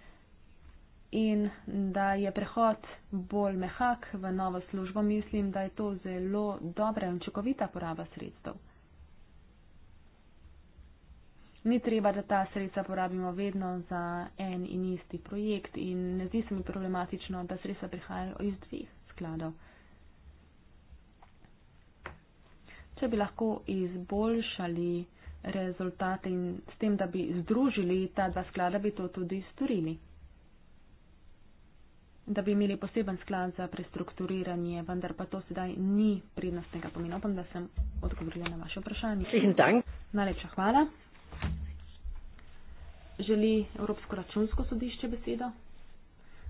B: in da je prehod bolj mehak v novo službo, mislim, da je to zelo dobra in čukovita poraba sredstev ni treba, da ta sredstva porabimo vedno za en in isti projekt in ne zdi se mi problematično, da sredstva prihajajo iz dveh skladov. Če bi lahko izboljšali rezultate in s tem, da bi združili ta dva sklada, bi to tudi storili. Da bi imeli poseben sklad za prestrukturiranje, vendar pa to sedaj ni prednostnega pomena. Upam, da sem odgovorila na vaše vprašanje. Najlepša hvala. Želi Evropsko računsko sodišče besedo?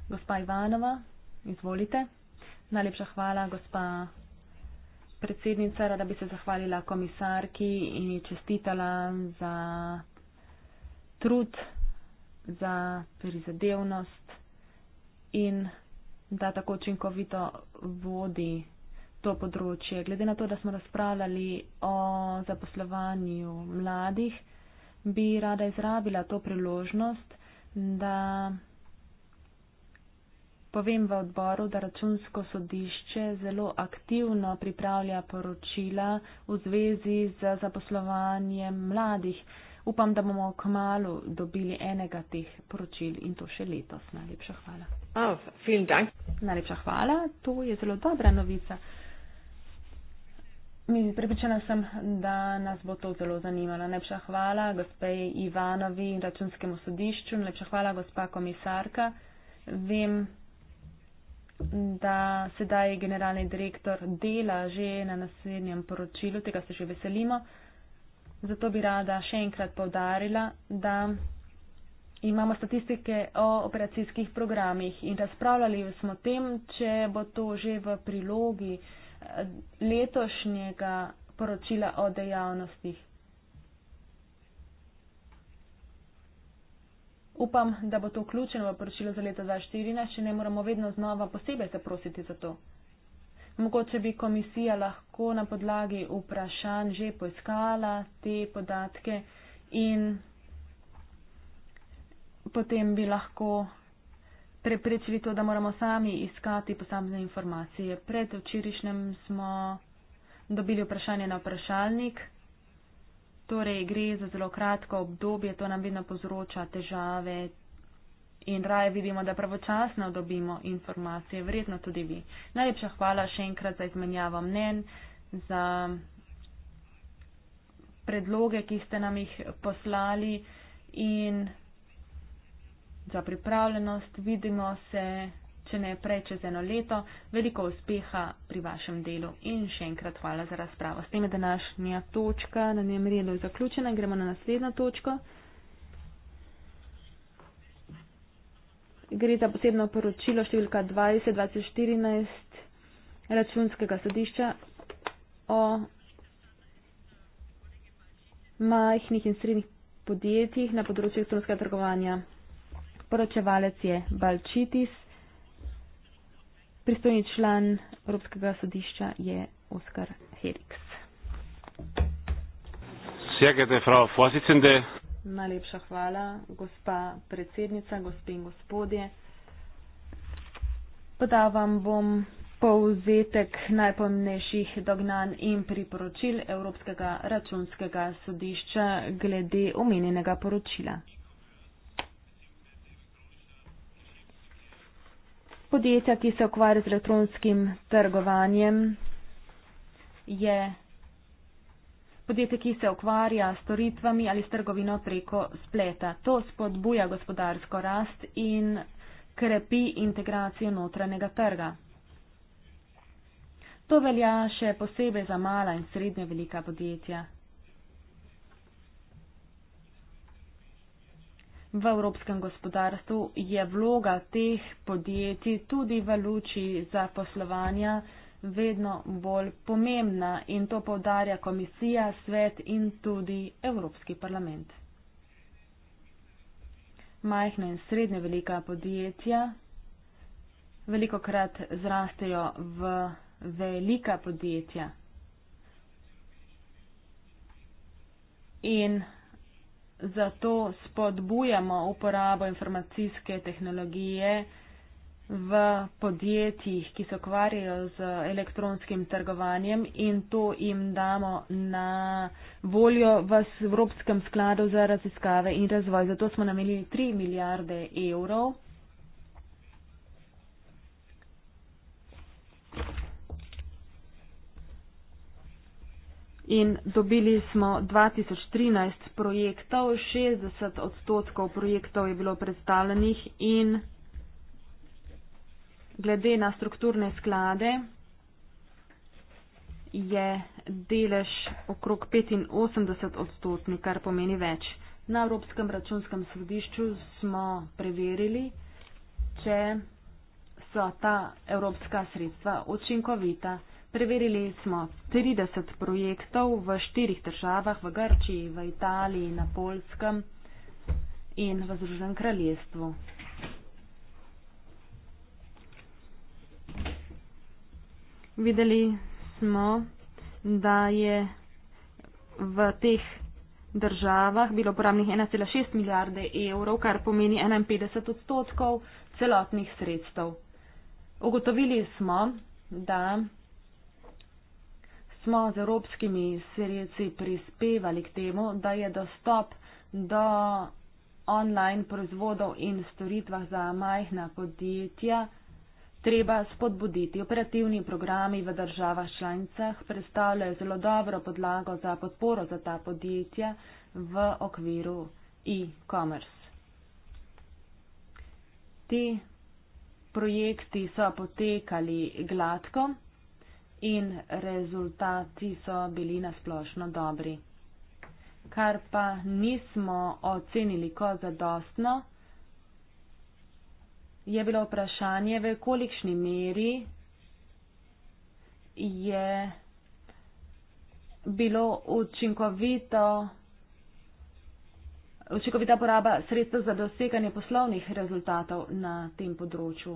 B: Gospa Ivanova, izvolite. Najlepša hvala, gospa predsednica. Rada bi se zahvalila komisarki in čestitala za trud, za prizadevnost in da tako učinkovito vodi to področje. Glede na to, da smo razpravljali o zaposlovanju mladih, bi rada izrabila to priložnost, da povem v odboru, da računsko sodišče zelo aktivno pripravlja poročila v zvezi z zaposlovanjem mladih. Upam, da bomo k malu dobili enega teh poročil in to še letos. Najlepša hvala. Oh, Najlepša hvala. To je zelo dobra novica. Pripričana sem, da nas bo to zelo zanimalo. Najlepša hvala gospe Ivanovi in računskemu sodišču, najlepša hvala gospa komisarka. Vem, da sedaj generalni direktor dela že na naslednjem poročilu, tega se že veselimo. Zato bi rada še enkrat povdarila, da imamo statistike o operacijskih programih in razpravljali smo o tem, če bo to že v prilogi letošnjega poročila o dejavnostih. Upam, da bo to vključeno v poročilo za leto 2014, če ne moramo vedno znova posebej se prositi za to. Mogoče bi komisija lahko na podlagi vprašanj že poiskala te podatke in potem bi lahko preprečili to, da moramo sami iskati posamezne informacije. Pred včerajšnjem smo dobili vprašanje na vprašalnik, torej gre za zelo kratko obdobje, to nam vedno povzroča težave in raje vidimo, da pravočasno dobimo informacije, vredno tudi vi. Najlepša hvala še enkrat za izmenjavo mnen, za predloge, ki ste nam jih poslali in za pripravljenost. Vidimo se, če ne prej, čez eno leto. Veliko uspeha pri vašem delu in še enkrat hvala za razpravo. S tem je današnja točka na njem redu zaključena. Gremo na naslednjo točko. Gre za posebno poročilo številka 20-2014 računskega sodišča o majhnih in srednjih podjetjih na področju elektronskega trgovanja poročevalec je Balčitis, pristojni član Evropskega sodišča je Oskar Heriks. Najlepša hvala, gospa predsednica, gospe in gospodje. Podavam bom povzetek najpomnejših dognan in priporočil Evropskega računskega sodišča glede omenjenega poročila. podjetja, ki se ukvarja z elektronskim trgovanjem, je podjetje, ki se ukvarja s storitvami ali s trgovino preko spleta. To spodbuja gospodarsko rast in krepi integracijo notranjega trga. To velja še posebej za mala in srednje velika podjetja. v evropskem gospodarstvu je vloga teh podjetij tudi v luči za poslovanja vedno bolj pomembna in to povdarja komisija, svet in tudi Evropski parlament. Majhna in srednje velika podjetja veliko krat zrastejo v velika podjetja. In zato spodbujamo uporabo informacijske tehnologije v podjetjih, ki se ukvarjajo z elektronskim trgovanjem in to jim damo na voljo v Evropskem skladu za raziskave in razvoj. Zato smo namenili 3 milijarde evrov. in dobili smo 2013 projektov, 60 odstotkov projektov je bilo predstavljenih in glede na strukturne sklade je delež okrog 85 odstotni, kar pomeni več. Na Evropskem računskem sodišču smo preverili, če so ta evropska sredstva učinkovita. Preverili smo 30 projektov v štirih državah, v Grčiji, v Italiji, na Polskem in v Združenem kraljestvu. Videli smo, da je v teh državah bilo uporabnih 1,6 milijarde evrov, kar pomeni 51 odstotkov celotnih sredstev. Ugotovili smo, da smo z evropskimi sredci prispevali k temu, da je dostop do online proizvodov in storitvah za majhna podjetja treba spodbuditi. Operativni programi v državah članicah predstavljajo zelo dobro podlago za podporo za ta podjetja v okviru e-commerce. Ti projekti so potekali gladko in rezultati so bili nasplošno dobri. Kar pa nismo ocenili kot zadostno, je bilo vprašanje, v kolikšni meri je bilo učinkovito Učinkovita poraba sredstva za doseganje poslovnih rezultatov na tem področju.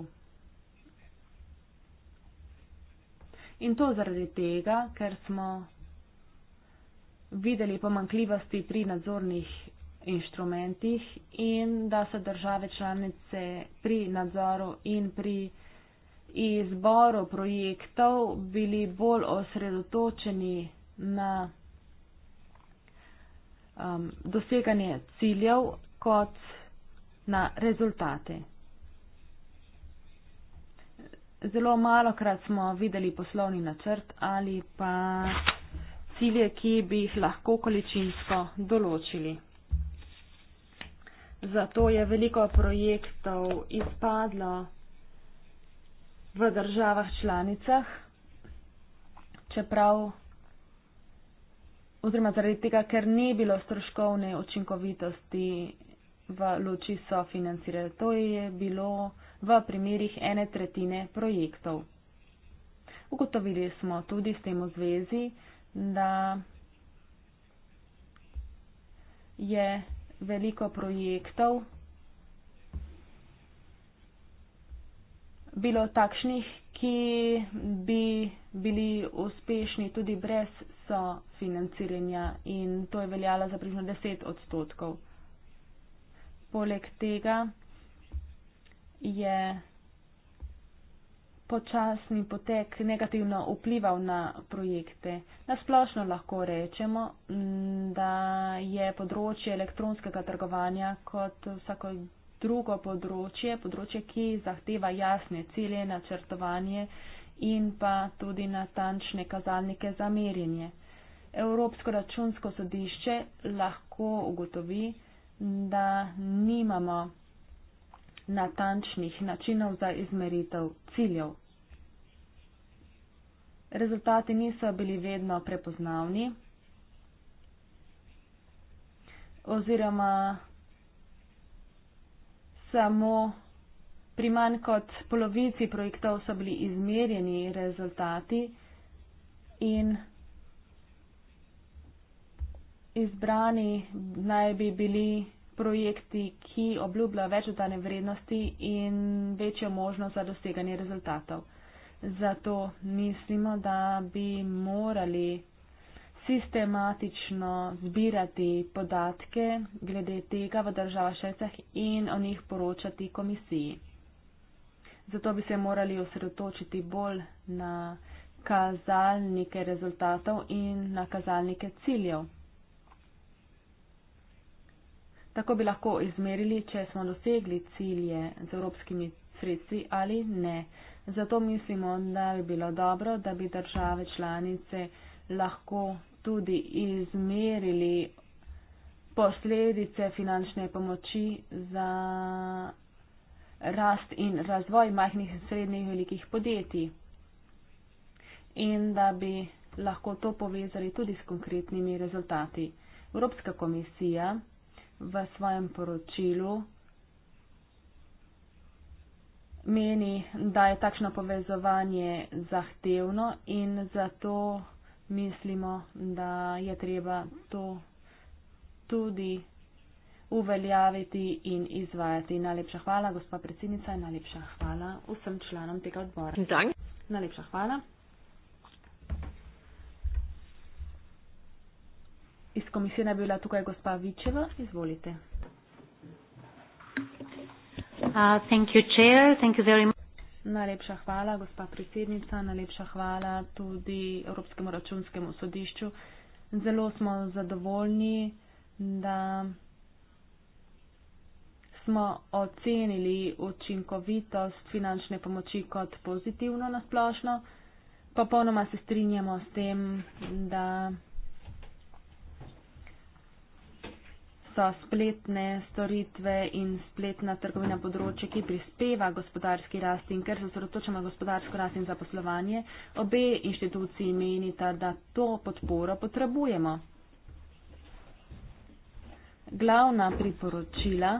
B: In to zaradi tega, ker smo videli pomankljivosti pri nadzornih inštrumentih in da so države članice pri nadzoru in pri izboru projektov bili bolj osredotočeni na um, doseganje ciljev kot na rezultate zelo malo krat smo videli poslovni načrt ali pa cilje, ki bi jih lahko količinsko določili. Zato je veliko projektov izpadlo v državah članicah, čeprav oziroma zaradi tega, ker ni bilo stroškovne učinkovitosti v luči sofinanciranja. To je bilo v primerih ene tretjine projektov. Ugotovili smo tudi s tem v zvezi, da je veliko projektov bilo takšnih, ki bi bili uspešni tudi brez sofinanciranja in to je veljalo za približno 10 odstotkov. Poleg tega je počasni potek negativno vplival na projekte. Nasplošno lahko rečemo, da je področje elektronskega trgovanja kot vsako drugo področje, področje, ki zahteva jasne cilje, načrtovanje in pa tudi natančne kazalnike za merjenje. Evropsko računsko sodišče lahko ugotovi, da nimamo natančnih načinov za izmeritev ciljev. Rezultati niso bili vedno prepoznavni oziroma samo pri manj kot polovici projektov so bili izmerjeni rezultati in izbrani naj bi bili projekti, ki obljubljajo več dodane vrednosti in večjo možnost za doseganje rezultatov. Zato mislimo, da bi morali sistematično zbirati podatke glede tega v državah šestih in o njih poročati komisiji. Zato bi se morali osredotočiti bolj na kazalnike rezultatov in na kazalnike ciljev. Tako bi lahko izmerili, če smo dosegli cilje z evropskimi sredstvi ali ne. Zato mislimo, da bi bilo dobro, da bi države članice lahko tudi izmerili posledice finančne pomoči za rast in razvoj majhnih in srednjih velikih podjetij. In da bi lahko to povezali tudi s konkretnimi rezultati. Evropska komisija v svojem poročilu meni, da je takšno povezovanje zahtevno in zato mislimo, da je treba to tudi uveljaviti in izvajati. Najlepša hvala, gospa predsednica, najlepša hvala vsem članom tega odbora. Dank. Najlepša hvala. Iz komisije je bila tukaj gospa Vičeva. Izvolite.
D: Uh,
B: najlepša hvala, gospa predsednica, najlepša hvala tudi Evropskemu računskemu sodišču. Zelo smo zadovoljni, da smo ocenili učinkovitost finančne pomoči kot pozitivno nasplošno. Popolnoma se strinjamo s tem, da so spletne storitve in spletna trgovina področje, ki prispeva gospodarski rast in ker se osredotočamo gospodarsko rast in zaposlovanje, obe inštituciji menita, da to podporo potrebujemo. Glavna priporočila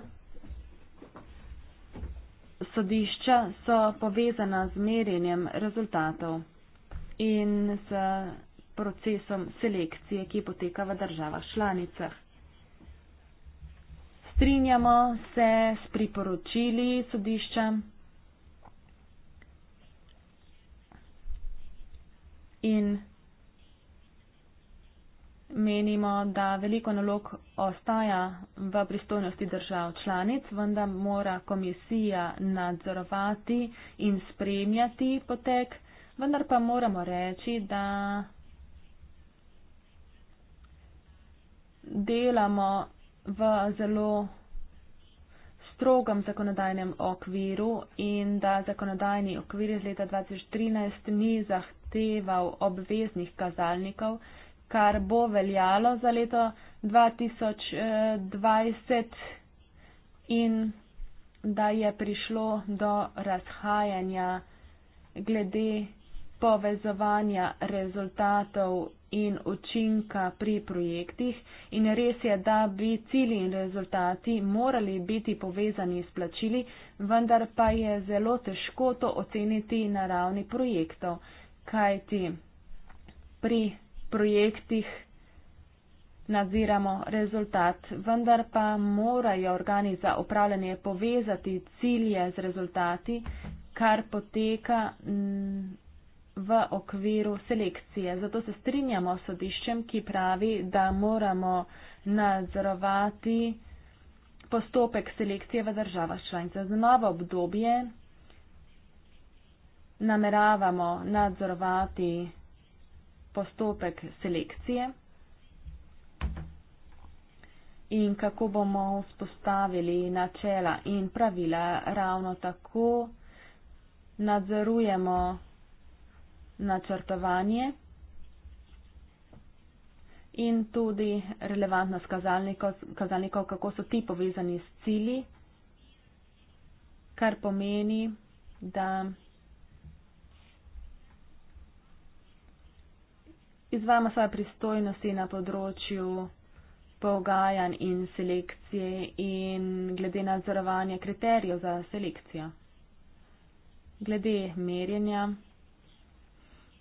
B: sodišča so povezana z merjenjem rezultatov in s procesom selekcije, ki poteka v državah članicah strinjamo se s priporočili sodišča in menimo, da veliko nalog ostaja v pristojnosti držav članic, vendar mora komisija nadzorovati in spremljati potek, vendar pa moramo reči, da delamo v zelo strogem zakonodajnem okviru in da zakonodajni okvir iz leta 2013 ni zahteval obveznih kazalnikov, kar bo veljalo za leto 2020 in da je prišlo do razhajanja glede povezovanja rezultatov in učinka pri projektih in res je, da bi cilji in rezultati morali biti povezani s plačili, vendar pa je zelo težko to oceniti na ravni projektov, kajti pri projektih nadziramo rezultat, vendar pa morajo organi za upravljanje povezati cilje z rezultati, kar poteka. Mm, v okviru selekcije. Zato se strinjamo s sodiščem, ki pravi, da moramo nadzorovati postopek selekcije v državah članicah. Za novo obdobje nameravamo nadzorovati postopek selekcije in kako bomo vzpostavili načela in pravila ravno tako nadzorujemo načrtovanje in tudi relevantnost kazalnikov, kazalnikov, kako so ti povezani s cili, kar pomeni, da izvajamo svoje pristojnosti na področju pogajanj in selekcije in glede nadzorovanja kriterijev za selekcijo. Glede merjenja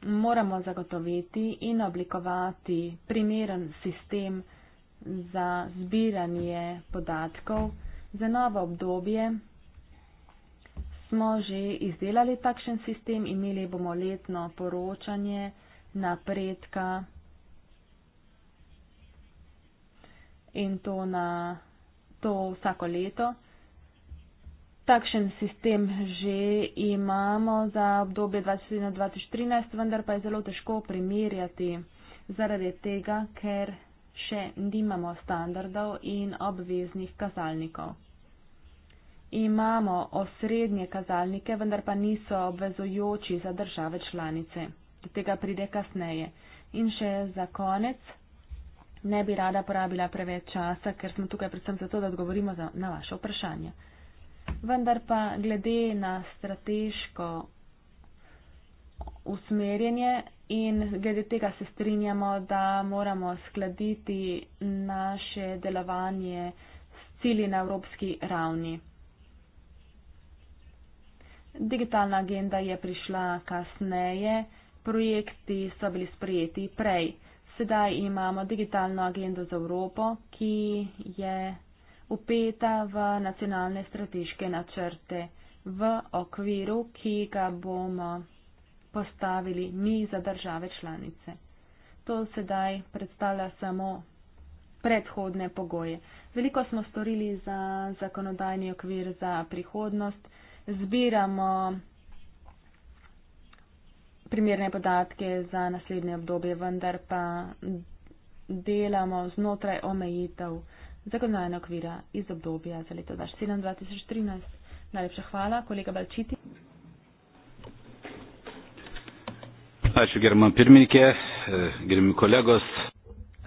B: moramo zagotoviti in oblikovati primeren sistem za zbiranje podatkov. Za novo obdobje smo že izdelali takšen sistem, imeli bomo letno poročanje napredka in to na to vsako leto. Takšen sistem že imamo za obdobje 2017-2013, vendar pa je zelo težko primerjati zaradi tega, ker še nimamo standardov in obveznih kazalnikov. Imamo osrednje kazalnike, vendar pa niso obvezujoči za države članice. Do tega pride kasneje. In še za konec, ne bi rada porabila preveč časa, ker smo tukaj predvsem zato, da odgovorimo na vaše vprašanje vendar pa glede na strateško usmerjenje in glede tega se strinjamo, da moramo skladiti naše delovanje s cili na evropski ravni. Digitalna agenda je prišla kasneje, projekti so bili sprejeti prej. Sedaj imamo digitalno agendo za Evropo, ki je upeta v nacionalne strateške načrte v okviru, ki ga bomo postavili mi za države članice. To sedaj predstavlja samo predhodne pogoje. Veliko smo storili za zakonodajni okvir za prihodnost, zbiramo primerne podatke za naslednje obdobje, vendar pa delamo znotraj omejitev zagonajen okvira iz obdobja za leto 2007-2013. Najlepša hvala, kolega Balčiti.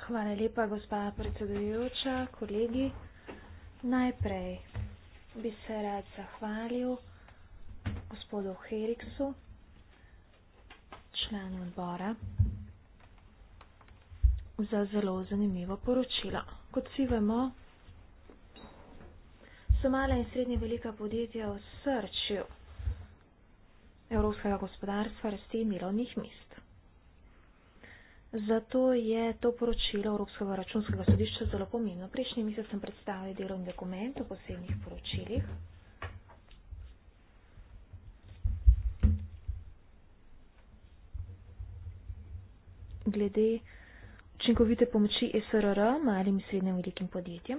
D: Hvala lepa, gospa predsedujoča, kolegi. Najprej bi se rad zahvalil gospodu Heriksu, članu odbora, za zelo zanimivo poročilo. Kot vsi vemo, so mala in srednje velika podjetja v srčju evropskega gospodarstva rasti mirovnih mest. Zato je to poročilo Evropskega računskega sodišča zelo pomembno. Prejšnji mesec sem predstavil delovni dokument o posebnih poročilih. Glede učinkovite pomoči SRR malim in srednjim velikim podjetjem.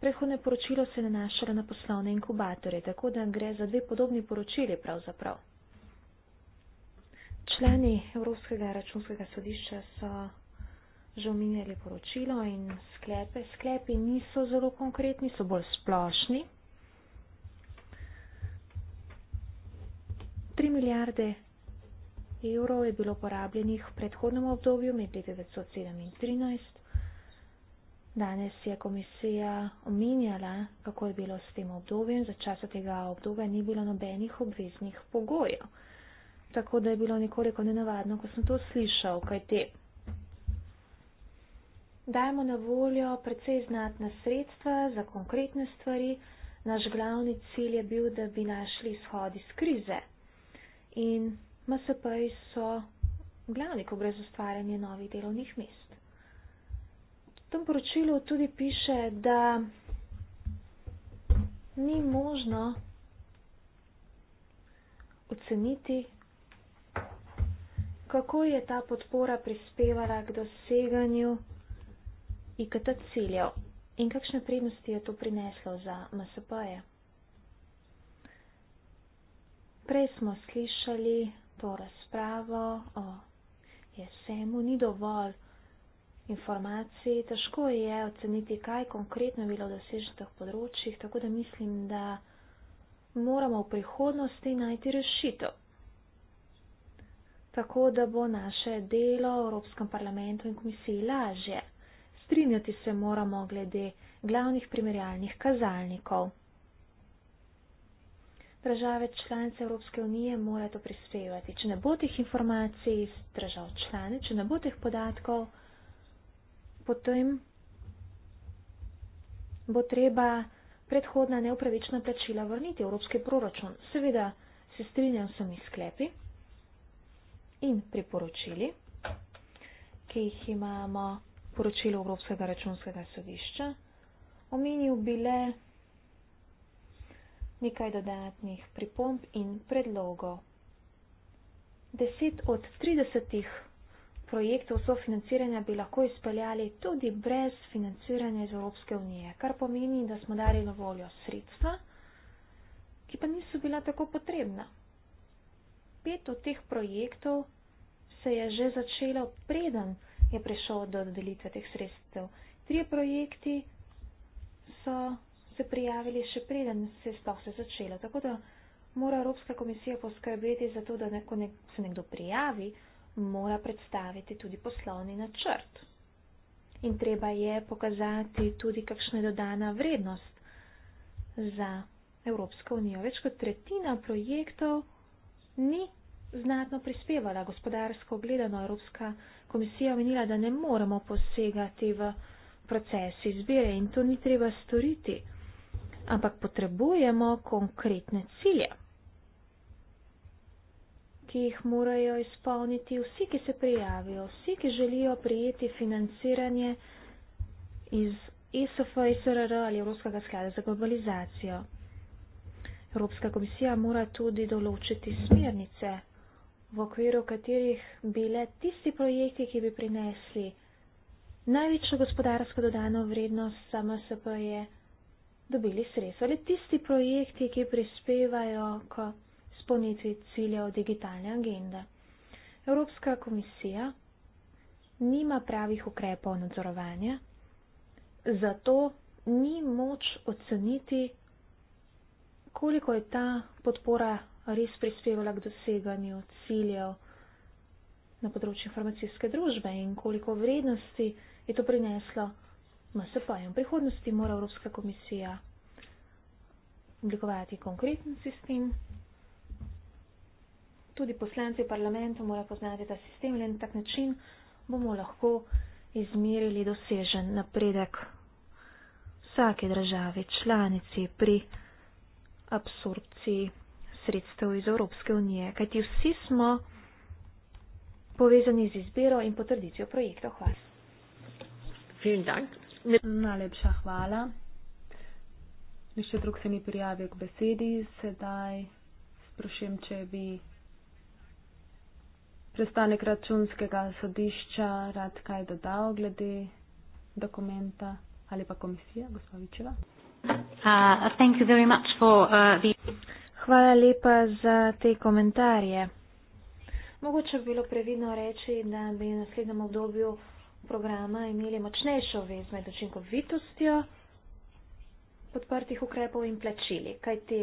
D: Prehodne poročilo se nanašalo na poslovne inkubatore, tako da gre za dve podobni poročili pravzaprav. Člani Evropskega računskega sodišča so že omenjali poročilo in sklepe. Sklepi niso zelo konkretni, so bolj splošni. 3 milijarde evrov je bilo porabljenih v predhodnem obdobju med 1937. Danes je komisija omenjala, kako je bilo s tem obdobjem. Za časa tega obdobja ni bilo nobenih obveznih pogojev. Tako da je bilo nekoliko nenavadno, ko sem to slišal, kaj te. Dajmo na voljo precej znatna sredstva za konkretne stvari. Naš glavni cilj je bil, da bi našli izhod iz krize. In MSP-ji so glavni, ko gre za ustvarjanje novih delovnih mest. V tem poročilu tudi piše, da ni možno oceniti, kako je ta podpora prispevala k doseganju IKT ciljev in kakšne prednosti je to prineslo za MSP-je. Prej smo slišali, to razpravo o jesenu, ni dovolj informacij, težko je oceniti, kaj konkretno je bilo doseženo na teh področjih, tako da mislim, da moramo v prihodnosti najti rešitev. Tako da bo naše delo v Evropskem parlamentu in komisiji lažje. Strinjati se moramo glede glavnih primerjalnih kazalnikov države članice Evropske unije mora to prispevati. Če ne bo teh informacij iz držav člane, če ne bo teh podatkov, potem bo treba predhodna neupravična plačila vrniti v Evropski proračun. Seveda se strinjam s temi sklepi in priporočili, ki jih imamo poročilo Evropskega računskega sodišča. Omenil bi le nekaj dodatnih pripomb in predlogov. Deset od tridesetih projektov sofinanciranja bi lahko izpeljali tudi brez financiranja iz Evropske unije, kar pomeni, da smo dali na voljo sredstva, ki pa niso bila tako potrebna. Pet od teh projektov se je že začelo preden je prišlo do dodelitve teh sredstev. Trije projekti so se prijavili še preden se sploh se začela. Tako da mora Evropska komisija poskrbeti za to, da neko ne, se nekdo prijavi, mora predstaviti tudi poslovni načrt. In treba je pokazati tudi, kakšna je dodana vrednost za Evropsko unijo. Več kot tretjina projektov ni znatno prispevala. Gospodarsko gledano Evropska komisija menila, da ne moremo posegati v proces izbire in to ni treba storiti ampak potrebujemo konkretne cilje, ki jih morajo izpolniti vsi, ki se prijavijo, vsi, ki želijo prijeti financiranje iz ESF, ESRR ali Evropskega sklada za globalizacijo. Evropska komisija mora tudi določiti smernice, v okviru katerih bi le tisti projekti, ki bi prinesli največjo gospodarsko dodano vrednost, samo se pa je dobili sredstva. Le tisti projekti, ki prispevajo k spolnitvi ciljev digitalne agende. Evropska komisija nima pravih ukrepov nadzorovanja, zato ni moč oceniti, koliko je ta podpora res prispevala k doseganju ciljev na področju informacijske družbe in koliko vrednosti je to prineslo MSP. In v prihodnosti mora Evropska komisija oblikovati konkreten sistem. Tudi poslanci v parlamentu morajo poznati ta sistem in na tak način bomo lahko izmerili dosežen napredek vsake države članici pri absorpciji sredstev iz Evropske unije, kajti vsi smo povezani z izbiro in potrditvijo projektov. Hvala. Vielen Dank. Ne. Najlepša hvala. Nišče drug se ni prijavil k
B: besedi. Sedaj sprašujem, če bi prestanek računskega sodišča rad kaj dodal glede dokumenta ali pa komisija, gospodičeva.
D: Uh, uh, hvala lepa za te komentarje. Mogoče bi bilo previdno reči, da bi v naslednjem obdobju programa imeli močnejšo vez med učinkovitostjo podprtih ukrepov in plačili. Kajti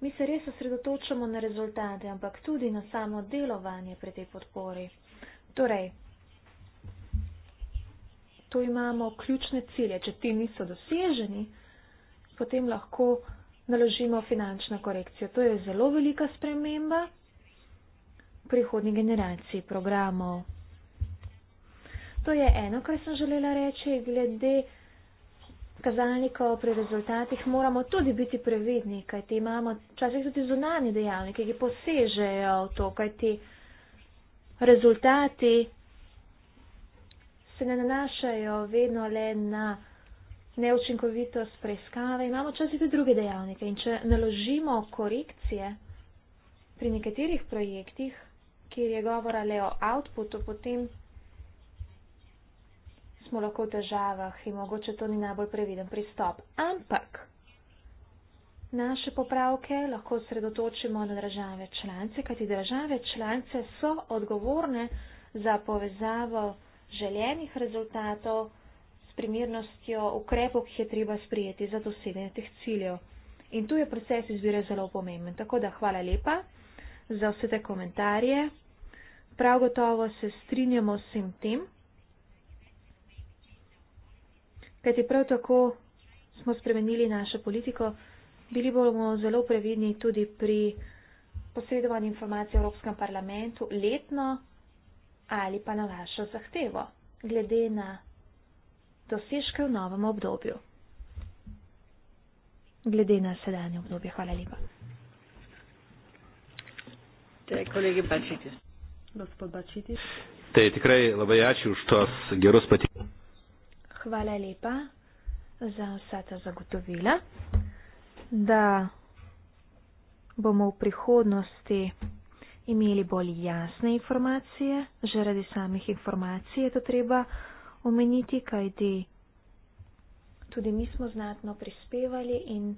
D: mi se res osredotočamo na rezultate, ampak tudi na samo delovanje pri tej podpori. Torej, tu imamo ključne cilje. Če ti niso doseženi, potem lahko naložimo finančno korekcijo. To je zelo velika sprememba prihodnji generaciji programov. To je eno, kar sem želela reči, glede kazalnikov pri rezultatih. Moramo tudi biti previdni, kajti imamo včasih tudi zunanje dejavnike, ki posežejo v to, kajti rezultati se ne nanašajo vedno le na neučinkovitost preiskave. Imamo včasih tudi druge dejavnike in če naložimo korekcije pri nekaterih projektih, kjer je govora le o outputu, potem smo lahko v težavah in mogoče to ni najbolj previden pristop. Ampak naše popravke lahko sredotočimo na države članice, kajti države članice so odgovorne za povezavo željenih rezultatov s primernostjo ukrepov, ki jih je treba sprijeti za doseganje teh ciljev. In tu je proces izbire zelo pomemben. Tako da hvala lepa za vse te komentarje. Prav gotovo se strinjamo s tem. Kajti prav tako smo spremenili našo politiko, bili bomo zelo previdni tudi pri posredovanju informacij v Evropskem parlamentu letno ali pa na vašo zahtevo, glede na dosežke v novem obdobju. Glede na sedanje obdobje. Hvala lepa. Tai tikrai labai ačiū už tos geros patikimus hvala lepa za vsa ta zagotovila, da bomo v prihodnosti imeli bolj jasne informacije. Že radi samih informacij je to treba omeniti, kajti tudi mi smo znatno prispevali in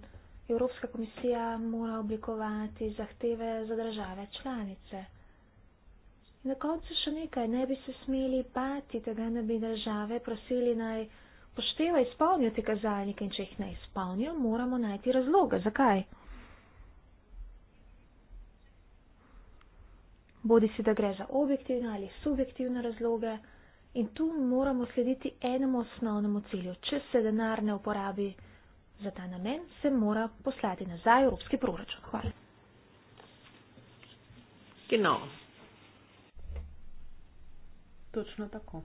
D: Evropska komisija mora oblikovati zahteve za države članice. Na koncu še nekaj, ne bi se smeli bati, da ga ne bi države prosili naj pošteva izpolnijo te kazalnike in če jih ne izpolnijo, moramo najti razloga. Zakaj? Bodi si, da gre za objektivne ali subjektivne razloge in tu moramo slediti enemu osnovnemu cilju. Če se denar ne uporabi za ta namen, se mora poslati nazaj v evropski proračun. Hvala. Genau. Točno tako.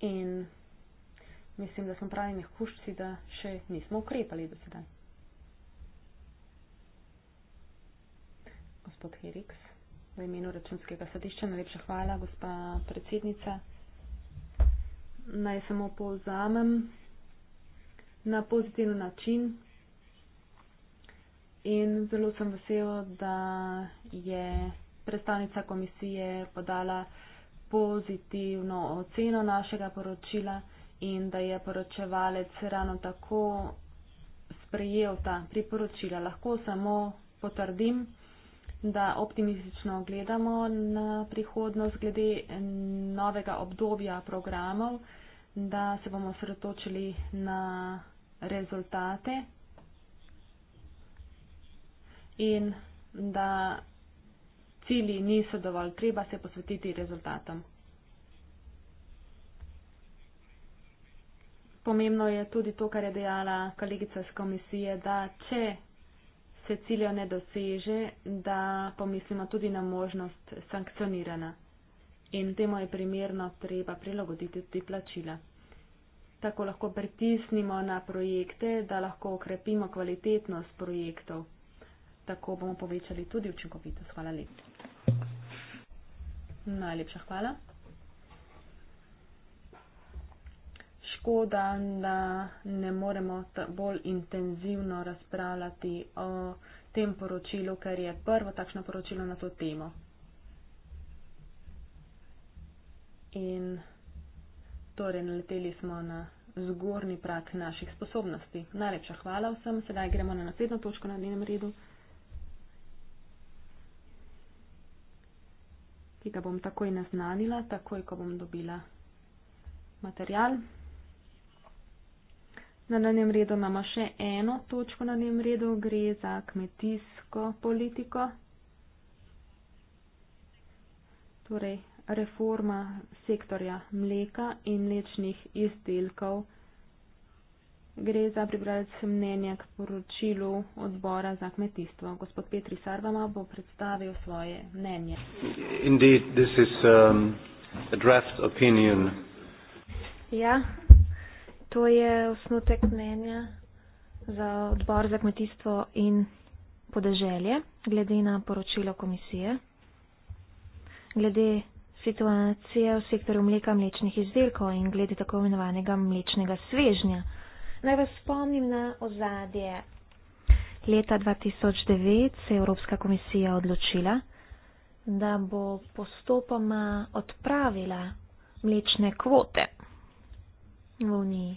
B: In mislim, da smo pravi mehkušci, da še nismo ukrepali do sedaj. Gospod Heriks, v imenu računskega sodišča najlepša hvala, gospa predsednica. Naj samo povzamem na pozitiven način In zelo sem vesela, da je predstavnica komisije podala pozitivno oceno našega poročila in da je poročevalec ravno tako sprejel ta priporočila. Lahko samo potrdim, da optimistično gledamo na prihodnost glede novega obdobja programov, da se bomo sredotočili na rezultate in da cilji niso dovolj, treba se posvetiti rezultatom. Pomembno je tudi to, kar je dejala kolegica iz komisije, da če se ciljev ne doseže, da pomislimo tudi na možnost sankcionirana. In temu je primerno treba prilagoditi tudi plačila. Tako lahko pritisnimo na projekte, da lahko okrepimo kvalitetnost projektov tako bomo povečali tudi učinkovitost. Hvala lepa. Najlepša hvala. Škoda, da ne moremo bolj intenzivno razpravljati o tem poročilu, ker je prvo takšno poročilo na to temo. In torej naleteli smo na zgornji prak naših sposobnosti. Najlepša hvala vsem, sedaj gremo na naslednjo točko na dnevnem redu. ki ga bom takoj naznanila, takoj, ko bom dobila material. Na dnevnem redu imamo še eno točko na dnevnem redu, gre za kmetijsko politiko. Torej, reforma sektorja mleka in mlečnih
A: izdelkov
B: gre za pripravljac mnenja k poročilu odbora za kmetijstvo. Gospod Petri Sarvama bo predstavil svoje mnenje.
D: Indeed, this is um, a draft opinion. Ja, to je osnutek mnenja za odbor za kmetijstvo in podeželje glede na poročilo komisije. Glede situacije v sektorju mleka mlečnih izdelkov in glede tako imenovanega mlečnega svežnja. Naj vas spomnim na ozadje. Leta 2009 se je Evropska komisija odločila, da bo postopoma odpravila mlečne kvote v Uniji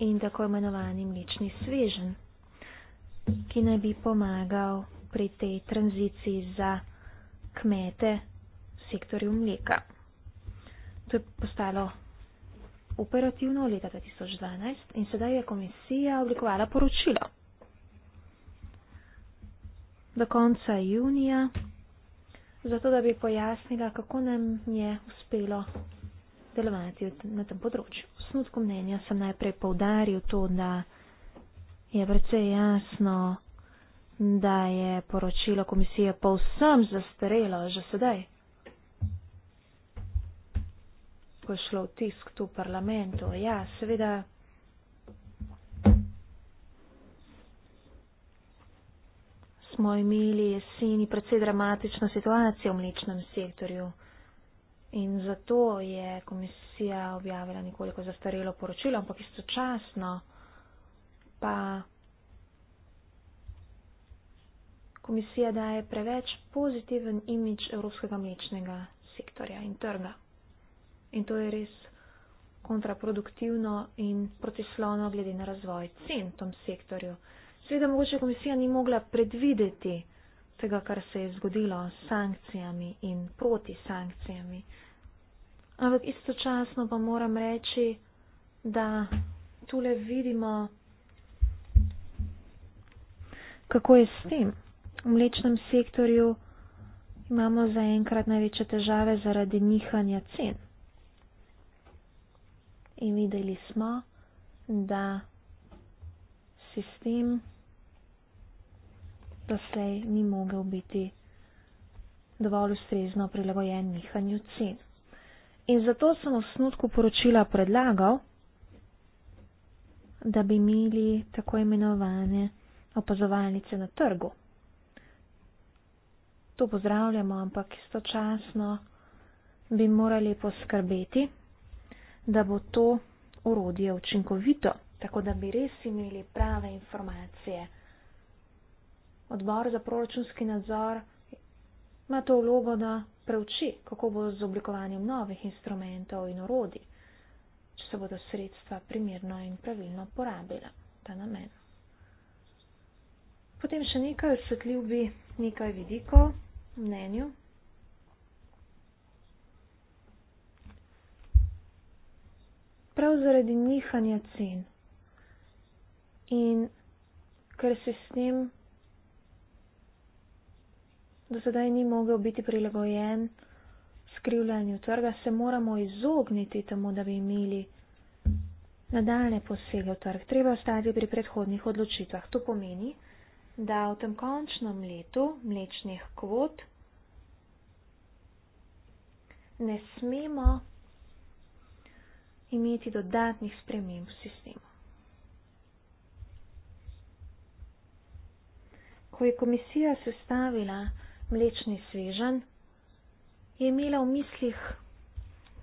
D: in tako imenovani mlečni svežen, ki naj bi pomagal pri tej tranziciji za kmete v sektorju mleka. To je postalo operativno leta 2012 in sedaj je komisija oblikovala poročilo. Do konca junija, zato da bi pojasnila, kako nam je uspelo delovati na tem področju. V snutku mnenja sem najprej povdaril to, da je precej jasno, da je poročilo komisije povsem zastarelo že sedaj. ko je šlo tisk tu v parlamentu. Ja, seveda. Smo imeli jeseni precej dramatično situacijo v mlečnem sektorju in zato je komisija objavila nekoliko zastarelo poročilo, ampak istočasno pa komisija daje preveč pozitiven imič Evropskega mlečnega sektorja in trga in to je res kontraproduktivno in protislovno glede na razvoj cen v tom sektorju. Sveda mogoče komisija ni mogla predvideti tega, kar se je zgodilo s sankcijami in proti sankcijami. Ampak istočasno pa moram reči, da tule vidimo, kako je s tem. V mlečnem sektorju imamo zaenkrat največje težave zaradi nihanja cen in videli smo, da sistem doslej ni mogel biti dovolj ustrezno prilagojen nihanju cen. In zato sem v snutku poročila predlagal, da bi imeli tako imenovane opazovalnice na trgu. To pozdravljamo, ampak istočasno bi morali poskrbeti, da bo to orodje učinkovito, tako da bi res imeli prave informacije. Odbor za proračunski nadzor ima to vlogo, da preuči, kako bo z oblikovanjem novih instrumentov in orodij, če se bodo sredstva primerno in pravilno porabila ta namen. Potem še nekaj, osvetljiv bi nekaj vidikov mnenju prav zaradi nihanja cen in ker se s tem do sedaj ni mogel biti prilagojen skrivljanju trga, se moramo izogniti temu, da bi imeli nadaljne posege v trg. Treba ostati pri predhodnih odločitvah. To pomeni, da v tem končnem letu mlečnih kvot ne smemo imeti dodatnih sprememb v sistemu. Ko je komisija sestavila mlečni svežen, je imela v mislih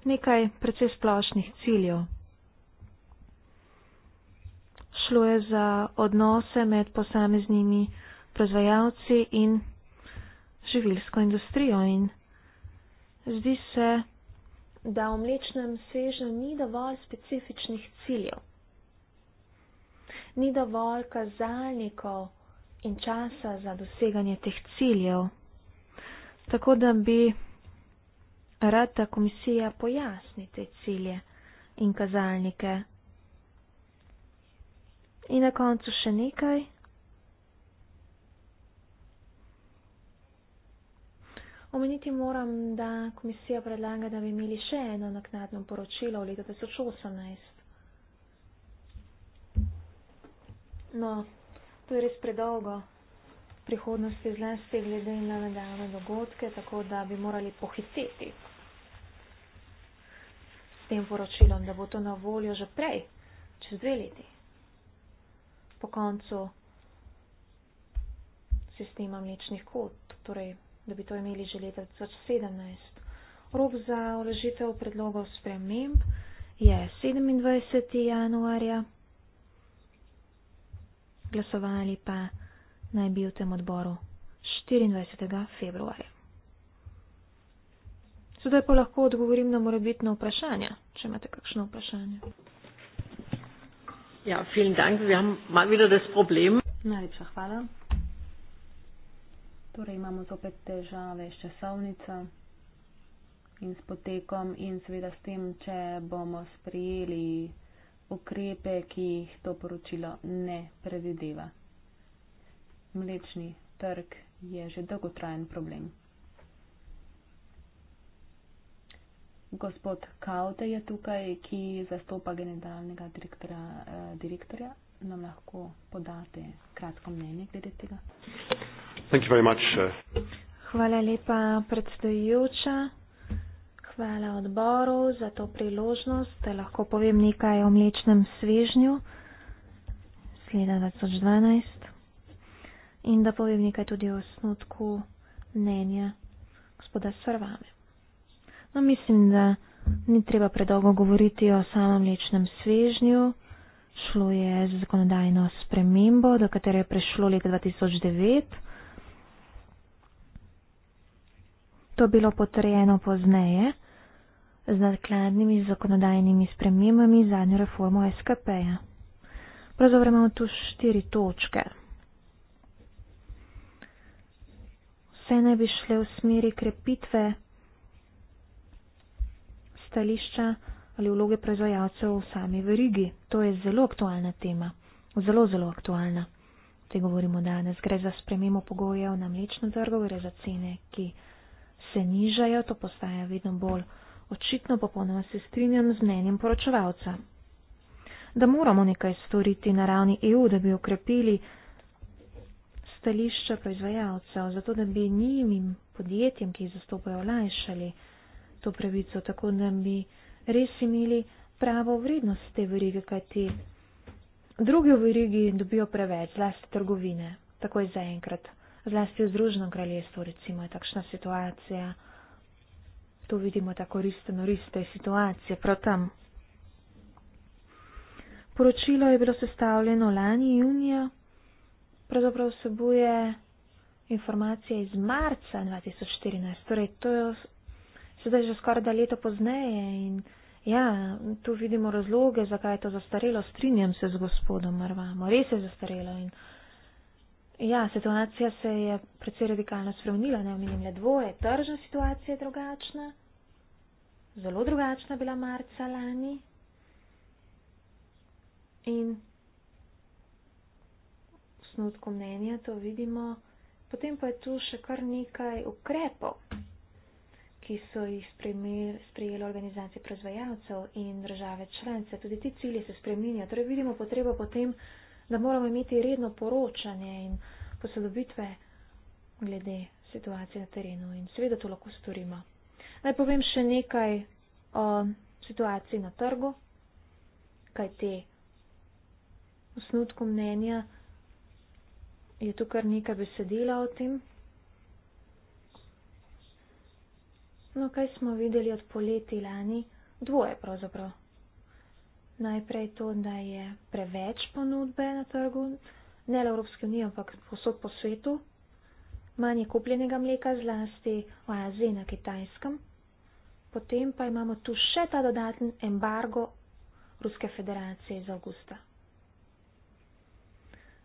D: nekaj precej splošnih ciljev. Šlo je za odnose med posameznimi proizvajalci in živilsko industrijo in zdi se, da v mlečnem svežnju ni dovolj specifičnih ciljev, ni dovolj kazalnikov in časa za doseganje teh ciljev. Tako da bi rada komisija pojasni te cilje in kazalnike. In na koncu še nekaj. Omeniti moram, da komisija predlaga, da bi imeli še eno naknadno poročilo v letu 2018. No, to je res predolgo. Prihodnost je zlasti glede na nadaljne dogodke, tako da bi morali pohiteti s tem poročilom, da bo to na voljo že prej, čez dve leti, po koncu sistema mlečnih kot, torej da bi to imeli že leta 2017. Rok za uložitev predlogov sprememb je 27. januarja. Glasovali pa naj bi v tem odboru 24. februarja. Sedaj pa lahko odgovorim na morebitno vprašanje, če imate kakšno
A: vprašanje. Ja, vielen Dank. Wir haben mal wieder das Problem. Najlepša hvala.
B: Torej imamo zopet težave s časovnico in s potekom in seveda s tem, če bomo sprejeli ukrepe, ki jih to poročilo ne predvideva. Mlečni trg je že dolgotrajen problem. Gospod Kaute je tukaj, ki zastopa generalnega direktora, eh, direktorja. Nam lahko podate
D: kratko mnenje glede tega?
B: Uh,
D: Hvala lepa predstavljujoča. Hvala odboru za to priložnost, da lahko povem nekaj o mlečnem svežnju. Sleda 2012. In da povem nekaj tudi o snotku mnenja gospoda Srvame. No, mislim, da ni treba predolgo govoriti o samem mlečnem svežnju. Šlo je za zakonodajno spremembo, do katere je prešlo leta 2009. to bilo potrejeno pozneje z nadkladnimi zakonodajnimi spremembami zadnjo reformo SKP-ja. Pravzaprav imamo tu štiri točke. Vse naj bi šle v smeri krepitve stališča ali vloge proizvajalcev v sami verigi. To je zelo aktualna tema, zelo, zelo aktualna. Te govorimo danes, gre za spremembo pogojev na mlečnem trgu, gre za cene, ki se nižajo, to postaja vedno bolj očitno, popolnoma se strinjam z mnenjem poročevalca. Da moramo nekaj storiti na ravni EU, da bi okrepili stališča proizvajalcev, zato da bi njim in podjetjem, ki jih zastopajo, olajšali to pravico, tako da bi res imeli pravo vrednost te verige, kajti drugi v verigi dobijo preveč, zlasti trgovine, tako je zaenkrat zlasti v Združenem kraljestvu, recimo, je takšna situacija. Tu vidimo tako risteno riste situacije, prav tam. Poročilo je bilo sestavljeno lani junija, pravzaprav vsebuje informacije iz marca 2014, torej to je sedaj že skoraj da leto pozneje in ja, tu vidimo razloge, zakaj je to zastarelo, strinjam se z gospodom Marvamo, res je zastarelo in Ja, situacija se je precej radikalno spremenila, ne omenim le dvoje. Tržna situacija je drugačna, zelo drugačna bila marca lani. In v snutku mnenja to vidimo. Potem pa je tu še kar nekaj ukrepov, ki so jih sprejeli organizacije proizvajalcev in države članice. Tudi ti cilji se spreminjajo. Torej vidimo potrebo potem da moramo imeti redno poročanje in posodobitve glede situacije na terenu in seveda to lahko storimo. Naj povem še nekaj o situaciji na trgu, kaj te osnutku mnenja je tu kar nekaj besedila o tem. No, kaj smo videli od poleti lani? Dvoje pravzaprav najprej to, da je preveč ponudbe na trgu, ne le v Evropski uniji, ampak posod po svetu, manje kupljenega mleka, zlasti v Aziji na kitajskem. Potem pa imamo tu še ta dodaten embargo Ruske federacije iz avgusta.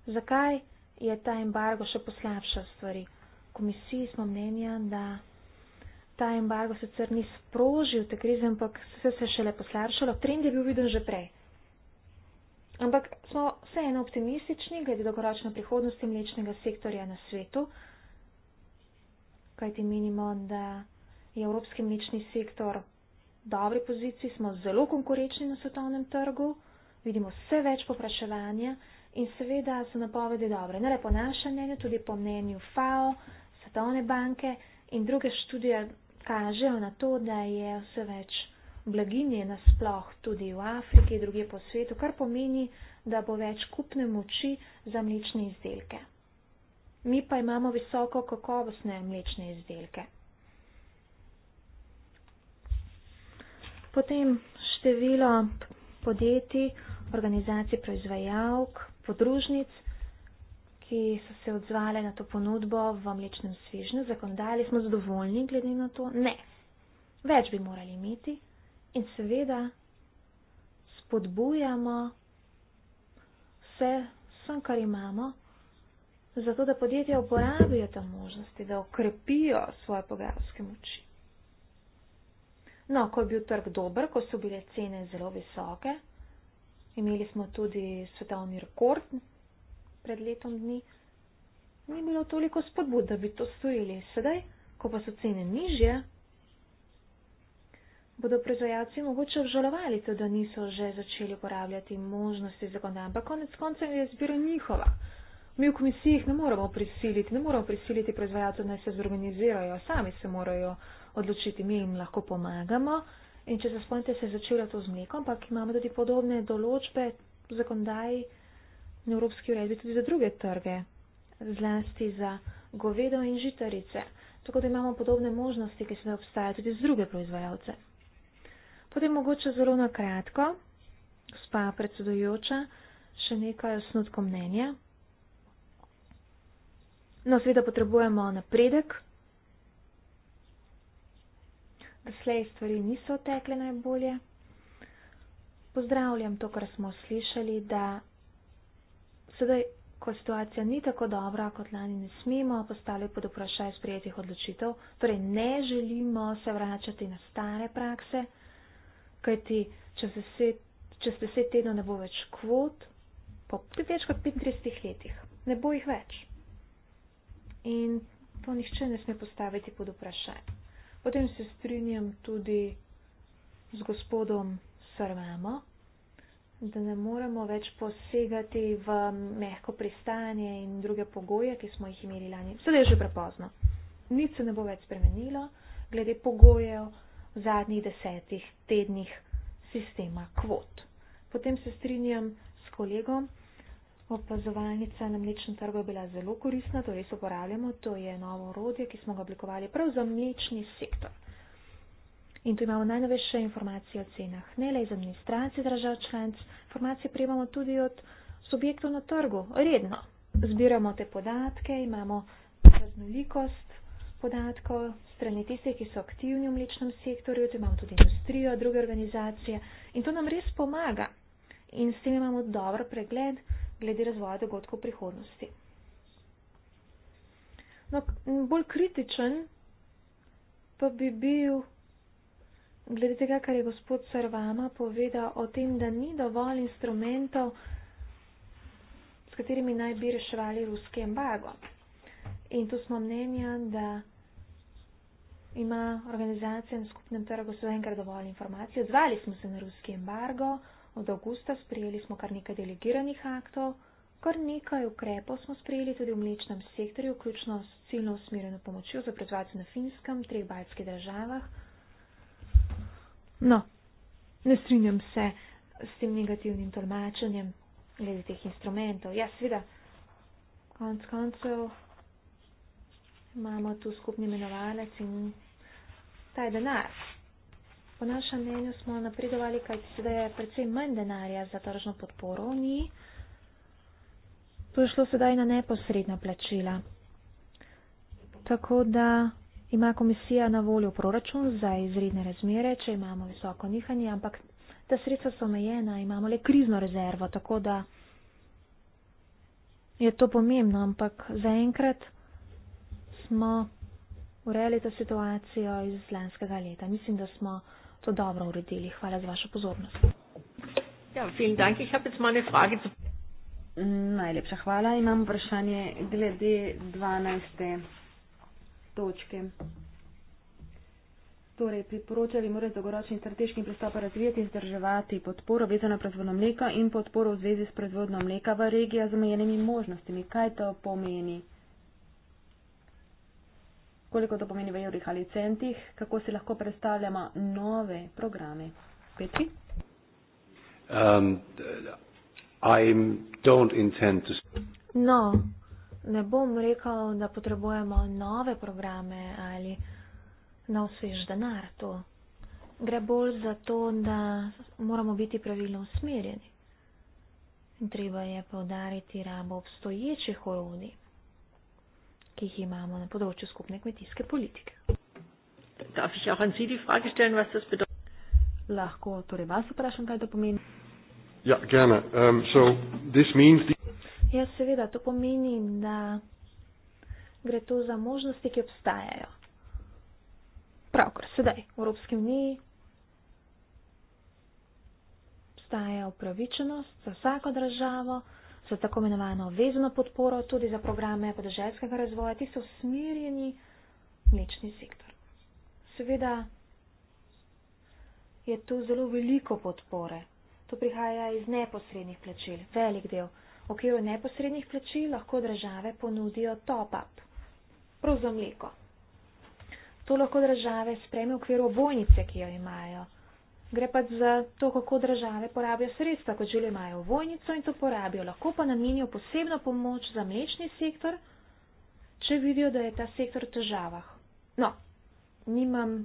D: Zakaj je ta embargo še poslabšal stvari? Komisiji smo mnenja, da ta embargo sicer ni sprožil te krize, ampak vse se je šele poslaršalo. Trend je bil viden že prej. Ampak smo vseeno optimistični glede dolgoročne prihodnosti mlečnega sektorja na svetu, kajti menimo, da je evropski mlečni sektor v dobri poziciji, smo zelo konkurenčni na svetovnem trgu, vidimo vse več popraševanja in seveda so napovedi dobre. Ne le po našem mnenju, tudi po mnenju FAO, Svetovne banke in druge študije kažejo na to, da je vse več blaginje nasploh tudi v Afriki, druge po svetu, kar pomeni, da bo več kupne moči za mlečne izdelke. Mi pa imamo visoko kakovostne mlečne izdelke. Potem število podjetij, organizacij proizvajalk, podružnic, ki so se odzvali na to ponudbo v mlečnem svežnju, zakonodajali smo zadovoljni glede na to? Ne. Več bi morali imeti in seveda spodbujamo vse, vsem, kar imamo, zato da podjetja uporabijo ta možnosti, da
A: okrepijo svoje pogajalske
D: moči. No, ko je bil trg dober, ko so bile cene zelo visoke, imeli smo tudi svetovni rekord pred letom dni, ni bilo toliko spodbud, da bi to storili. Sedaj, ko pa so cene nižje, bodo proizvajalci mogoče obžalovali to, da niso že začeli uporabljati možnosti zakonodaje, ampak konec konca je izbira njihova. Mi v komisiji jih ne moramo prisiliti, ne moramo prisiliti proizvajalcev, naj se zorganizirajo, sami se morajo odločiti, mi jim lahko pomagamo. In če se spomnite, se je začelo to z mlekom, ampak imamo tudi podobne določbe v zakonodaji, na evropski uredbi tudi za druge trge, zlasti za govedo in žitarice. Tako da imamo podobne možnosti, ki se da obstajajo tudi z druge proizvajalce. Potem mogoče zelo na kratko, gospa predsedujoča, še nekaj osnutko mnenja. No, seveda potrebujemo napredek. Doslej stvari niso tekle najbolje. Pozdravljam to, kar smo slišali, da Sedaj, torej, ko situacija ni tako dobra, kot lani ne smemo, postali pod vprašaj sprejetih odločitev, torej ne želimo se vračati na stare prakse, kajti čez deset, čez deset tedno ne bo več kvot, po več kot 35 letih, ne bo jih več. In to nihče ne sme postaviti pod vprašaj. Potem se strinjam tudi z gospodom Srvemo da ne moremo več posegati v mehko pristanje in druge pogoje, ki smo jih imeli lani. Sedaj je že prepozno. Nič se ne bo več spremenilo glede pogojev v zadnjih desetih tednih sistema kvot. Potem se strinjam s kolegom, opazovalnica na mlečnem trgu je bila zelo koristna, torej se uporabljamo, to je novo orodje, ki smo ga oblikovali prav za mlečni sektor. In tu imamo najnovejše informacije o cenah. Ne le iz administracije držav članic, informacije prijemamo tudi od subjektov na trgu. Redno zbiramo te podatke, imamo raznolikost podatkov strani tistih, ki so aktivni v mlečnem sektorju, tu imamo tudi industrijo, druge organizacije in to nam res pomaga. In s tem imamo dober pregled glede razvoja dogodkov prihodnosti. No, bolj kritičen pa bi bil glede tega, kar je gospod Sarvama povedal o tem, da ni dovolj instrumentov, s katerimi naj bi reševali ruski embargo. In tu smo mnenja, da ima organizacija na skupnem trgu so enkrat dovolj informacij. Odzvali smo se na ruski embargo, od avgusta sprejeli smo kar nekaj delegiranih aktov, kar nekaj ukrepov smo sprejeli tudi v mlečnem sektorju, vključno s ciljno usmerjeno pomočjo za predvajalce na finskem, treh baljskih državah, No, ne strinjam se s tem negativnim tolmačenjem glede teh instrumentov. Ja, seveda, konc koncev imamo tu skupni imenovalec in ta je denar. Po našem mnenju smo napredovali, kaj se je predvsem manj denarja za tržno podporo v njih. To je šlo sedaj na neposredna plačila. Tako da ima komisija na voljo proračun za izredne razmere, če imamo visoko nihanje, ampak ta sredstva so omejena, imamo le krizno rezervo, tako da je to pomembno, ampak zaenkrat smo urejali to situacijo iz lanskega leta. Mislim, da smo to dobro uredili. Hvala za vašo pozornost.
A: Ja, vielen Dank. Ich habe jetzt mal eine Frage zu.
D: Najlepša hvala. Imam
B: vprašanje glede 12 točke. Torej, priporočali mora dolgoročni strateški pristop razvijati in zdrževati podporo vezano na proizvodno mleka in podporo v zvezi s proizvodno mleka v regiji z omejenimi možnostmi. Kaj to pomeni? Koliko to pomeni v evrih ali centih? Kako si lahko predstavljamo nove programe? Petri?
A: Um,
D: no, ne bom rekel, da potrebujemo nove programe ali nov svež denar. To gre bolj za to, da moramo biti pravilno usmerjeni. In treba je povdariti rabo obstoječih orodij, ki jih imamo na področju skupne kmetijske politike.
A: Stellen, Lahko torej vas vprašam, kaj to pomeni?
B: Ja, gerne. Um, so, this means the...
A: Ja, seveda, to pomeni,
D: da gre to za možnosti, ki obstajajo. Pravkar sedaj v Evropski uniji obstaja upravičenost za vsako državo, za tako imenovano vezano podporo, tudi za programe podeželjskega razvoja, ti so usmerjeni mlečni sektor. Seveda je tu zelo veliko podpore. To prihaja iz neposrednih plačil, velik del okviru neposrednih plačil lahko države ponudijo top-up, prozo mleko. To lahko države spreme v okviru vojnice, ki jo imajo. Gre pa za to, kako države porabijo sredstva, kot želijo imajo vojnico in to porabijo. Lahko pa namenijo posebno pomoč za mlečni sektor, če vidijo, da je ta sektor v težavah. No, nimam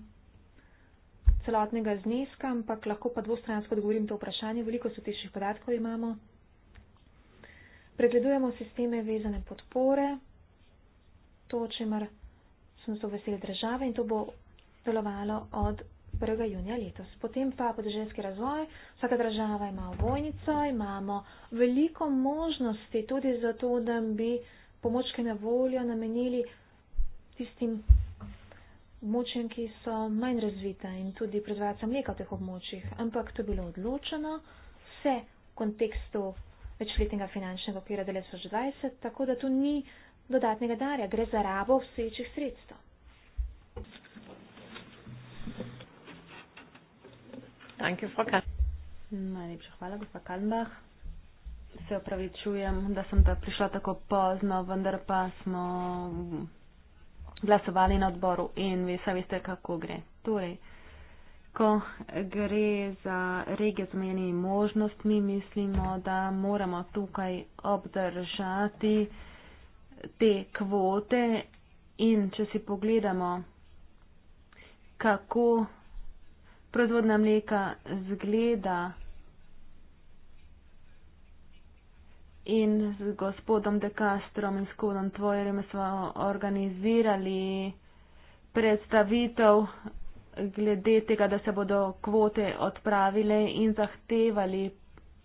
D: celotnega zneska, ampak lahko pa dvostransko odgovorim to vprašanje. Veliko sotešnih podatkov imamo. Pregledujemo sisteme vezane podpore, to, če mar smo so veseli države in to bo delovalo od 1. junija letos. Potem pa podeželjski razvoj, vsaka država ima vojnico, imamo veliko možnosti tudi zato, da bi pomočke na voljo namenili tistim območjem, ki so manj razvita in tudi proizvajalcem mleka v teh območjih. Ampak to je bilo odločeno, vse v kontekstu večletnega finančnega okvira 2020, tako da tu ni dodatnega darja, gre za rabo vsečih sredstev.
A: Najlepša
B: hvala, gospod Kalmbah. Se opravičujem, da sem ta prišla tako pozno, vendar pa smo glasovali na odboru in vi sami veste, kako gre. Torej, dejansko gre za regije z omenjenimi možnostmi, mislimo, da moramo tukaj obdržati te kvote in če si pogledamo, kako proizvodna mleka zgleda in z gospodom De Castrom in skodom tvojerem smo organizirali predstavitev glede tega, da se bodo kvote odpravile in zahtevali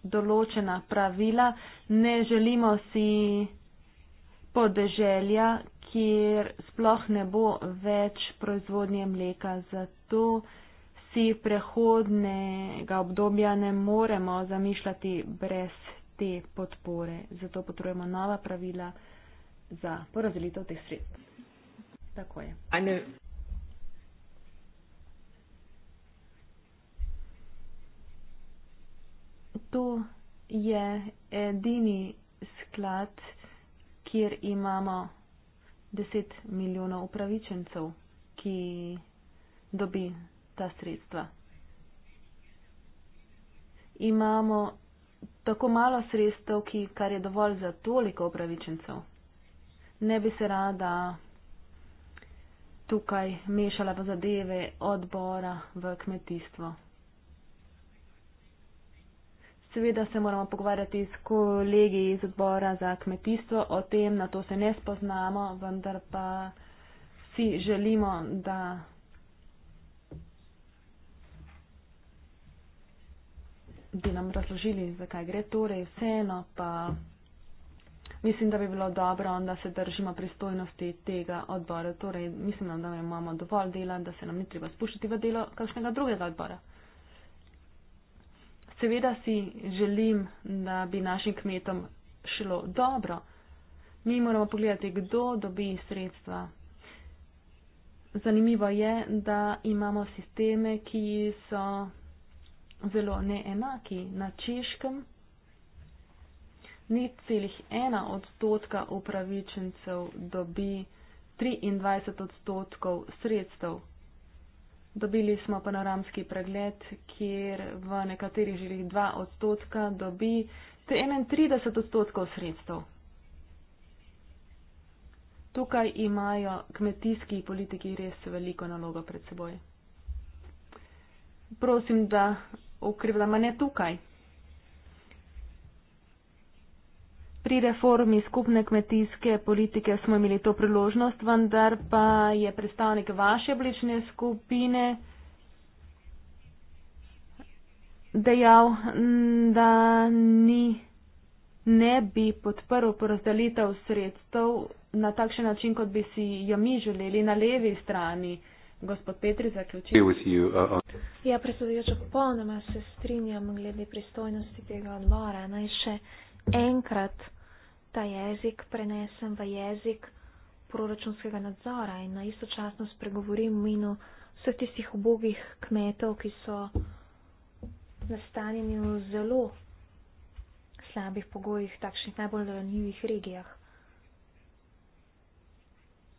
B: določena pravila. Ne želimo si podeželja, kjer sploh ne bo več proizvodnje mleka. Zato si prehodnega obdobja ne moremo zamišljati brez te podpore. Zato potrebujemo nova pravila
A: za porazdelitev teh sredstev. Tako je.
B: to je edini sklad, kjer imamo 10 milijonov upravičencev, ki dobi ta sredstva. Imamo tako malo sredstev, ki, kar je dovolj za toliko upravičencev. Ne bi se rada tukaj mešala v zadeve odbora v kmetijstvo. Seveda se moramo pogovarjati s kolegi iz odbora za kmetijstvo o tem, na to se ne spoznamo, vendar pa si želimo, da. bi nam razložili, zakaj gre torej vseeno, pa mislim, da bi bilo dobro, da se držimo pristojnosti tega odbora. Torej, mislim, da imamo dovolj dela, da se nam ni treba spuščati v delo kakšnega drugega odbora. Seveda si želim, da bi našim kmetom šlo dobro. Mi moramo pogledati, kdo dobi sredstva. Zanimivo je, da imamo sisteme, ki so zelo neenaki. Na češkem ni celih ena odstotka upravičencev dobi 23 odstotkov sredstev. Dobili smo panoramski pregled, kjer v nekaterih živih 2 odstotka dobi 31 odstotkov sredstev. Tukaj imajo kmetijski politiki res veliko nalogo pred seboj. Prosim, da ukrivljamo ne tukaj. Pri reformi skupne kmetijske politike smo imeli to priložnost, vendar pa je predstavnik vaše oblične skupine dejal, da ni, ne bi podprl porazdelitev sredstev na takšen način, kot bi si jo mi želeli na levi strani. Gospod
D: Petri, zaključi.
B: Uh,
A: uh.
D: Ja, predsedujoča, popolnoma se strinjam glede
C: pristojnosti
D: tega odbora. Naj še enkrat ta jezik prenesem v jezik proračunskega nadzora in na istočasno spregovorim v imenu vseh tistih obogih kmetov, ki so nastanjeni v zelo slabih pogojih, takšnih najbolj ranjivih regijah.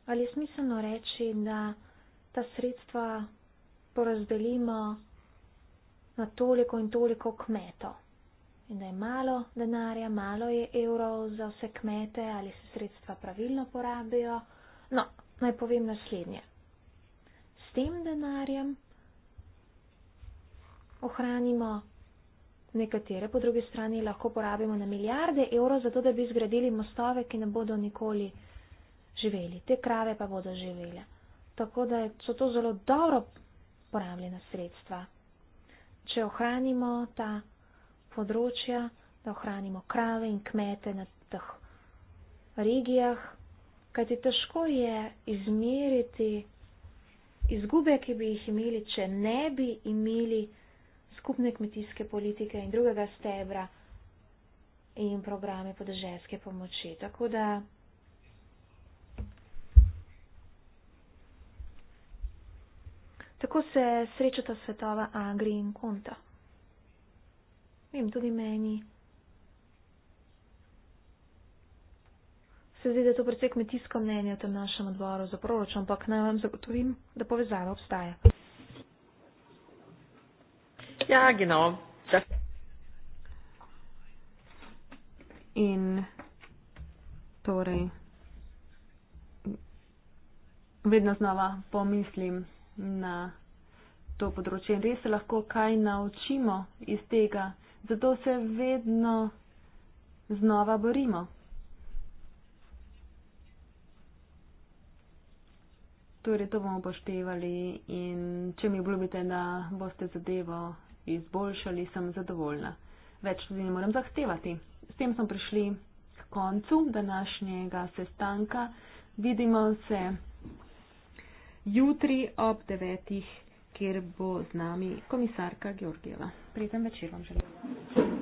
D: Ali je smiselno reči, da ta sredstva porazdelimo na toliko in toliko kmetov? in da je malo denarja, malo je evrov za vse kmete, ali se sredstva pravilno porabijo. No, naj povem naslednje. S tem denarjem ohranimo nekatere, po drugi strani lahko porabimo na milijarde evrov, zato da bi zgradili mostove, ki ne bodo nikoli živeli. Te krave pa bodo živele. Tako da so to zelo dobro porabljena sredstva. Če ohranimo ta področja, da ohranimo krave in kmete na teh regijah, kajti težko je izmeriti izgube, ki bi jih imeli, če ne bi imeli skupne kmetijske politike in drugega stebra in programe podeželske pomoči. Tako da tako se srečata svetova Agri in Konta vem, tudi meni. Se zdi, da je to predvsej kmetijsko mnenje v tem našem odboru za proračun, ampak naj vam zagotovim, da povezava obstaja.
A: Ja, gino. Ja.
B: In torej, vedno znova pomislim na to področje. In res se lahko kaj naučimo iz tega, zato se vedno znova borimo. Torej, to bomo poštevali in če mi obljubite, da boste zadevo izboljšali, sem zadovoljna. Več tudi ne morem zahtevati. S tem smo prišli k koncu današnjega sestanka. Vidimo se jutri ob devetih kjer bo z nami komisarka Georgijeva. Prijeten večer vam želim.